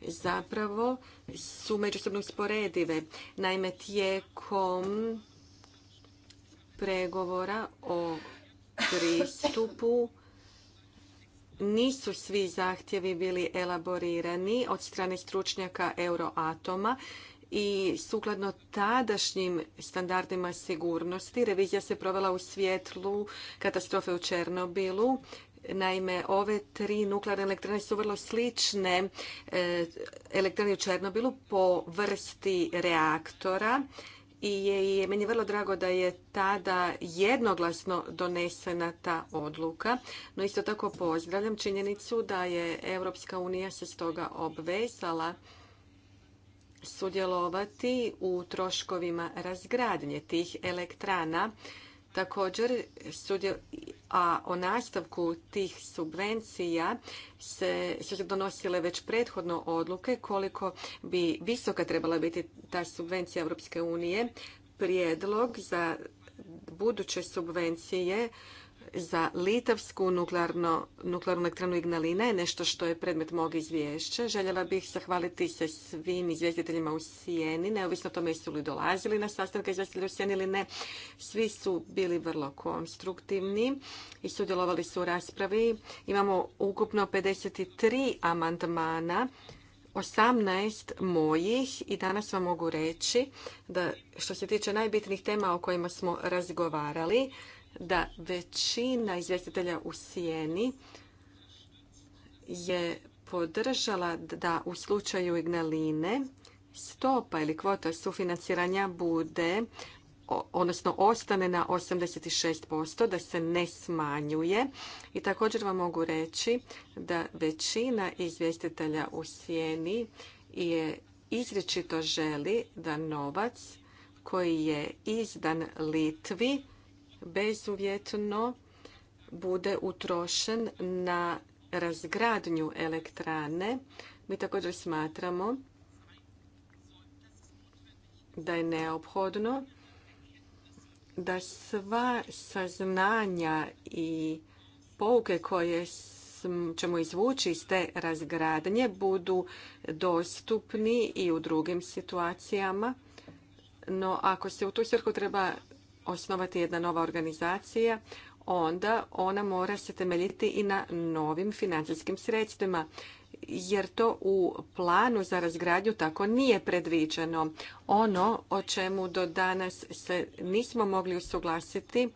zapravo su međusobno sporedive. Naime, tijekom pregovora o pristupu nisu svi zahtjevi bili elaborirani od strane stručnjaka Euroatoma i sukladno tadašnjim standardima sigurnosti revizija se provela u svjetlu katastrofe u Černobilu. Naime, ove tri nuklearne elektrane su vrlo slične e, elektrane u Černobilu po vrsti reaktora i je, meni je vrlo drago da je tada jednoglasno donesena ta odluka. No isto tako pozdravljam činjenicu da je Europska unija se stoga obvezala sudjelovati u troškovima razgradnje tih elektrana. Također, a o nastavku tih subvencija se, su se donosile već prethodno odluke koliko bi visoka trebala biti ta subvencija Europske unije. Prijedlog za buduće subvencije za litavsku nuklearnu elektranu Ignalina je nešto što je predmet mog izvješća. Željela bih zahvaliti se svim izvjestiteljima u Sijeni, neovisno o tome jesu li dolazili na sastanke izvjestitelja u Sijeni ili ne. Svi su bili vrlo konstruktivni i sudjelovali su u raspravi. Imamo ukupno 53 amandmana. 18 mojih i danas vam mogu reći da što se tiče najbitnijih tema o kojima smo razgovarali, da većina izvjestitelja u Sijeni je podržala da u slučaju Ignaline stopa ili kvota sufinanciranja bude odnosno ostane na 86%, da se ne smanjuje. I također vam mogu reći da većina izvjestitelja u sjeni je izričito želi da novac koji je izdan Litvi bezuvjetno bude utrošen na razgradnju elektrane. Mi također smatramo da je neophodno da sva saznanja i pouke koje ćemo izvući iz te razgradnje budu dostupni i u drugim situacijama. No, ako se u tu svrhu treba osnovati jedna nova organizacija, onda ona mora se temeljiti i na novim financijskim sredstvima jer to u planu za razgradnju tako nije predviđeno. Ono o čemu do danas se nismo mogli usuglasiti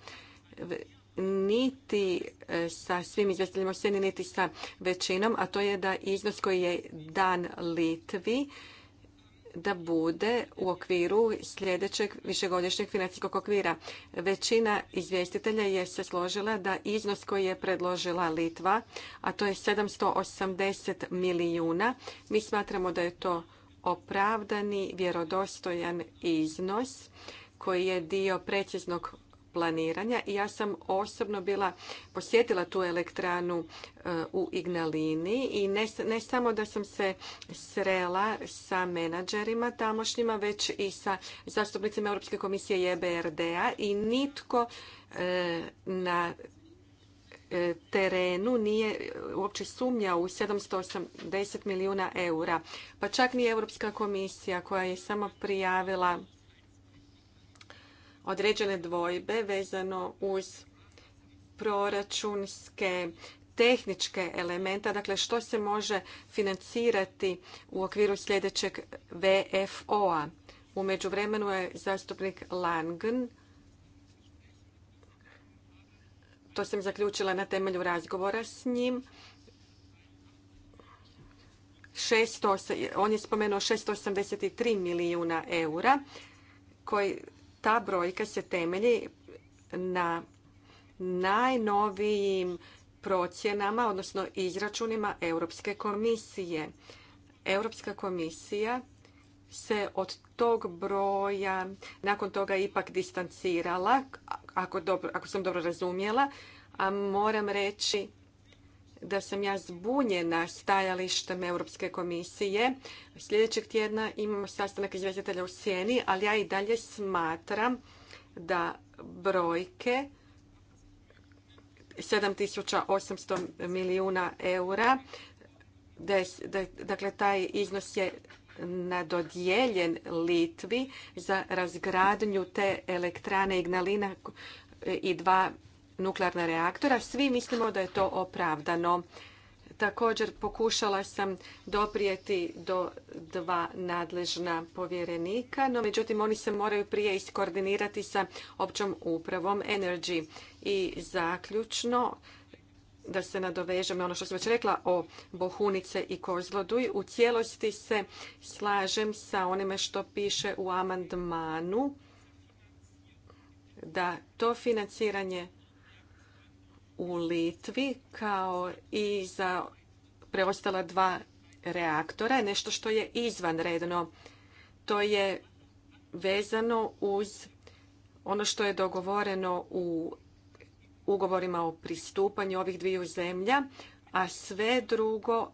niti e, sa svim izvjestiteljima niti sa većinom, a to je da iznos koji je dan Litvi da bude u okviru sljedećeg višegodišnjeg financijskog okvira. Većina izvjestitelja je se složila da iznos koji je predložila Litva, a to je 780 milijuna, mi smatramo da je to opravdani, vjerodostojan iznos koji je dio preciznog planiranja i ja sam osobno bila posjetila tu elektranu e, u Ignalini i ne, samo da sam se srela sa menadžerima tamošnjima, već i sa zastupnicima Europske komisije i EBRD-a i nitko e, na e, terenu nije uopće sumnja u 780 milijuna eura. Pa čak ni Europska komisija koja je samo prijavila određene dvojbe vezano uz proračunske tehničke elementa, dakle što se može financirati u okviru sljedećeg VFO-a. U međuvremenu je zastupnik Langen, to sam zaključila na temelju razgovora s njim, on je spomenuo 683 milijuna eura koji ta brojka se temelji na najnovijim procjenama, odnosno izračunima Europske komisije. Europska komisija se od tog broja nakon toga ipak distancirala, ako, sam dobro razumjela, a moram reći da sam ja zbunjena stajalištem Europske komisije. Sljedećeg tjedna imamo sastanak izvjestitelja u Sjeni, ali ja i dalje smatram da brojke 7800 milijuna eura, dakle taj iznos je nadodjeljen Litvi za razgradnju te elektrane Ignalina i dva nuklearna reaktora. Svi mislimo da je to opravdano. Također pokušala sam doprijeti do dva nadležna povjerenika, no međutim oni se moraju prije iskoordinirati sa općom upravom Energy. I zaključno, da se nadovežem na ono što sam već rekla o Bohunice i Kozloduj, u cijelosti se slažem sa onime što piše u amandmanu da to financiranje u Litvi kao i za preostala dva reaktora nešto što je izvanredno. To je vezano uz ono što je dogovoreno u ugovorima o pristupanju ovih dviju zemlja, a sve drugo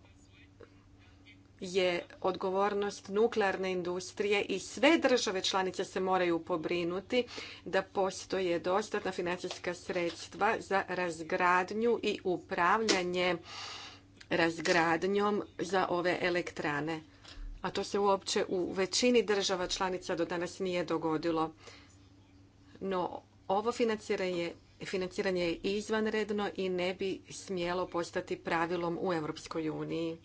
je odgovornost nuklearne industrije i sve države članice se moraju pobrinuti da postoje dostatna financijska sredstva za razgradnju i upravljanje razgradnjom za ove elektrane. A to se uopće u većini država članica do danas nije dogodilo. No, ovo financiranje financiranje je izvanredno i ne bi smjelo postati pravilom u Europskoj uniji.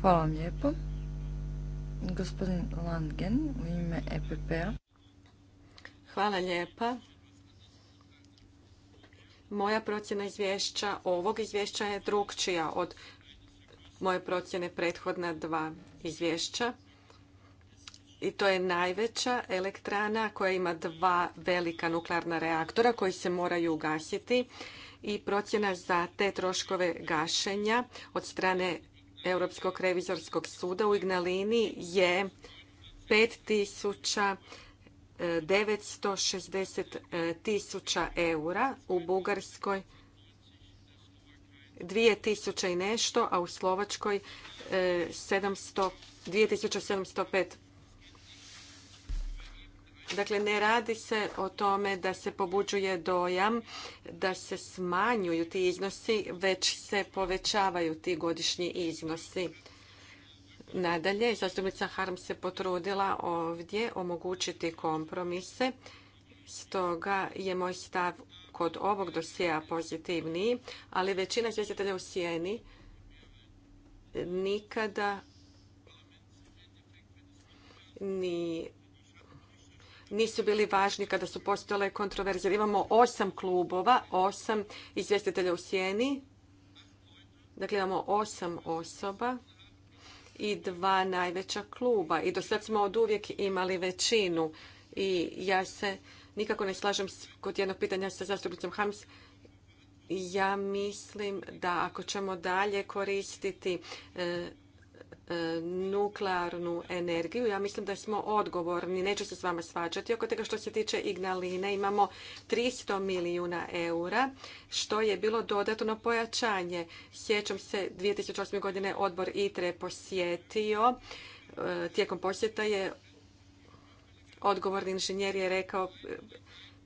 Hvala vam lijepo. Gospodin Langen, u ime epp p-a. Hvala lijepa. Moja procjena izvješća, ovog izvješća je drugčija od moje procjene prethodna dva izvješća. I to je najveća elektrana koja ima dva velika nuklearna reaktora koji se moraju ugasiti i procjena za te troškove gašenja od strane Europskog revizorskog suda u Ignalini je 5.960 tisuća eura, u Bugarskoj 2.000 i nešto, a u Slovačkoj 700, eh, 2.705 Dakle, ne radi se o tome da se pobuđuje dojam da se smanjuju ti iznosi, već se povećavaju ti godišnji iznosi. Nadalje, zastupnica Harm se potrudila ovdje omogućiti kompromise, stoga je moj stav kod ovog dosjea pozitivniji, ali većina izvjestitelja u Sijeni nikada ni nisu bili važni kada su postojale kontroverze. Imamo osam klubova, osam izvjestitelja u sjeni. Dakle, imamo osam osoba i dva najveća kluba. I do sad smo od uvijek imali većinu. I ja se nikako ne slažem kod jednog pitanja sa zastupnicom Hams. Ja mislim da ako ćemo dalje koristiti e, E, nuklearnu energiju. Ja mislim da smo odgovorni, neću se s vama svađati. Oko toga što se tiče Ignaline imamo 300 milijuna eura, što je bilo dodatno pojačanje. Sjećam se 2008. godine odbor ITRE posjetio. E, tijekom posjeta je odgovorni inženjer je rekao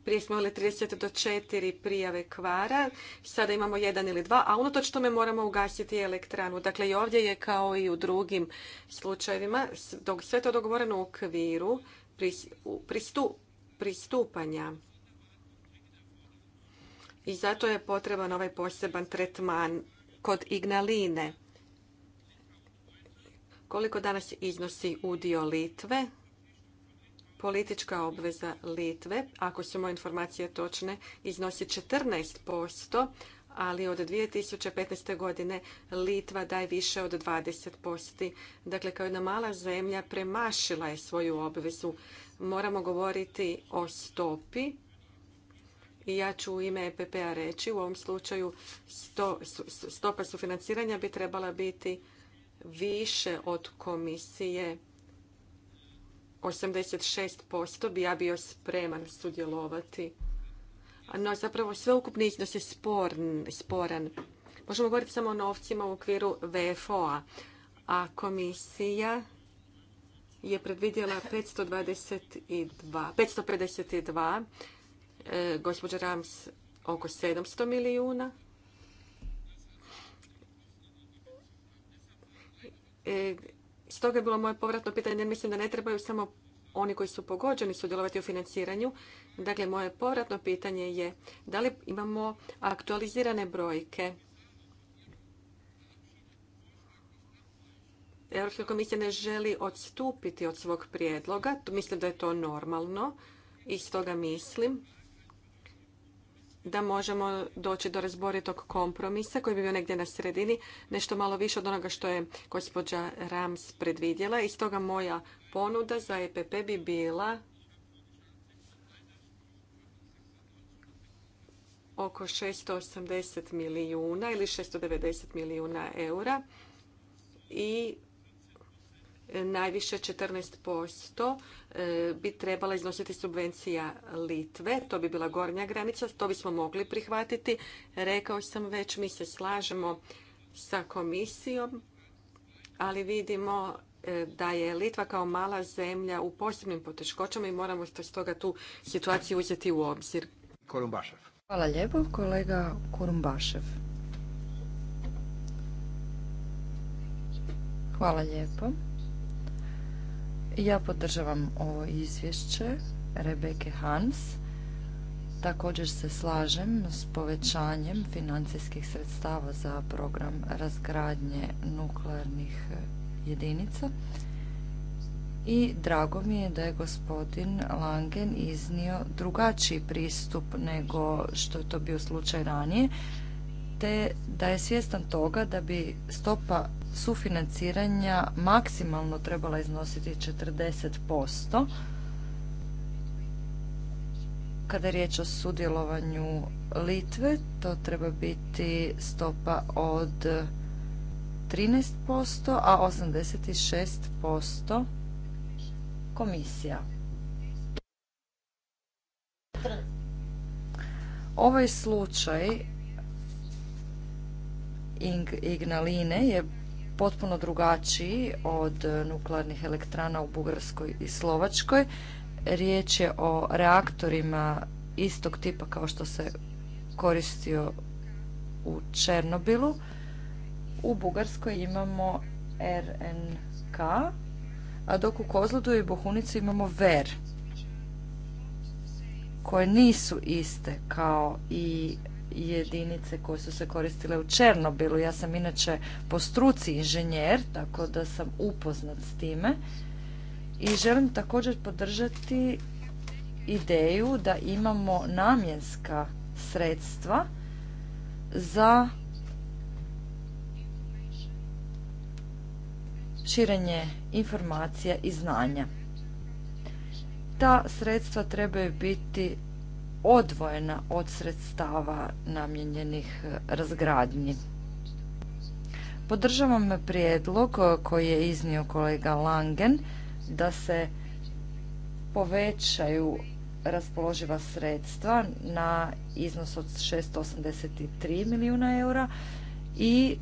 prije smo imali 30 do 4 prijave kvara, sada imamo jedan ili dva, a unatoč tome moramo ugasiti elektranu. Dakle, i ovdje je kao i u drugim slučajevima, sve to dogovoreno u okviru pristupanja. I zato je potreban ovaj poseban tretman kod ignaline. Koliko danas iznosi udio Litve? politička obveza Litve, ako su moje informacije točne, iznosi 14%, ali od 2015. godine Litva daje više od 20%. Dakle, kao jedna mala zemlja premašila je svoju obvezu. Moramo govoriti o stopi i ja ću u ime EPP-a reći, u ovom slučaju stopa sufinanciranja bi trebala biti više od komisije 86% bi ja bio spreman sudjelovati. No, zapravo sveukupni iznos je sporan. Možemo govoriti samo o novcima u okviru VFO-a, a komisija je predvidjela 522, 552, e, gospođa Rams oko 700 milijuna. E, Stoga je bilo moje povratno pitanje jer mislim da ne trebaju samo oni koji su pogođeni sudjelovati u financiranju. Dakle, moje povratno pitanje je da li imamo aktualizirane brojke Europska komisija ne želi odstupiti od svog prijedloga. Mislim da je to normalno i stoga mislim da možemo doći do razboritog kompromisa koji bi bio negdje na sredini, nešto malo više od onoga što je gospođa Rams predvidjela. I stoga moja ponuda za EPP bi bila oko 680 milijuna ili 690 milijuna eura i najviše 14% e, bi trebala iznositi subvencija Litve. To bi bila gornja granica, to bismo mogli prihvatiti. Rekao sam već, mi se slažemo sa komisijom, ali vidimo e, da je Litva kao mala zemlja u posebnim poteškoćama i moramo toga tu situaciju uzeti u obzir. Hvala lijepo, kolega Kurumbašev. Hvala lijepo. Ja podržavam ovo izvješće Rebeke Hans. Također se slažem s povećanjem financijskih sredstava za program razgradnje nuklearnih e, jedinica. I drago mi je da je gospodin Langen iznio drugačiji pristup nego što je to bio slučaj ranije da je svjestan toga da bi stopa sufinanciranja maksimalno trebala iznositi 40% kada je riječ o sudjelovanju Litve to treba biti stopa od 13%, a 86% komisija. Ovaj slučaj Ignaline je potpuno drugačiji od e, nuklearnih elektrana u Bugarskoj i Slovačkoj. Riječ je o reaktorima istog tipa kao što se koristio u Černobilu. U Bugarskoj imamo RNK, a dok u Kozlodu i Bohunici imamo VER, koje nisu iste kao i jedinice koje su se koristile u Černobilu. Ja sam inače po struci inženjer, tako da sam upoznat s time. I želim također podržati ideju da imamo namjenska sredstva za širenje informacija i znanja. Ta sredstva trebaju biti odvojena od sredstava namijenjenih e, razgradnji. Podržavam prijedlog e, koji je iznio kolega Langen da se povećaju raspoloživa sredstva na iznos od 683 milijuna eura i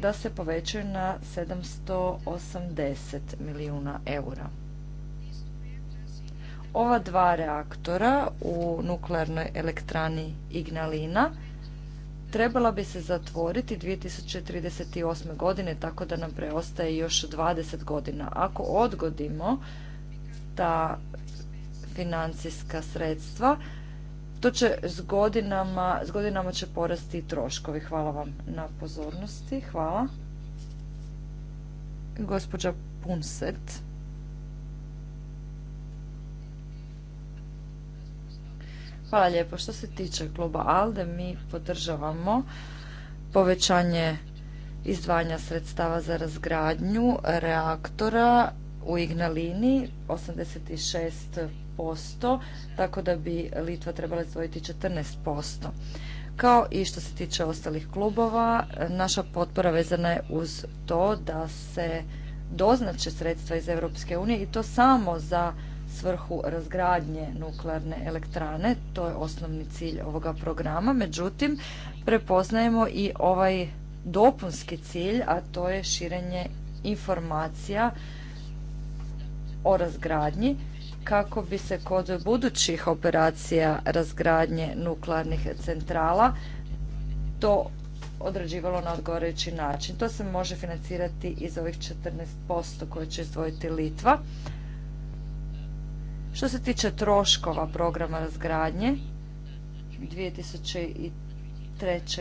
da se povećaju na 780 milijuna eura ova dva reaktora u nuklearnoj elektrani Ignalina trebala bi se zatvoriti 2038. godine, tako da nam preostaje još 20 godina. Ako odgodimo ta financijska sredstva, to će s godinama, s godinama će porasti i troškovi. Hvala vam na pozornosti. Hvala. Gospođa Punset. Hvala lijepo. Što se tiče kluba ALDE, mi podržavamo povećanje izdvajanja sredstava za razgradnju reaktora u Ignalini 86%, tako da bi Litva trebala izdvojiti 14%. Kao i što se tiče ostalih klubova, naša potpora vezana je uz to da se doznače sredstva iz Europske unije i to samo za svrhu razgradnje nuklearne elektrane, to je osnovni cilj ovoga programa. Međutim, prepoznajemo i ovaj dopunski cilj, a to je širenje informacija o razgradnji kako bi se kod budućih operacija razgradnje nuklearnih centrala to odrađivalo na odgovarajući način. To se može financirati iz ovih 14% koje će izdvojiti Litva. Što se tiče troškova programa razgradnje, 2003.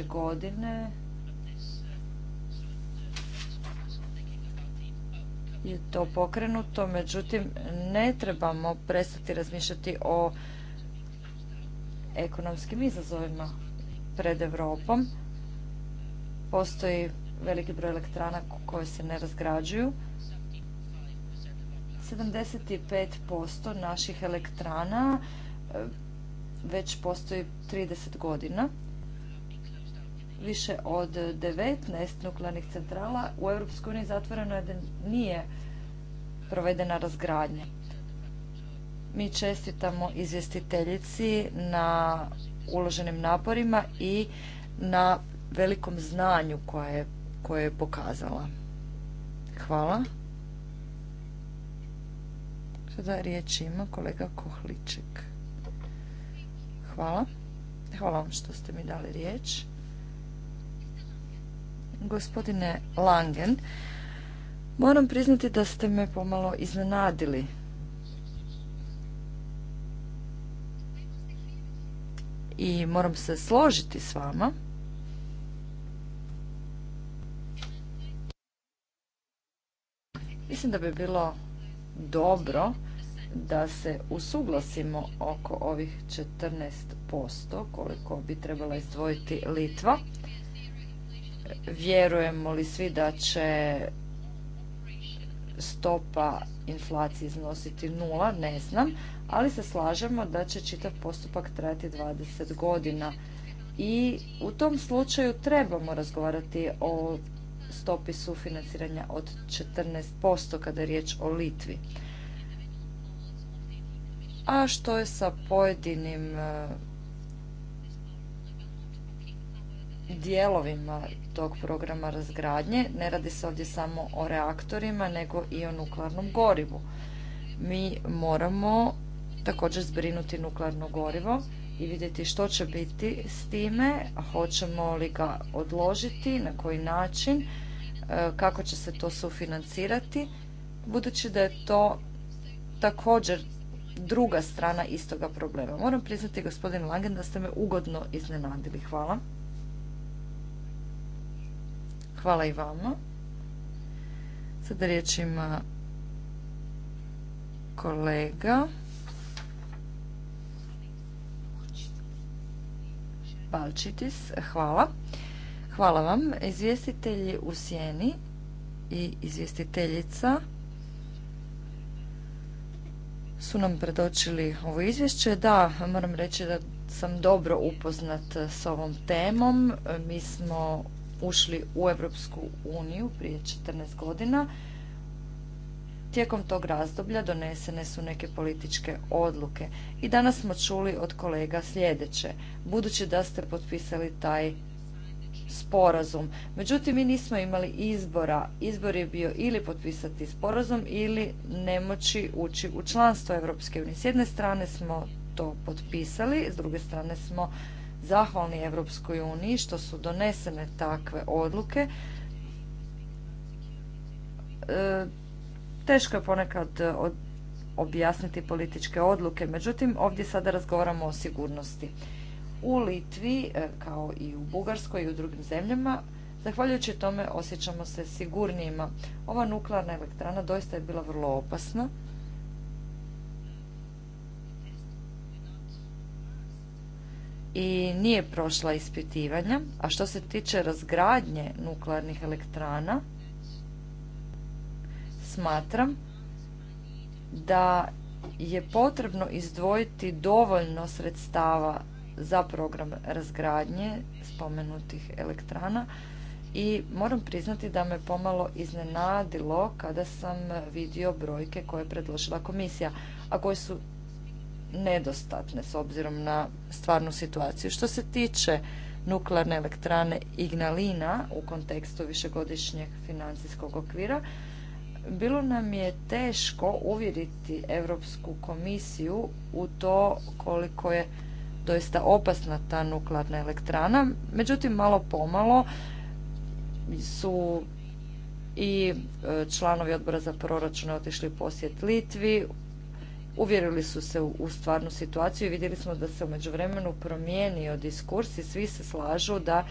godine je to pokrenuto, međutim ne trebamo prestati razmišljati o ekonomskim izazovima pred Europom. Postoji veliki broj elektrana koje se ne razgrađuju. 75% naših elektrana e, već postoji 30 godina. Više od 19 nuklearnih centrala u EU zatvoreno je da nije provedena razgradnja. Mi čestitamo izvjestiteljici na uloženim naporima i na velikom znanju koje, koje je pokazala. Hvala. Sada riječ ima kolega Kohliček. Hvala. Hvala vam što ste mi dali riječ. Gospodine Langen, moram priznati da ste me pomalo iznenadili. I moram se složiti s vama. Mislim da bi bilo dobro da se usuglasimo oko ovih 14% koliko bi trebala izdvojiti Litva. Vjerujemo li svi da će stopa inflacije iznositi nula, ne znam, ali se slažemo da će čitav postupak trajati 20 godina i u tom slučaju trebamo razgovarati o stopi sufinanciranja od 14% kada je riječ o Litvi. A što je sa pojedinim e, dijelovima tog programa razgradnje? Ne radi se ovdje samo o reaktorima, nego i o nuklearnom gorivu. Mi moramo također zbrinuti nuklearno gorivo i vidjeti što će biti s time, hoćemo li ga odložiti, na koji način, E, kako će se to sufinancirati, budući da je to također druga strana istoga problema. Moram priznati, gospodin Langen, da ste me ugodno iznenadili. Hvala. Hvala i vama. Sada riječ ima kolega. Balčitis, hvala. Hvala vam. Izvjestitelji u sjeni i izvjestiteljica su nam predočili ovo izvješće. Da, moram reći da sam dobro upoznat s ovom temom. Mi smo ušli u Europsku uniju prije 14 godina. Tijekom tog razdoblja donesene su neke političke odluke i danas smo čuli od kolega sljedeće. Budući da ste potpisali taj sporazum. Međutim, mi nismo imali izbora. Izbor je bio ili potpisati sporazum ili nemoći ući u članstvo Europske unije. S jedne strane smo to potpisali, s druge strane smo zahvalni Europskoj uniji što su donesene takve odluke. E, teško je ponekad objasniti političke odluke, međutim ovdje sada razgovaramo o sigurnosti u Litvi, e, kao i u Bugarskoj i u drugim zemljama, zahvaljujući tome osjećamo se sigurnijima. Ova nuklearna elektrana doista je bila vrlo opasna. i nije prošla ispitivanja. A što se tiče razgradnje nuklearnih elektrana, smatram da je potrebno izdvojiti dovoljno sredstava za program razgradnje spomenutih elektrana i moram priznati da me pomalo iznenadilo kada sam vidio brojke koje je predložila komisija, a koje su nedostatne s obzirom na stvarnu situaciju. Što se tiče nuklearne elektrane Ignalina u kontekstu višegodišnjeg financijskog okvira, bilo nam je teško uvjeriti Europsku komisiju u to koliko je doista opasna ta nuklearna elektrana. Međutim, malo pomalo su i e, članovi odbora za proračune otišli u posjet Litvi, uvjerili su se u stvarnu situaciju i vidjeli smo da se u međuvremenu promijenio diskurs i svi se slažu da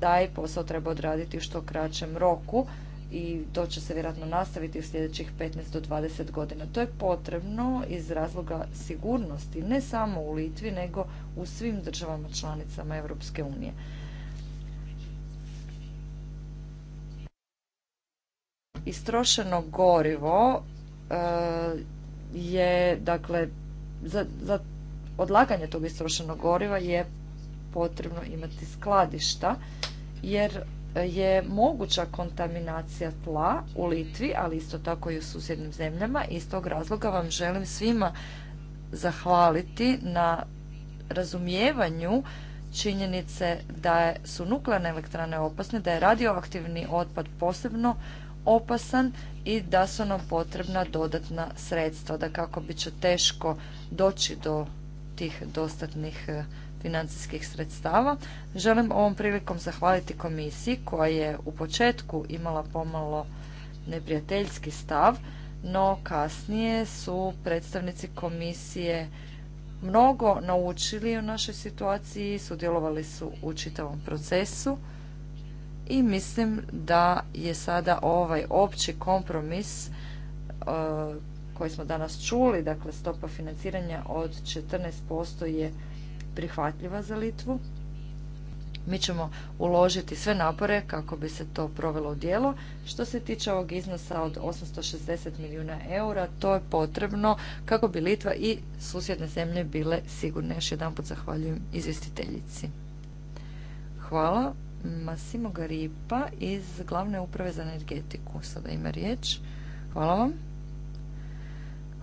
taj posao treba odraditi u što kraćem roku i to će se vjerojatno nastaviti u sljedećih 15 do 20 godina. To je potrebno iz razloga sigurnosti, ne samo u Litvi, nego u svim državama članicama Europske unije. Istrošeno gorivo eh, je, dakle, za, za odlaganje tog istrošenog goriva je potrebno imati skladišta, jer je moguća kontaminacija tla u Litvi, ali isto tako i u susjednim zemljama. Iz tog razloga vam želim svima zahvaliti na razumijevanju činjenice da su nuklearne elektrane opasne, da je radioaktivni otpad posebno opasan i da su nam potrebna dodatna sredstva, da kako bi će teško doći do tih dostatnih eh, financijskih sredstava. Želim ovom prilikom zahvaliti komisiji koja je u početku imala pomalo neprijateljski stav, no kasnije su predstavnici komisije mnogo naučili o našoj situaciji, sudjelovali su u čitavom procesu i mislim da je sada ovaj opći kompromis e, koji smo danas čuli, dakle stopa financiranja od 14% je prihvatljiva za Litvu. Mi ćemo uložiti sve napore kako bi se to provelo u djelo. Što se tiče ovog iznosa od 860 milijuna eura, to je potrebno kako bi Litva i susjedne zemlje bile sigurne. Još jedan put zahvaljujem izvjestiteljici. Hvala. Masimo Garipa iz Glavne uprave za energetiku. Sada ima riječ. Hvala vam.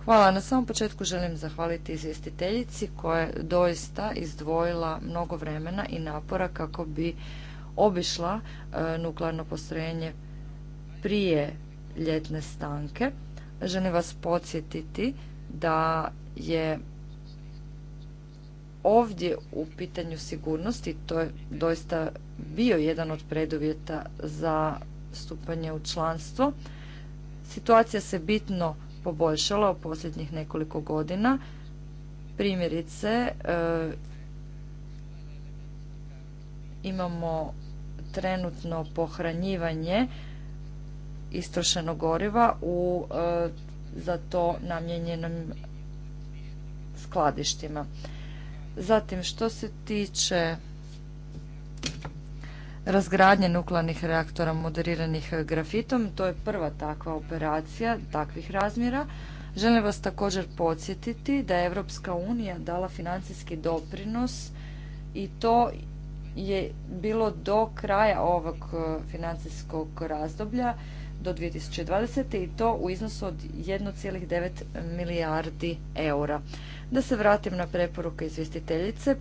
Hvala. Na samom početku želim zahvaliti izvjestiteljici koja je doista izdvojila mnogo vremena i napora kako bi obišla e, nuklearno postrojenje prije ljetne stanke. Želim vas podsjetiti da je ovdje u pitanju sigurnosti, to je doista bio jedan od preduvjeta za stupanje u članstvo. Situacija se bitno Poboljšalo u posljednjih nekoliko godina. Primjerice, e, imamo trenutno pohranjivanje istrošenog goriva u e, za to namjenjenim skladištima. Zatim, što se tiče razgradnje nuklearnih reaktora moderiranih grafitom. To je prva takva operacija takvih razmjera. Želim vas također podsjetiti da je Europska unija dala financijski doprinos i to je bilo do kraja ovog e, financijskog razdoblja do 2020. i to u iznosu od 1,9 milijardi eura. Da se vratim na preporuke izvjestiteljice.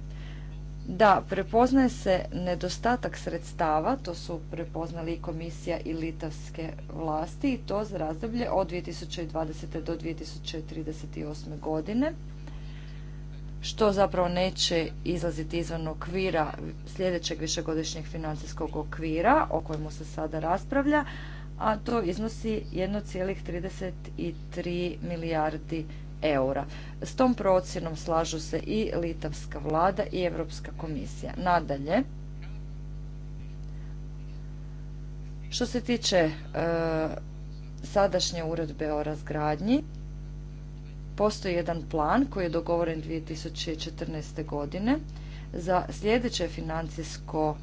Da, prepoznaje se nedostatak sredstava, to su prepoznali i komisija i litavske vlasti i to za razdoblje od 2020. do 2038. godine, što zapravo neće izlaziti izvan okvira sljedećeg višegodišnjeg financijskog okvira o kojemu se sada raspravlja, a to iznosi 1,33 milijardi eura. S tom procjenom slažu se i litavska vlada i Europska komisija. Nadalje, što se tiče e, sadašnje uredbe o razgradnji, postoji jedan plan koji je dogovoren 2014. godine. Za sljedeće financijsko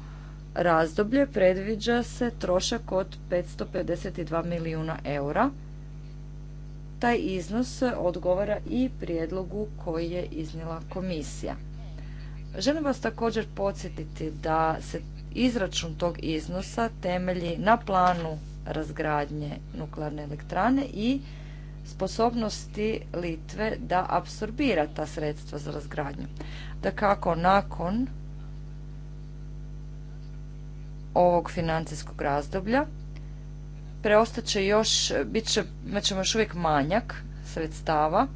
razdoblje predviđa se trošak od 552 milijuna eura taj iznos odgovara i prijedlogu koji je iznijela komisija. Želim vas također podsjetiti da se izračun tog iznosa temelji na planu razgradnje nuklearne elektrane i sposobnosti Litve da apsorbira ta sredstva za razgradnju. Da kako nakon ovog financijskog razdoblja preostat će još, bit će, imat ćemo još uvijek manjak sredstava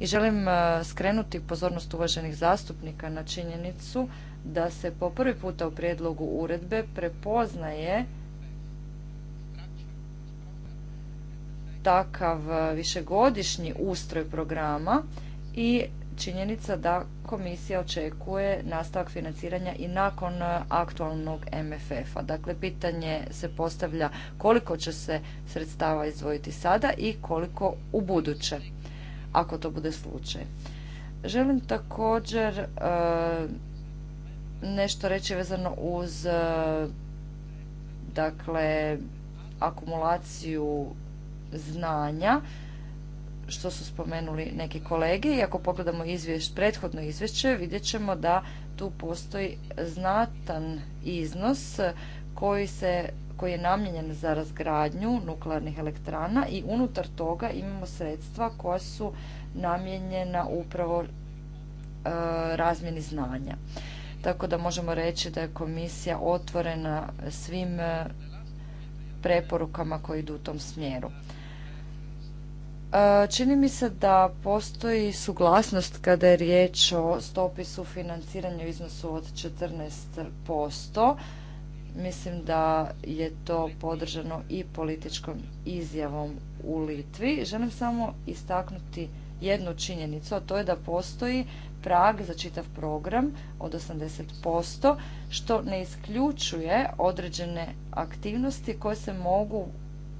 i želim e, skrenuti pozornost uvaženih zastupnika na činjenicu da se po prvi puta u prijedlogu uredbe prepoznaje takav e, višegodišnji ustroj programa i činjenica da komisija očekuje nastavak financiranja i nakon e, aktualnog MFF-a. Dakle, pitanje se postavlja koliko će se sredstava izdvojiti sada i koliko u buduće, ako to bude slučaj. Želim također e, nešto reći vezano uz e, dakle akumulaciju znanja što su spomenuli neki kolege i ako pogledamo izvješ prethodno izvješće vidjet ćemo da tu postoji znatan iznos koji se koji je namijenjen za razgradnju nuklearnih elektrana i unutar toga imamo sredstva koja su namijenjena upravo e, razmjeni znanja. Tako da možemo reći da je komisija otvorena svim e, preporukama koji idu u tom smjeru. E, čini mi se da postoji suglasnost kada je riječ o stopi sufinanciranja u iznosu od 14%. Mislim da je to podržano i političkom izjavom u Litvi. Želim samo istaknuti jednu činjenicu, a to je da postoji prag za čitav program od 80%, što ne isključuje određene aktivnosti koje se mogu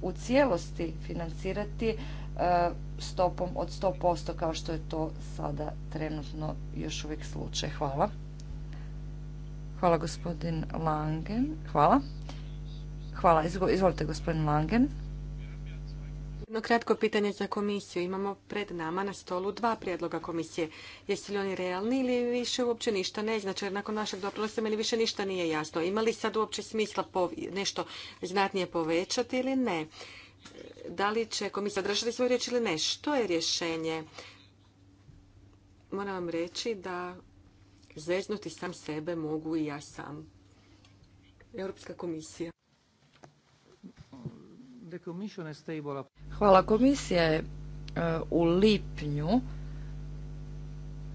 u cijelosti financirati E, stopom od 100% kao što je to sada trenutno još uvijek slučaj. Hvala. Hvala gospodin Langen. Hvala. Hvala. Izvolite gospodin Langen. Jedno kratko pitanje za komisiju. Imamo pred nama na stolu dva prijedloga komisije. Jesu li oni realni ili više uopće ništa ne znači? Jer nakon našeg doprinosa meni više ništa nije jasno. Ima li sad uopće smisla nešto znatnije povećati ili ne? da li će komisija održati svoju riječ ili ne. Što je rješenje? Moram vam reći da zeznuti sam sebe mogu i ja sam. Europska komisija. Hvala. Komisija je uh, u lipnju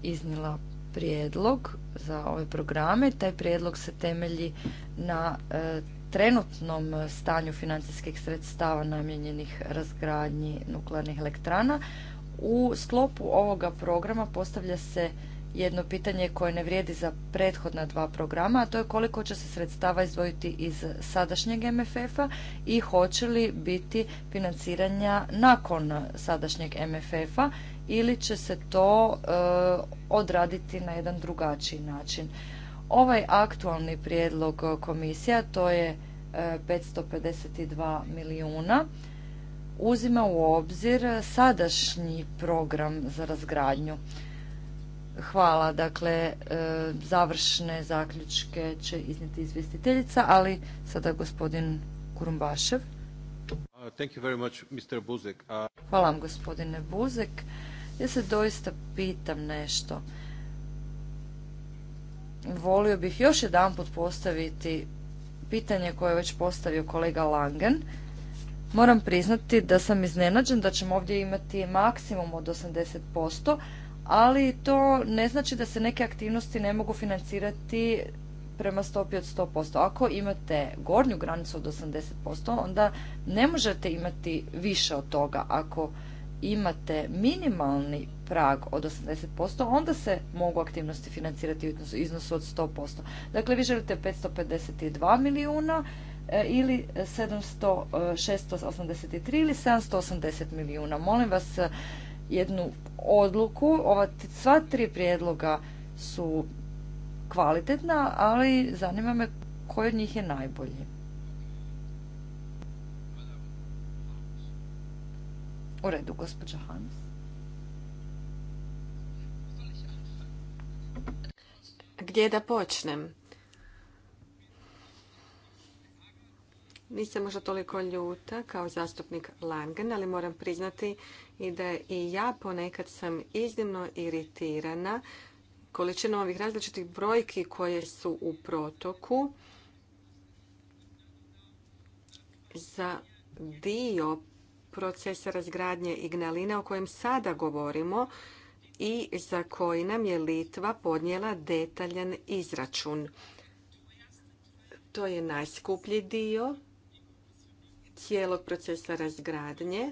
iznila prijedlog za ove programe. Taj prijedlog se temelji na uh, trenutnom stanju financijskih sredstava namijenjenih razgradnji nuklearnih elektrana. U sklopu ovoga programa postavlja se jedno pitanje koje ne vrijedi za prethodna dva programa, a to je koliko će se sredstava izdvojiti iz sadašnjeg MFF-a i hoće li biti financiranja nakon sadašnjeg MFF-a ili će se to e, odraditi na jedan drugačiji način. Ovaj aktualni prijedlog e, komisija, to je 552 e, milijuna, uzima u obzir sadašnji program za razgradnju. Hvala, dakle, e, završne zaključke će iznijeti izvjestiteljica, ali sada gospodin Kurumbašev. Uh, uh, Hvala vam, gospodine Buzek. Ja se doista pitam nešto volio bih još jedanput postaviti pitanje koje je već postavio kolega Langen. Moram priznati da sam iznenađen da ćemo ovdje imati maksimum od 80%, ali to ne znači da se neke aktivnosti ne mogu financirati prema stopi od 100%. Ako imate gornju granicu od 80%, onda ne možete imati više od toga ako imate minimalni prag od 80%, onda se mogu aktivnosti financirati u iznosu od 100%. Dakle, vi želite 552 milijuna e, ili 683 e, ili 780 milijuna. Molim vas e, jednu odluku. Ova sva tri prijedloga su kvalitetna, ali zanima me koji od njih je najbolji. U redu, gospođa Hans. Gdje da počnem? Nisam možda toliko ljuta kao zastupnik Langen, ali moram priznati i da i ja ponekad sam iznimno iritirana količinom ovih različitih brojki koje su u protoku za dio proces razgradnje Ignalina o kojem sada govorimo i za koji nam je Litva podnijela detaljan izračun. To je najskuplji dio cijelog procesa razgradnje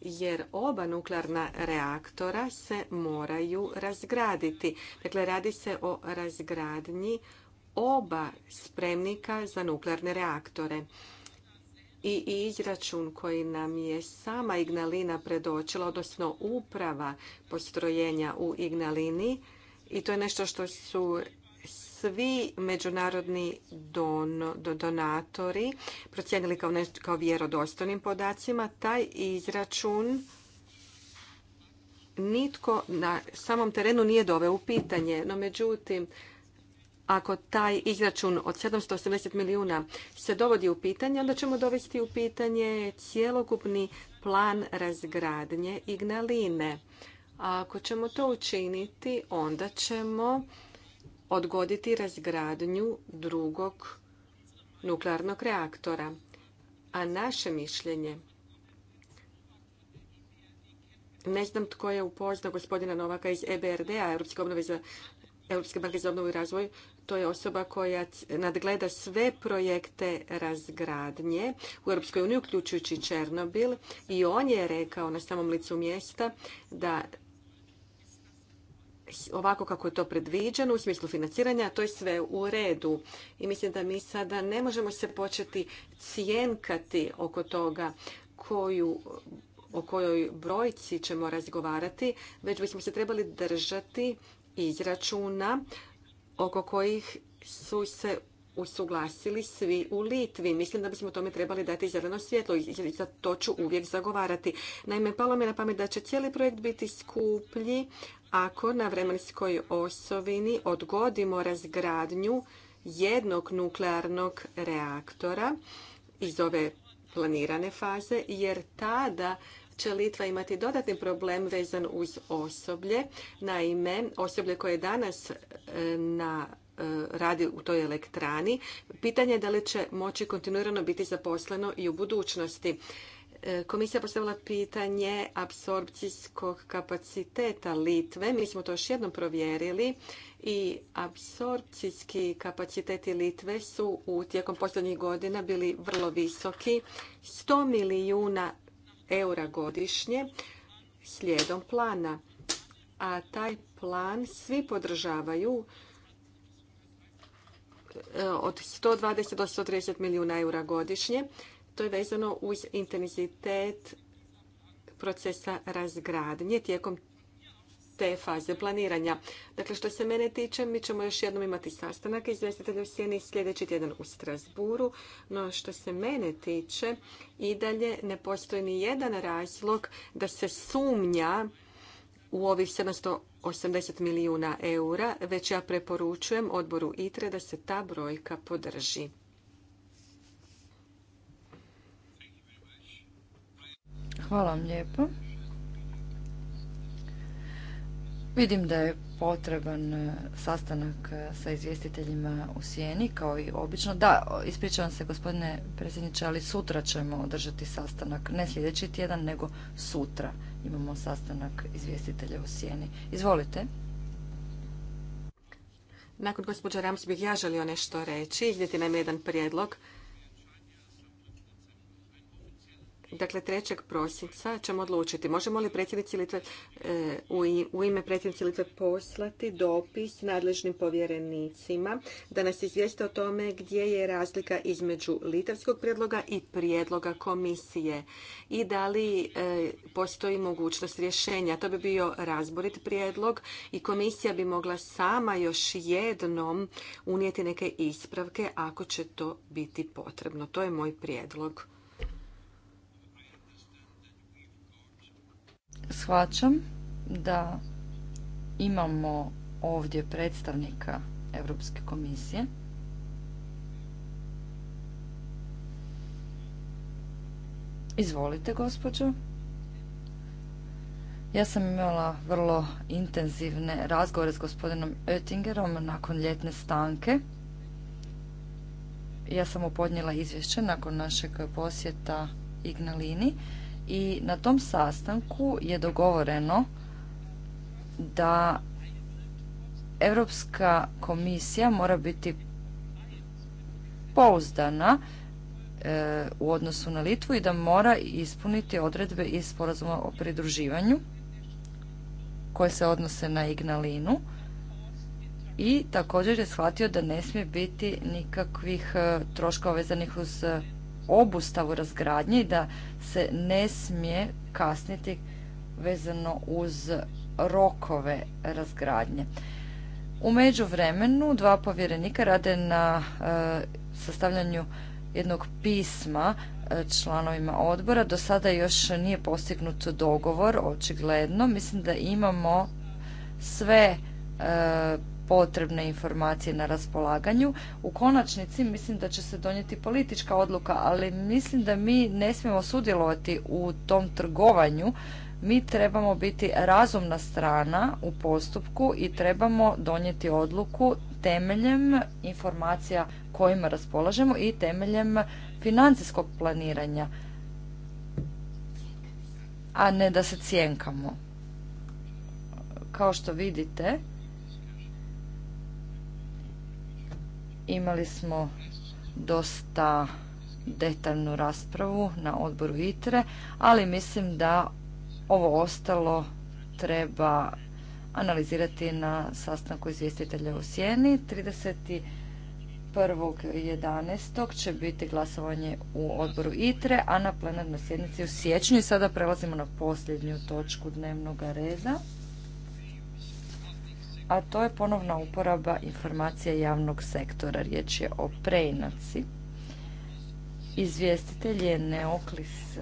jer oba nuklearna reaktora se moraju razgraditi. Dakle, radi se o razgradnji oba spremnika za nuklearne reaktore i izračun koji nam je sama Ignalina predočila, odnosno uprava postrojenja u Ignalini. I to je nešto što su svi međunarodni donatori procijenili kao, kao vjerodostojnim podacima. Taj izračun nitko na samom terenu nije doveo u pitanje. No međutim, ako taj izračun od 780 milijuna se dovodi u pitanje, onda ćemo dovesti u pitanje cjelokupni plan razgradnje Ignaline. A ako ćemo to učiniti, onda ćemo odgoditi razgradnju drugog nuklearnog reaktora. A naše mišljenje, ne znam tko je upoznao gospodina Novaka iz EBRD-a, Europske banke za obnovu i razvoj, to je osoba koja nadgleda sve projekte razgradnje u Europskoj uniji, uključujući Černobil. I on je rekao na samom licu mjesta da ovako kako je to predviđeno u smislu financiranja, to je sve u redu. I mislim da mi sada ne možemo se početi cijenkati oko toga koju o kojoj brojci ćemo razgovarati, već bismo se trebali držati izračuna oko kojih su se usuglasili svi u Litvi. Mislim da bismo tome trebali dati zeleno svjetlo i za to ću uvijek zagovarati. Naime, palo mi na pamet da će cijeli projekt biti skuplji ako na vremenskoj osovini odgodimo razgradnju jednog nuklearnog reaktora iz ove planirane faze, jer tada će Litva imati dodatni problem vezan uz osoblje. Naime, osoblje koje danas e, na e, radi u toj elektrani. Pitanje je da li će moći kontinuirano biti zaposleno i u budućnosti. E, komisija postavila pitanje apsorpcijskog kapaciteta Litve. Mi smo to još jednom provjerili i apsorpcijski kapaciteti Litve su u tijekom posljednjih godina bili vrlo visoki. 100 milijuna eura godišnje slijedom plana. A taj plan svi podržavaju e, od 120 do 130 milijuna eura godišnje. To je vezano uz intenzitet procesa razgradnje tijekom te faze planiranja. Dakle, što se mene tiče, mi ćemo još jednom imati sastanak izvjestitelja u Sjeni sljedeći tjedan u Strasburu, no što se mene tiče, i dalje ne postoji ni jedan razlog da se sumnja u ovih 780 milijuna eura, već ja preporučujem odboru ITRE da se ta brojka podrži. Hvala vam lijepo. Vidim da je potreban e, sastanak e, sa izvjestiteljima u Sijeni, kao i obično. Da, ispričavam se gospodine predsjedniče, ali sutra ćemo održati sastanak. Ne sljedeći tjedan, nego sutra imamo sastanak izvjestitelja u Sijeni. Izvolite. Nakon gospođa Rams bih ja želio nešto reći, iznijeti nam jedan prijedlog. Dakle, 3. prosinca ćemo odlučiti. Možemo li predsjednici Litve, e, u ime predsjednice Litve poslati dopis nadležnim povjerenicima da nas izvijeste o tome gdje je razlika između litavskog prijedloga i prijedloga komisije i da li e, postoji mogućnost rješenja. To bi bio razborit prijedlog i komisija bi mogla sama još jednom unijeti neke ispravke ako će to biti potrebno. To je moj prijedlog. Shvaćam da imamo ovdje predstavnika Europske komisije. Izvolite, gospođo. Ja sam imala vrlo intenzivne razgovore s gospodinom Oettingerom nakon ljetne stanke. Ja sam mu podnijela izvješće nakon našeg posjeta Ignalini i na tom sastanku je dogovoreno da Europska komisija mora biti pouzdana e, u odnosu na Litvu i da mora ispuniti odredbe iz sporazuma o pridruživanju koje se odnose na Ignalinu i također je shvatio da ne smije biti nikakvih e, troškova vezanih uz obustavu razgradnje i da se ne smije kasniti vezano uz rokove razgradnje. U međuvremenu dva povjerenika rade na e, sastavljanju jednog pisma e, članovima odbora. Do sada još nije postignut dogovor, očigledno. Mislim da imamo sve e, potrebne informacije na raspolaganju. U konačnici mislim da će se donijeti politička odluka, ali mislim da mi ne smijemo sudjelovati u tom trgovanju. Mi trebamo biti razumna strana u postupku i trebamo donijeti odluku temeljem informacija kojima raspolažemo i temeljem financijskog planiranja, a ne da se cijenkamo. Kao što vidite, Imali smo dosta detaljnu raspravu na odboru ITRE, ali mislim da ovo ostalo treba analizirati na sastanku izvjestitelja u Sjeni. 31.11. će biti glasovanje u odboru ITRE, a na plenarnoj sjednici u siječnju. sada prelazimo na posljednju točku dnevnog reda a to je ponovna uporaba informacija javnog sektora. Riječ je o preinaci. Izvjestitelj je Neoklis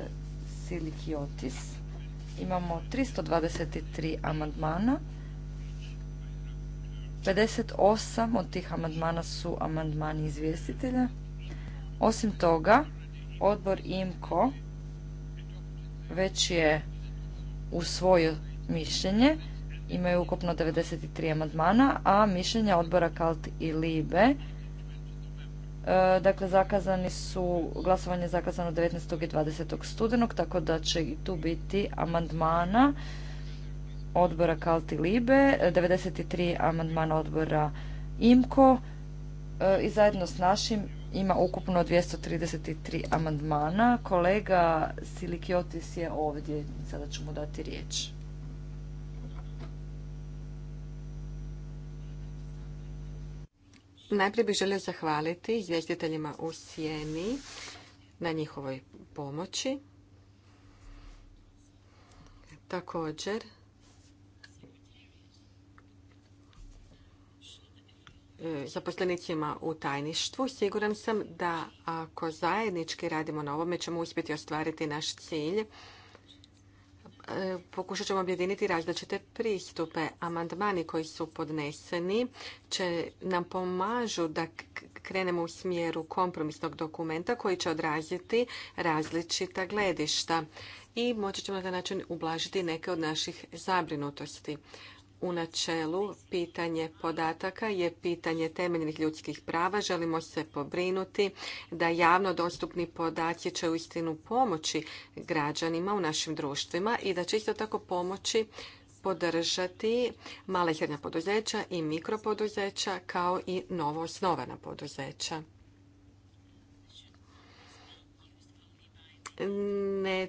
Silikiotis. Imamo 323 amandmana. 58 od tih amandmana su amandmani izvjestitelja. Osim toga, odbor IMKO već je usvojio mišljenje imaju ukupno 93 amandmana, a mišljenja odbora KALT i LIBE e, Dakle, zakazani su, glasovanje je zakazano 19. i 20. studenog, tako da će i tu biti amandmana odbora i Libe, 93 amandmana odbora IMKO e, i zajedno s našim ima ukupno 233 amandmana. Kolega Silikiotis je ovdje, sada ću mu dati riječ. Najprije bih želio zahvaliti izvjestiteljima u Sjeni na njihovoj pomoći. Također, e, zaposlenicima u tajništvu. Siguran sam da ako zajednički radimo na ovome ćemo uspjeti ostvariti naš cilj pokušat ćemo objediniti različite pristupe. Amandmani koji su podneseni će nam pomažu da krenemo u smjeru kompromisnog dokumenta koji će odraziti različita gledišta i moći ćemo na taj način ublažiti neke od naših zabrinutosti u načelu pitanje podataka je pitanje temeljnih ljudskih prava. Želimo se pobrinuti da javno dostupni podaci će istinu pomoći građanima u našim društvima i da će isto tako pomoći podržati male i srednja poduzeća i mikropoduzeća kao i novo osnovana poduzeća. Ne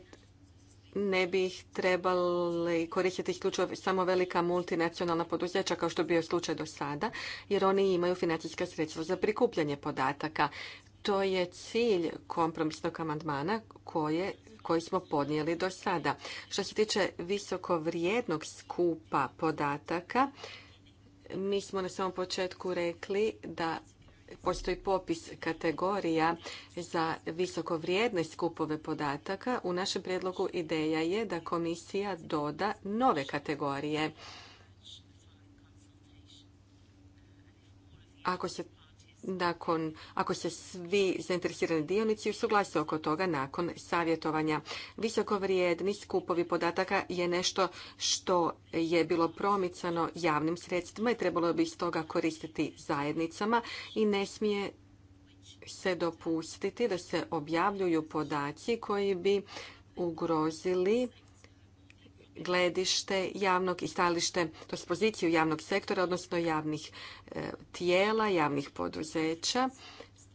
ne bi ih trebali koristiti isključivo samo velika multinacionalna poduzeća kao što je bio slučaj do sada, jer oni imaju financijska sredstva za prikupljanje podataka. To je cilj kompromisnog amandmana koji smo podnijeli do sada. Što se tiče visoko vrijednog skupa podataka, mi smo na samom početku rekli da postoji popis kategorija za visoko vrijedne skupove podataka. U našem prijedlogu ideja je da komisija doda nove kategorije. Ako se nakon, ako se svi zainteresirani dionici usuglase oko toga nakon savjetovanja. Visoko vrijedni skupovi podataka je nešto što je bilo promicano javnim sredstvima i trebalo bi iz toga koristiti zajednicama i ne smije se dopustiti da se objavljuju podaci koji bi ugrozili gledište javnog i stajalište, to je poziciju javnog sektora, odnosno javnih e, tijela, javnih poduzeća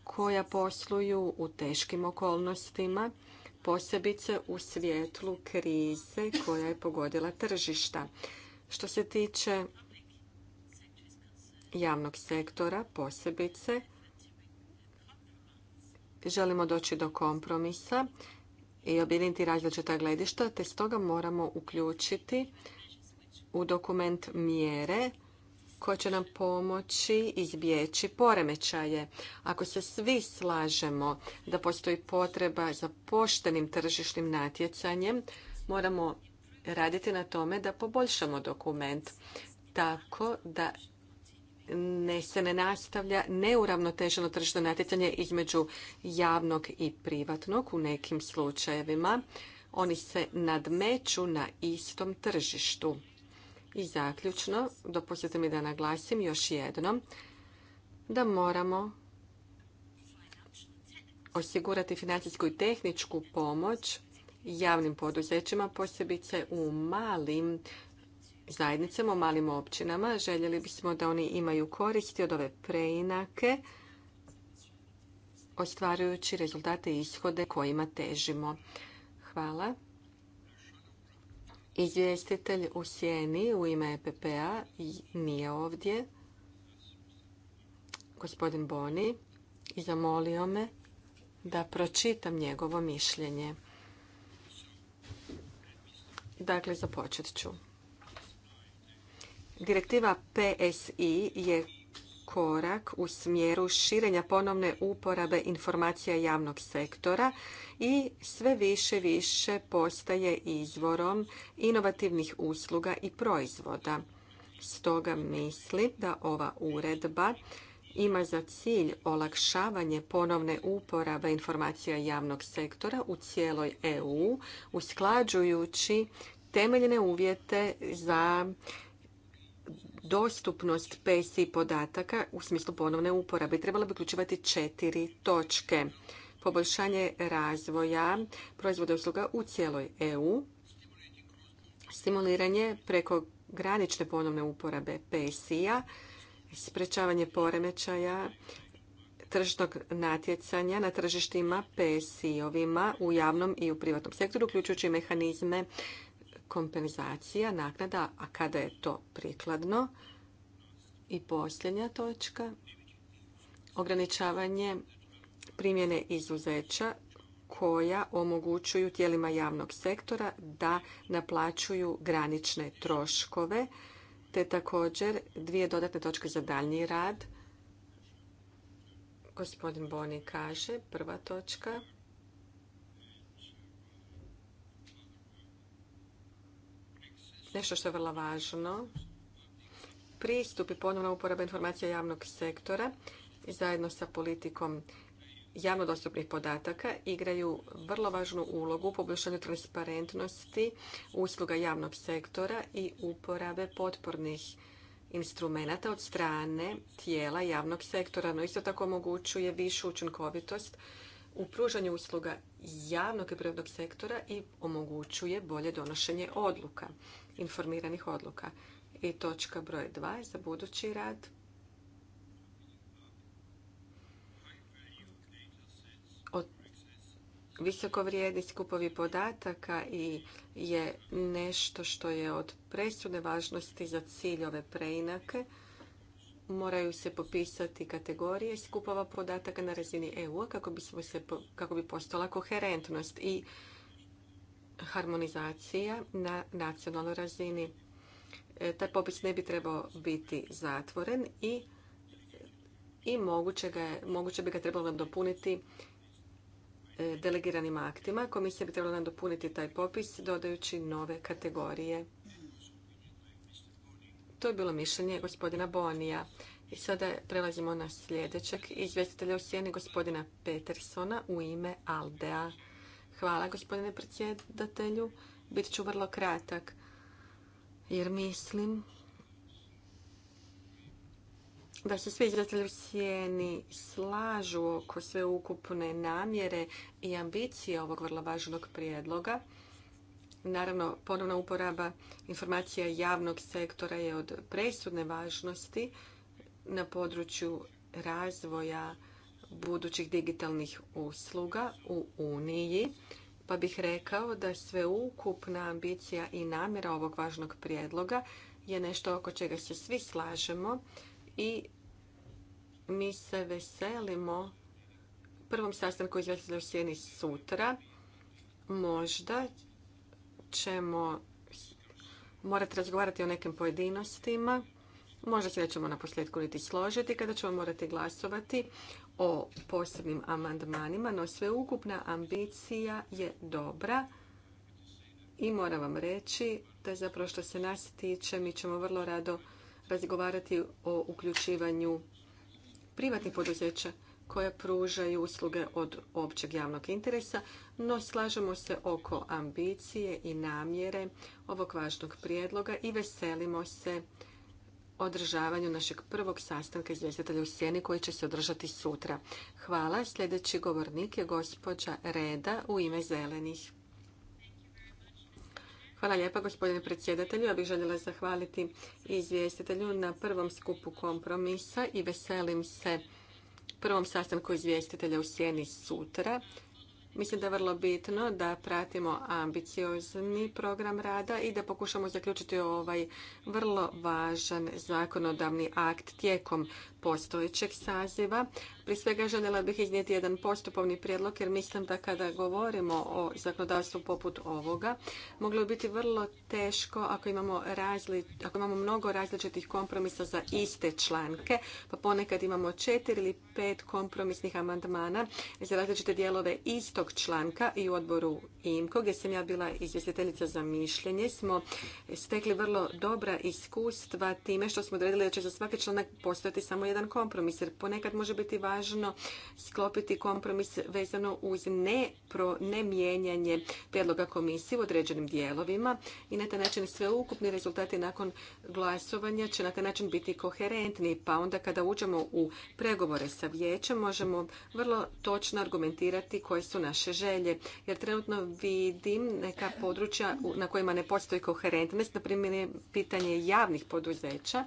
koja posluju u teškim okolnostima, posebice u svijetlu krize koja je pogodila tržišta. Što se tiče javnog sektora, posebice, želimo doći do kompromisa i objediniti različita gledišta, te stoga moramo uključiti u dokument mjere koje će nam pomoći izbjeći poremećaje. Ako se svi slažemo da postoji potreba za poštenim tržišnim natjecanjem, moramo raditi na tome da poboljšamo dokument tako da ne se ne nastavlja neuravnoteženo tržno natjecanje između javnog i privatnog u nekim slučajevima. Oni se nadmeću na istom tržištu. I zaključno, dopustite mi da naglasim još jednom, da moramo osigurati financijsku i tehničku pomoć javnim poduzećima, posebice u malim zajednicama, u malim općinama. Željeli bismo da oni imaju koristi od ove preinake, ostvarujući rezultate i ishode kojima težimo. Hvala. Izvjestitelj u sjeni u ime EPP-a nije ovdje. Gospodin Boni i zamolio me da pročitam njegovo mišljenje. Dakle, započet ću. Direktiva PSI je korak u smjeru širenja ponovne uporabe informacija javnog sektora i sve više više postaje izvorom inovativnih usluga i proizvoda. Stoga mislim da ova uredba ima za cilj olakšavanje ponovne uporabe informacija javnog sektora u cijeloj EU, usklađujući temeljne uvjete za dostupnost PSI podataka u smislu ponovne uporabe. Trebalo bi uključivati četiri točke. Poboljšanje razvoja proizvoda usluga u cijeloj EU, stimuliranje preko granične ponovne uporabe PSI-a, sprečavanje poremećaja, tržišnog natjecanja na tržištima PSI-ovima u javnom i u privatnom sektoru, uključujući mehanizme kompenzacija naknada, a kada je to prikladno. I posljednja točka, ograničavanje primjene izuzeća koja omogućuju tijelima javnog sektora da naplaćuju granične troškove, te također dvije dodatne točke za daljnji rad. Gospodin Boni kaže, prva točka, nešto što je vrlo važno. Pristup i ponovna uporaba informacija javnog sektora zajedno sa politikom javno dostupnih podataka igraju vrlo važnu ulogu u poboljšanju transparentnosti usluga javnog sektora i uporabe potpornih instrumenata od strane tijela javnog sektora, no isto tako omogućuje višu učinkovitost u pružanju usluga javnog i privatnog sektora i omogućuje bolje donošenje odluka, informiranih odluka. I točka broj 2 za budući rad. Visoko vrijedni skupovi podataka i je nešto što je od presudne važnosti za cilj ove preinake moraju se popisati kategorije skupova podataka na razini EU kako bi, se, kako bi postala koherentnost i harmonizacija na nacionalnoj razini. E, taj popis ne bi trebao biti zatvoren i, i moguće, ga, moguće bi ga trebalo nam dopuniti e, delegiranim aktima. Komisija bi trebala nam dopuniti taj popis dodajući nove kategorije to je bilo mišljenje gospodina Bonija. I sada prelazimo na sljedećeg izvjestitelja u sjeni gospodina Petersona u ime Aldea. Hvala gospodine predsjedatelju. Bit ću vrlo kratak jer mislim da se svi izvjestitelji u sjeni slažu oko sveukupne namjere i ambicije ovog vrlo važnog prijedloga. Naravno, ponovna uporaba informacija javnog sektora je od presudne važnosti na području razvoja budućih digitalnih usluga u Uniji, pa bih rekao da sveukupna ambicija i namjera ovog važnog prijedloga je nešto oko čega se svi slažemo i mi se veselimo prvom sastanku izvjestitelja sjeni sutra. Možda ćemo morati razgovarati o nekim pojedinostima. Možda se nećemo na posljedku niti složiti kada ćemo morati glasovati o posebnim amandmanima, no sveukupna ambicija je dobra i moram vam reći da zapravo što se nas tiče mi ćemo vrlo rado razgovarati o uključivanju privatnih poduzeća koje pružaju usluge od općeg javnog interesa, no slažemo se oko ambicije i namjere ovog važnog prijedloga i veselimo se održavanju našeg prvog sastanka izvjestitelja u Sjeni koji će se održati sutra. Hvala. Sljedeći govornik je gospođa Reda u ime Zelenih. Hvala lijepa gospodine predsjedatelju. Ja bih željela zahvaliti izvjestitelju na prvom skupu kompromisa i veselim se prvom sastanku izvjestitelja u sjeni sutra. Mislim da je vrlo bitno da pratimo ambiciozni program rada i da pokušamo zaključiti ovaj vrlo važan zakonodavni akt tijekom postojećeg saziva. Prije svega željela bih iznijeti jedan postupovni prijedlog jer mislim da kada govorimo o zakonodavstvu poput ovoga, moglo bi biti vrlo teško ako imamo, ako imamo mnogo različitih kompromisa za iste članke, pa ponekad imamo četiri ili pet kompromisnih amandmana za različite dijelove istog članka i u odboru IMKO gdje sam ja bila izvjestiteljica za mišljenje smo stekli vrlo dobra iskustva time što smo odredili da će za svaki članak postojati samo jedan kompromis jer ponekad može biti važno sklopiti kompromis vezano uz nemijenjanje ne prijedloga komisije u određenim dijelovima i na taj način sveukupni rezultati nakon glasovanja će na taj način biti koherentni, pa onda kada uđemo u pregovore sa vijećem možemo vrlo točno argumentirati koje su naše želje, jer trenutno vidim neka područja na kojima ne postoji koherentnost, na primjer pitanje javnih poduzeća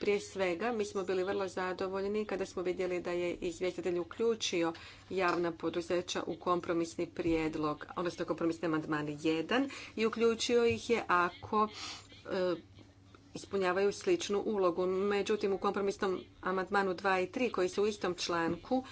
prije svega, mi smo bili vrlo zadovoljni kada smo vidjeli da je izvjestitelj uključio javna poduzeća u kompromisni prijedlog, odnosno kompromisni amandman 1 i uključio ih je ako e, ispunjavaju sličnu ulogu. Međutim, u kompromisnom amandmanu 2 i 3 koji su u istom članku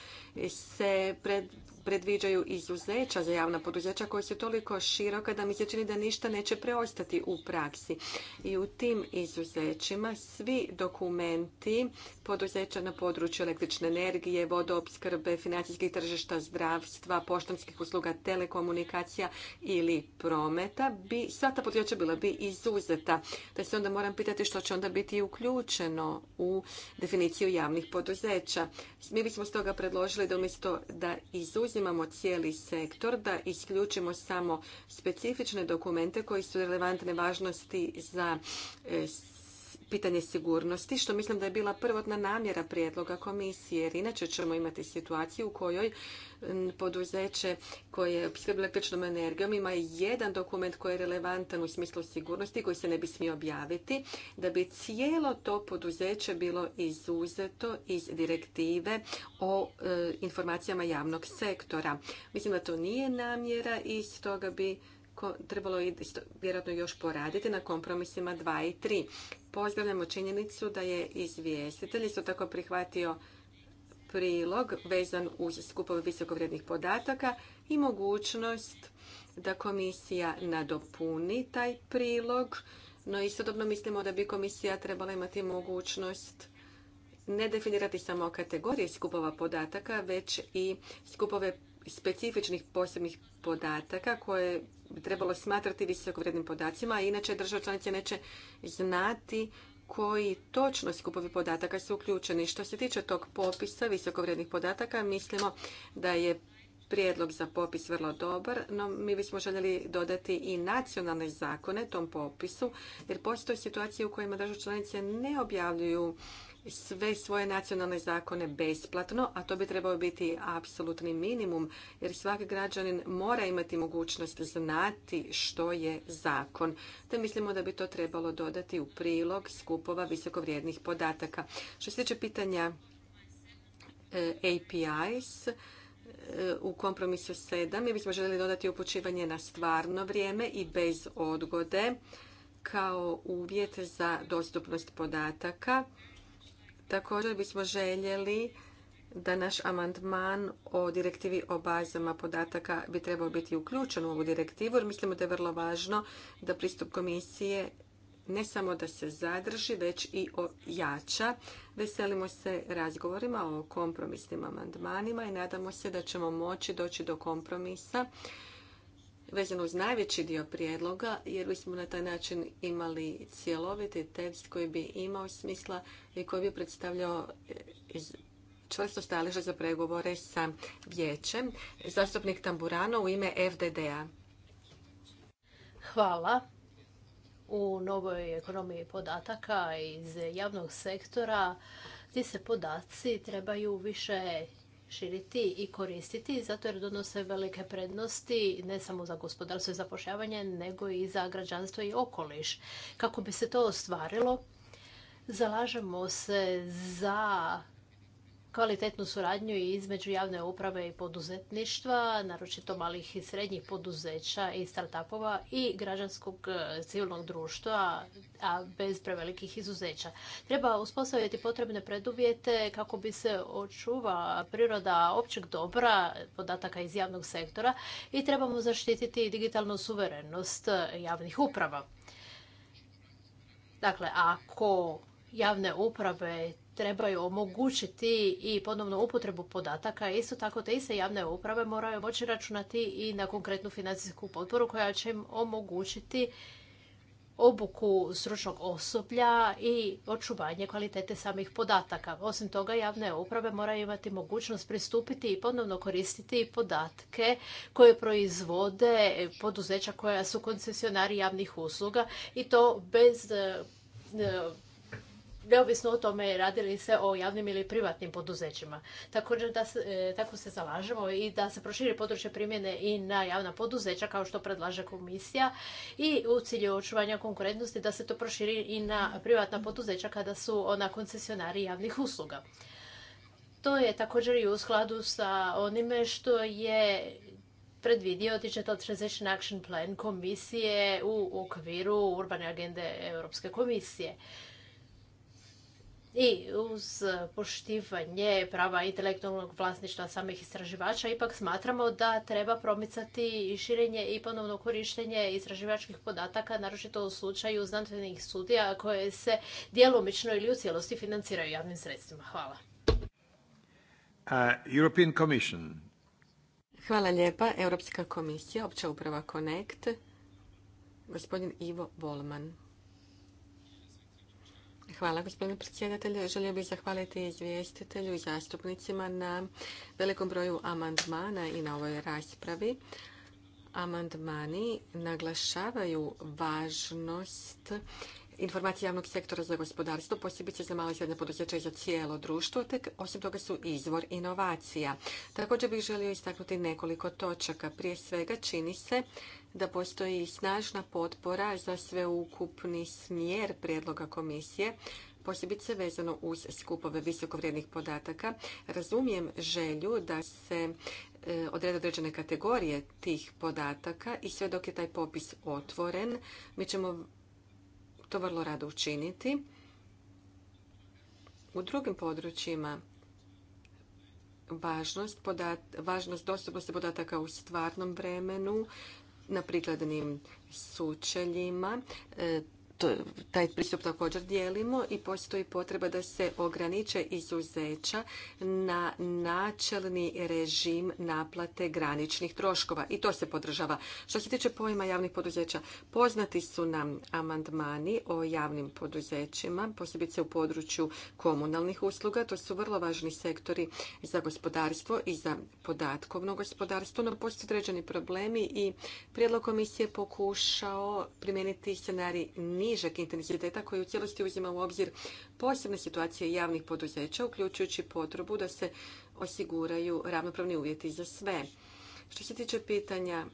se pred, predviđaju izuzeća za javna poduzeća koja su toliko široka da mi se čini da ništa neće preostati u praksi. I u tim izuzećima svi dokumenti poduzeća na području električne energije, vodoopskrbe, financijskih tržišta, zdravstva, poštanskih usluga, telekomunikacija ili prometa, bi, sva ta poduzeća bila bi izuzeta. Da pa se onda moram pitati što će onda biti uključeno u definiciju javnih poduzeća. Mi bismo stoga predložili da umjesto da izuze imamo cijeli sektor, da isključimo samo specifične dokumente koji su relevantne važnosti za e, pitanje sigurnosti, što mislim da je bila prvotna namjera prijedloga komisije, jer inače ćemo imati situaciju u kojoj poduzeće koje je opskrbilo električnom energijom ima jedan dokument koji je relevantan u smislu sigurnosti koji se ne bi smio objaviti, da bi cijelo to poduzeće bilo izuzeto iz direktive o e, informacijama javnog sektora. Mislim da to nije namjera i stoga bi trebalo je vjerojatno još poraditi na kompromisima 2 i 3. Pozdravljamo činjenicu da je izvjestitelj isto tako prihvatio prilog vezan uz skupove visokovrednih podataka i mogućnost da komisija nadopuni taj prilog, no istodobno mislimo da bi komisija trebala imati mogućnost ne definirati samo kategorije skupova podataka, već i skupove specifičnih posebnih podataka koje bi trebalo smatrati visokovrednim podacima, a inače država članice neće znati koji točno skupovi podataka su uključeni. Što se tiče tog popisa visokovrednih podataka, mislimo da je prijedlog za popis vrlo dobar, no mi bismo željeli dodati i nacionalne zakone tom popisu, jer postoje situacije u kojima države članice ne objavljuju sve svoje nacionalne zakone besplatno, a to bi trebao biti apsolutni minimum, jer svaki građanin mora imati mogućnost znati što je zakon. Te mislimo da bi to trebalo dodati u prilog skupova visokovrijednih podataka. Što se tiče pitanja e, APIs, e, u kompromisu 7 mi bismo željeli dodati upućivanje na stvarno vrijeme i bez odgode kao uvjet za dostupnost podataka Također bismo željeli da naš amandman o direktivi o bazama podataka bi trebao biti uključen u ovu direktivu jer mislimo da je vrlo važno da pristup komisije ne samo da se zadrži, već i ojača. Veselimo se razgovorima o kompromisnim amandmanima i nadamo se da ćemo moći doći do kompromisa vezano uz najveći dio prijedloga, jer bismo na taj način imali cjeloviti tekst koji bi imao smisla i koji bi predstavljao eh, čvrsto stajalište za pregovore sa vijećem. Zastupnik Tamburano u ime FDD-a. Hvala. U novoj ekonomiji podataka iz javnog sektora ti se podaci trebaju više širiti i koristiti zato jer donose velike prednosti ne samo za gospodarstvo i zapošljavanje nego i za građanstvo i okoliš. Kako bi se to ostvarilo, zalažemo se za kvalitetnu suradnju između javne uprave i poduzetništva, naročito malih i srednjih poduzeća i startupova i građanskog e, civilnog društva, a bez prevelikih izuzeća. Treba uspostaviti potrebne preduvjete kako bi se očuva priroda općeg dobra podataka iz javnog sektora i trebamo zaštititi digitalnu suverenost javnih uprava. Dakle, ako javne uprave trebaju omogućiti i ponovnu upotrebu podataka. Isto tako te iste javne uprave moraju moći računati i na konkretnu financijsku potporu koja će im omogućiti obuku stručnog osoblja i očuvanje kvalitete samih podataka. Osim toga, javne uprave moraju imati mogućnost pristupiti i ponovno koristiti podatke koje proizvode poduzeća koja su koncesionari javnih usluga i to bez eh, neovisno o tome radili se o javnim ili privatnim poduzećima. Također da se, e, tako se zalažemo i da se proširi područje primjene i na javna poduzeća kao što predlaže komisija i u cilju očuvanja konkurentnosti da se to proširi i na privatna poduzeća kada su ona koncesionari javnih usluga. To je također i u skladu sa onime što je predvidio Digital Transition Action Plan komisije u okviru urbane agende Europske komisije i uz poštivanje prava intelektualnog vlasništva samih istraživača ipak smatramo da treba promicati i širenje i ponovno korištenje istraživačkih podataka, naročito u slučaju znanstvenih studija koje se djelomično ili u cijelosti financiraju javnim sredstvima. Hvala. Uh, European Hvala lijepa. Europska komisija, opća uprava Connect, gospodin Ivo Volman. Hvala, gospodine predsjedatelju. Želio bih zahvaliti izvjestitelju i zastupnicima na velikom broju amandmana i na ovoj raspravi. Amandmani naglašavaju važnost informacije javnog sektora za gospodarstvo, posebice za malo i srednje poduzeće i za cijelo društvo, tek osim toga su izvor inovacija. Također bih želio istaknuti nekoliko točaka. Prije svega čini se da postoji snažna potpora za sveukupni smjer prijedloga komisije, posebice vezano uz skupove visokovrijednih podataka. Razumijem želju da se e, odrede određene kategorije tih podataka i sve dok je taj popis otvoren, mi ćemo to vrlo rado učiniti. U drugim područjima važnost, važnost dostupnosti podataka u stvarnom vremenu, na prikladnim sučeljima e, taj pristup također dijelimo i postoji potreba da se ograniče izuzeća na načelni režim naplate graničnih troškova. I to se podržava. Što se tiče pojma javnih poduzeća, poznati su nam amandmani o javnim poduzećima, posebice u području komunalnih usluga. To su vrlo važni sektori za gospodarstvo i za podatkovno gospodarstvo, no postoji određeni problemi i prijedlog komisije pokušao primijeniti scenarij nižeg intenziteta koji u cijelosti uzima u obzir posebne situacije javnih poduzeća, uključujući potrebu da se osiguraju ravnopravni uvjeti za sve. Što se tiče pitanja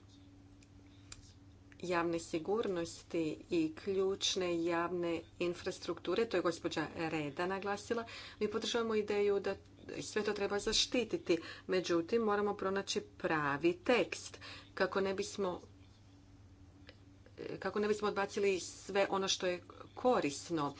javne sigurnosti i ključne javne infrastrukture, to je gospođa Reda naglasila, mi podržavamo ideju da sve to treba zaštititi. Međutim, moramo pronaći pravi tekst kako ne bismo kako ne bismo odbacili sve ono što je korisno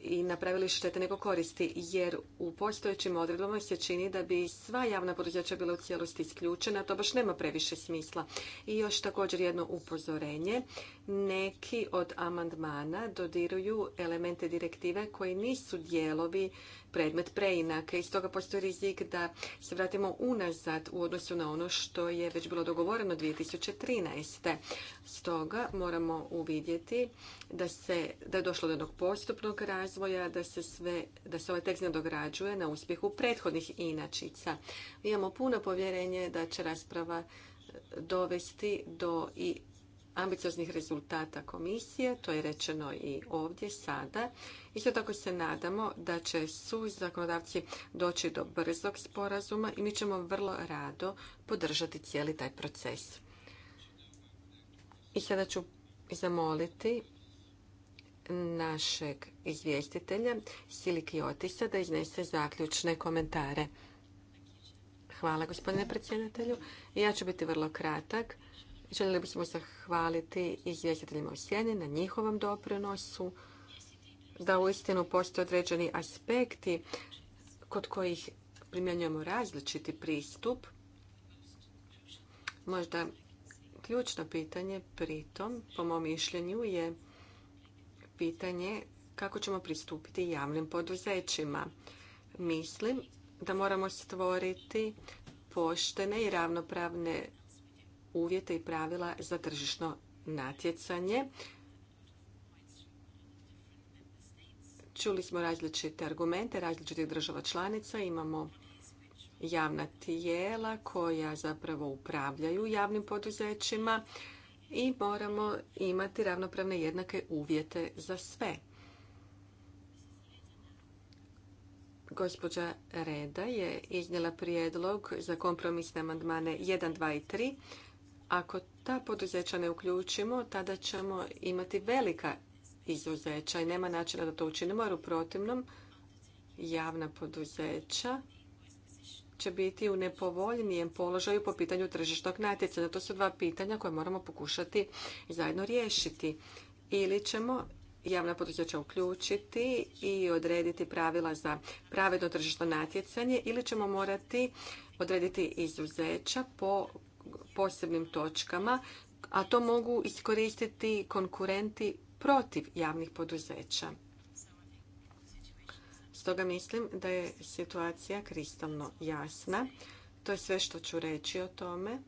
i napravili štete nego koristi, jer u postojećim odredbama se čini da bi sva javna poduzeća bila u cijelosti isključena, to baš nema previše smisla. I još također jedno upozorenje, neki od amandmana dodiruju elemente direktive koji nisu dijelovi predmet preinake i stoga postoji rizik da se vratimo unazad u odnosu na ono što je već bilo dogovoreno 2013. Stoga moramo uvidjeti da, se, da je došlo do jednog postupnog razvoja, da se, sve, da se ovaj tekst dograđuje na uspjehu prethodnih inačica. imamo puno povjerenje da će rasprava dovesti do i ambicioznih rezultata komisije, to je rečeno i ovdje sada. Isto tako se nadamo da će su zakonodavci doći do brzog sporazuma i mi ćemo vrlo rado podržati cijeli taj proces. I sada ću zamoliti našeg izvjestitelja Siliki Otisa da iznese zaključne komentare. Hvala gospodine predsjedatelju. Ja ću biti vrlo kratak. Željeli bismo zahvaliti izvjestiteljima u sjeni na njihovom doprinosu, da uistinu postoje određeni aspekti kod kojih primjenjujemo različiti pristup. Možda ključno pitanje pritom, po mom mišljenju, je pitanje kako ćemo pristupiti javnim poduzećima. Mislim da moramo stvoriti poštene i ravnopravne uvjete i pravila za tržišno natjecanje. Čuli smo različite argumente različitih država članica. Imamo javna tijela koja zapravo upravljaju javnim poduzećima i moramo imati ravnopravne jednake uvjete za sve. Gospođa Reda je iznijela prijedlog za kompromisne amandmane 1, 2 i 3 ako ta poduzeća ne uključimo, tada ćemo imati velika izuzeća i nema načina da to učinimo, jer u protivnom javna poduzeća će biti u nepovoljnijem položaju po pitanju tržišnog natjecanja. To su dva pitanja koje moramo pokušati zajedno riješiti. Ili ćemo javna poduzeća uključiti i odrediti pravila za pravedno tržišno natjecanje ili ćemo morati odrediti izuzeća po posebnim točkama, a to mogu iskoristiti konkurenti protiv javnih poduzeća. Stoga mislim da je situacija kristalno jasna. To je sve što ću reći o tome.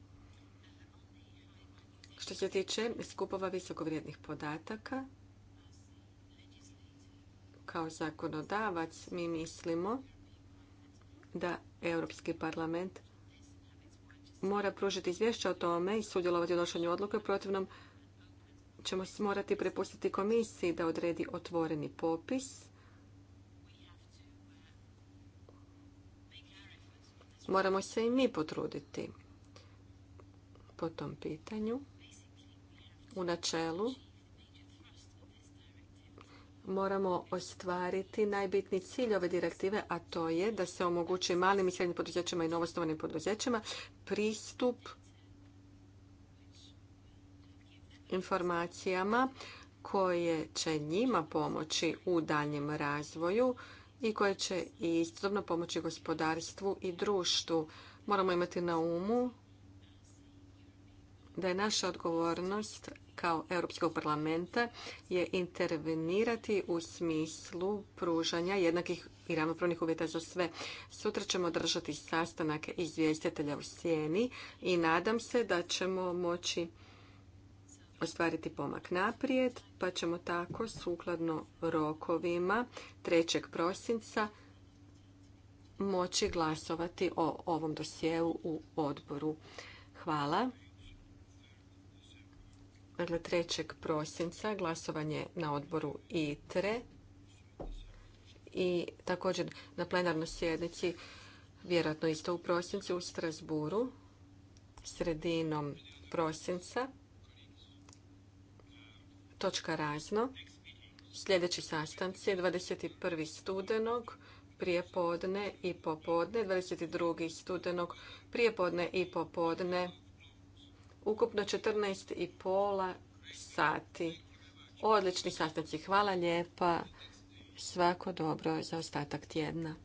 Što se tiče skupova visokovrijednih podataka, kao zakonodavac mi mislimo da Europski parlament mora pružiti izvješće o tome i sudjelovati u donošenju odluka. Protivnom ćemo morati prepustiti komisiji da odredi otvoreni popis. Moramo se i mi potruditi po tom pitanju. U načelu moramo ostvariti najbitniji cilj ove direktive, a to je da se omogući malim i srednjim poduzećima i novostovanim poduzećima pristup informacijama koje će njima pomoći u daljem razvoju i koje će istodobno pomoći gospodarstvu i društvu. Moramo imati na umu da je naša odgovornost kao Europskog parlamenta je intervenirati u smislu pružanja jednakih i ravnopravnih uvjeta za sve. Sutra ćemo držati sastanak izvjestitelja u sjeni i nadam se da ćemo moći ostvariti pomak naprijed, pa ćemo tako sukladno rokovima 3. prosinca moći glasovati o ovom dosjeu u odboru. Hvala. Dakle, 3. prosinca glasovanje na odboru ITRE i također na plenarnoj sjednici, vjerojatno isto u prosincu u Strasburu, sredinom prosinca. Točka razno. Sljedeći sastanci je 21. studenog prije podne i popodne, 22. studenog prije podne i popodne ukupno 14 i pola sati. Odlični sastanci. Hvala lijepa. Svako dobro za ostatak tjedna.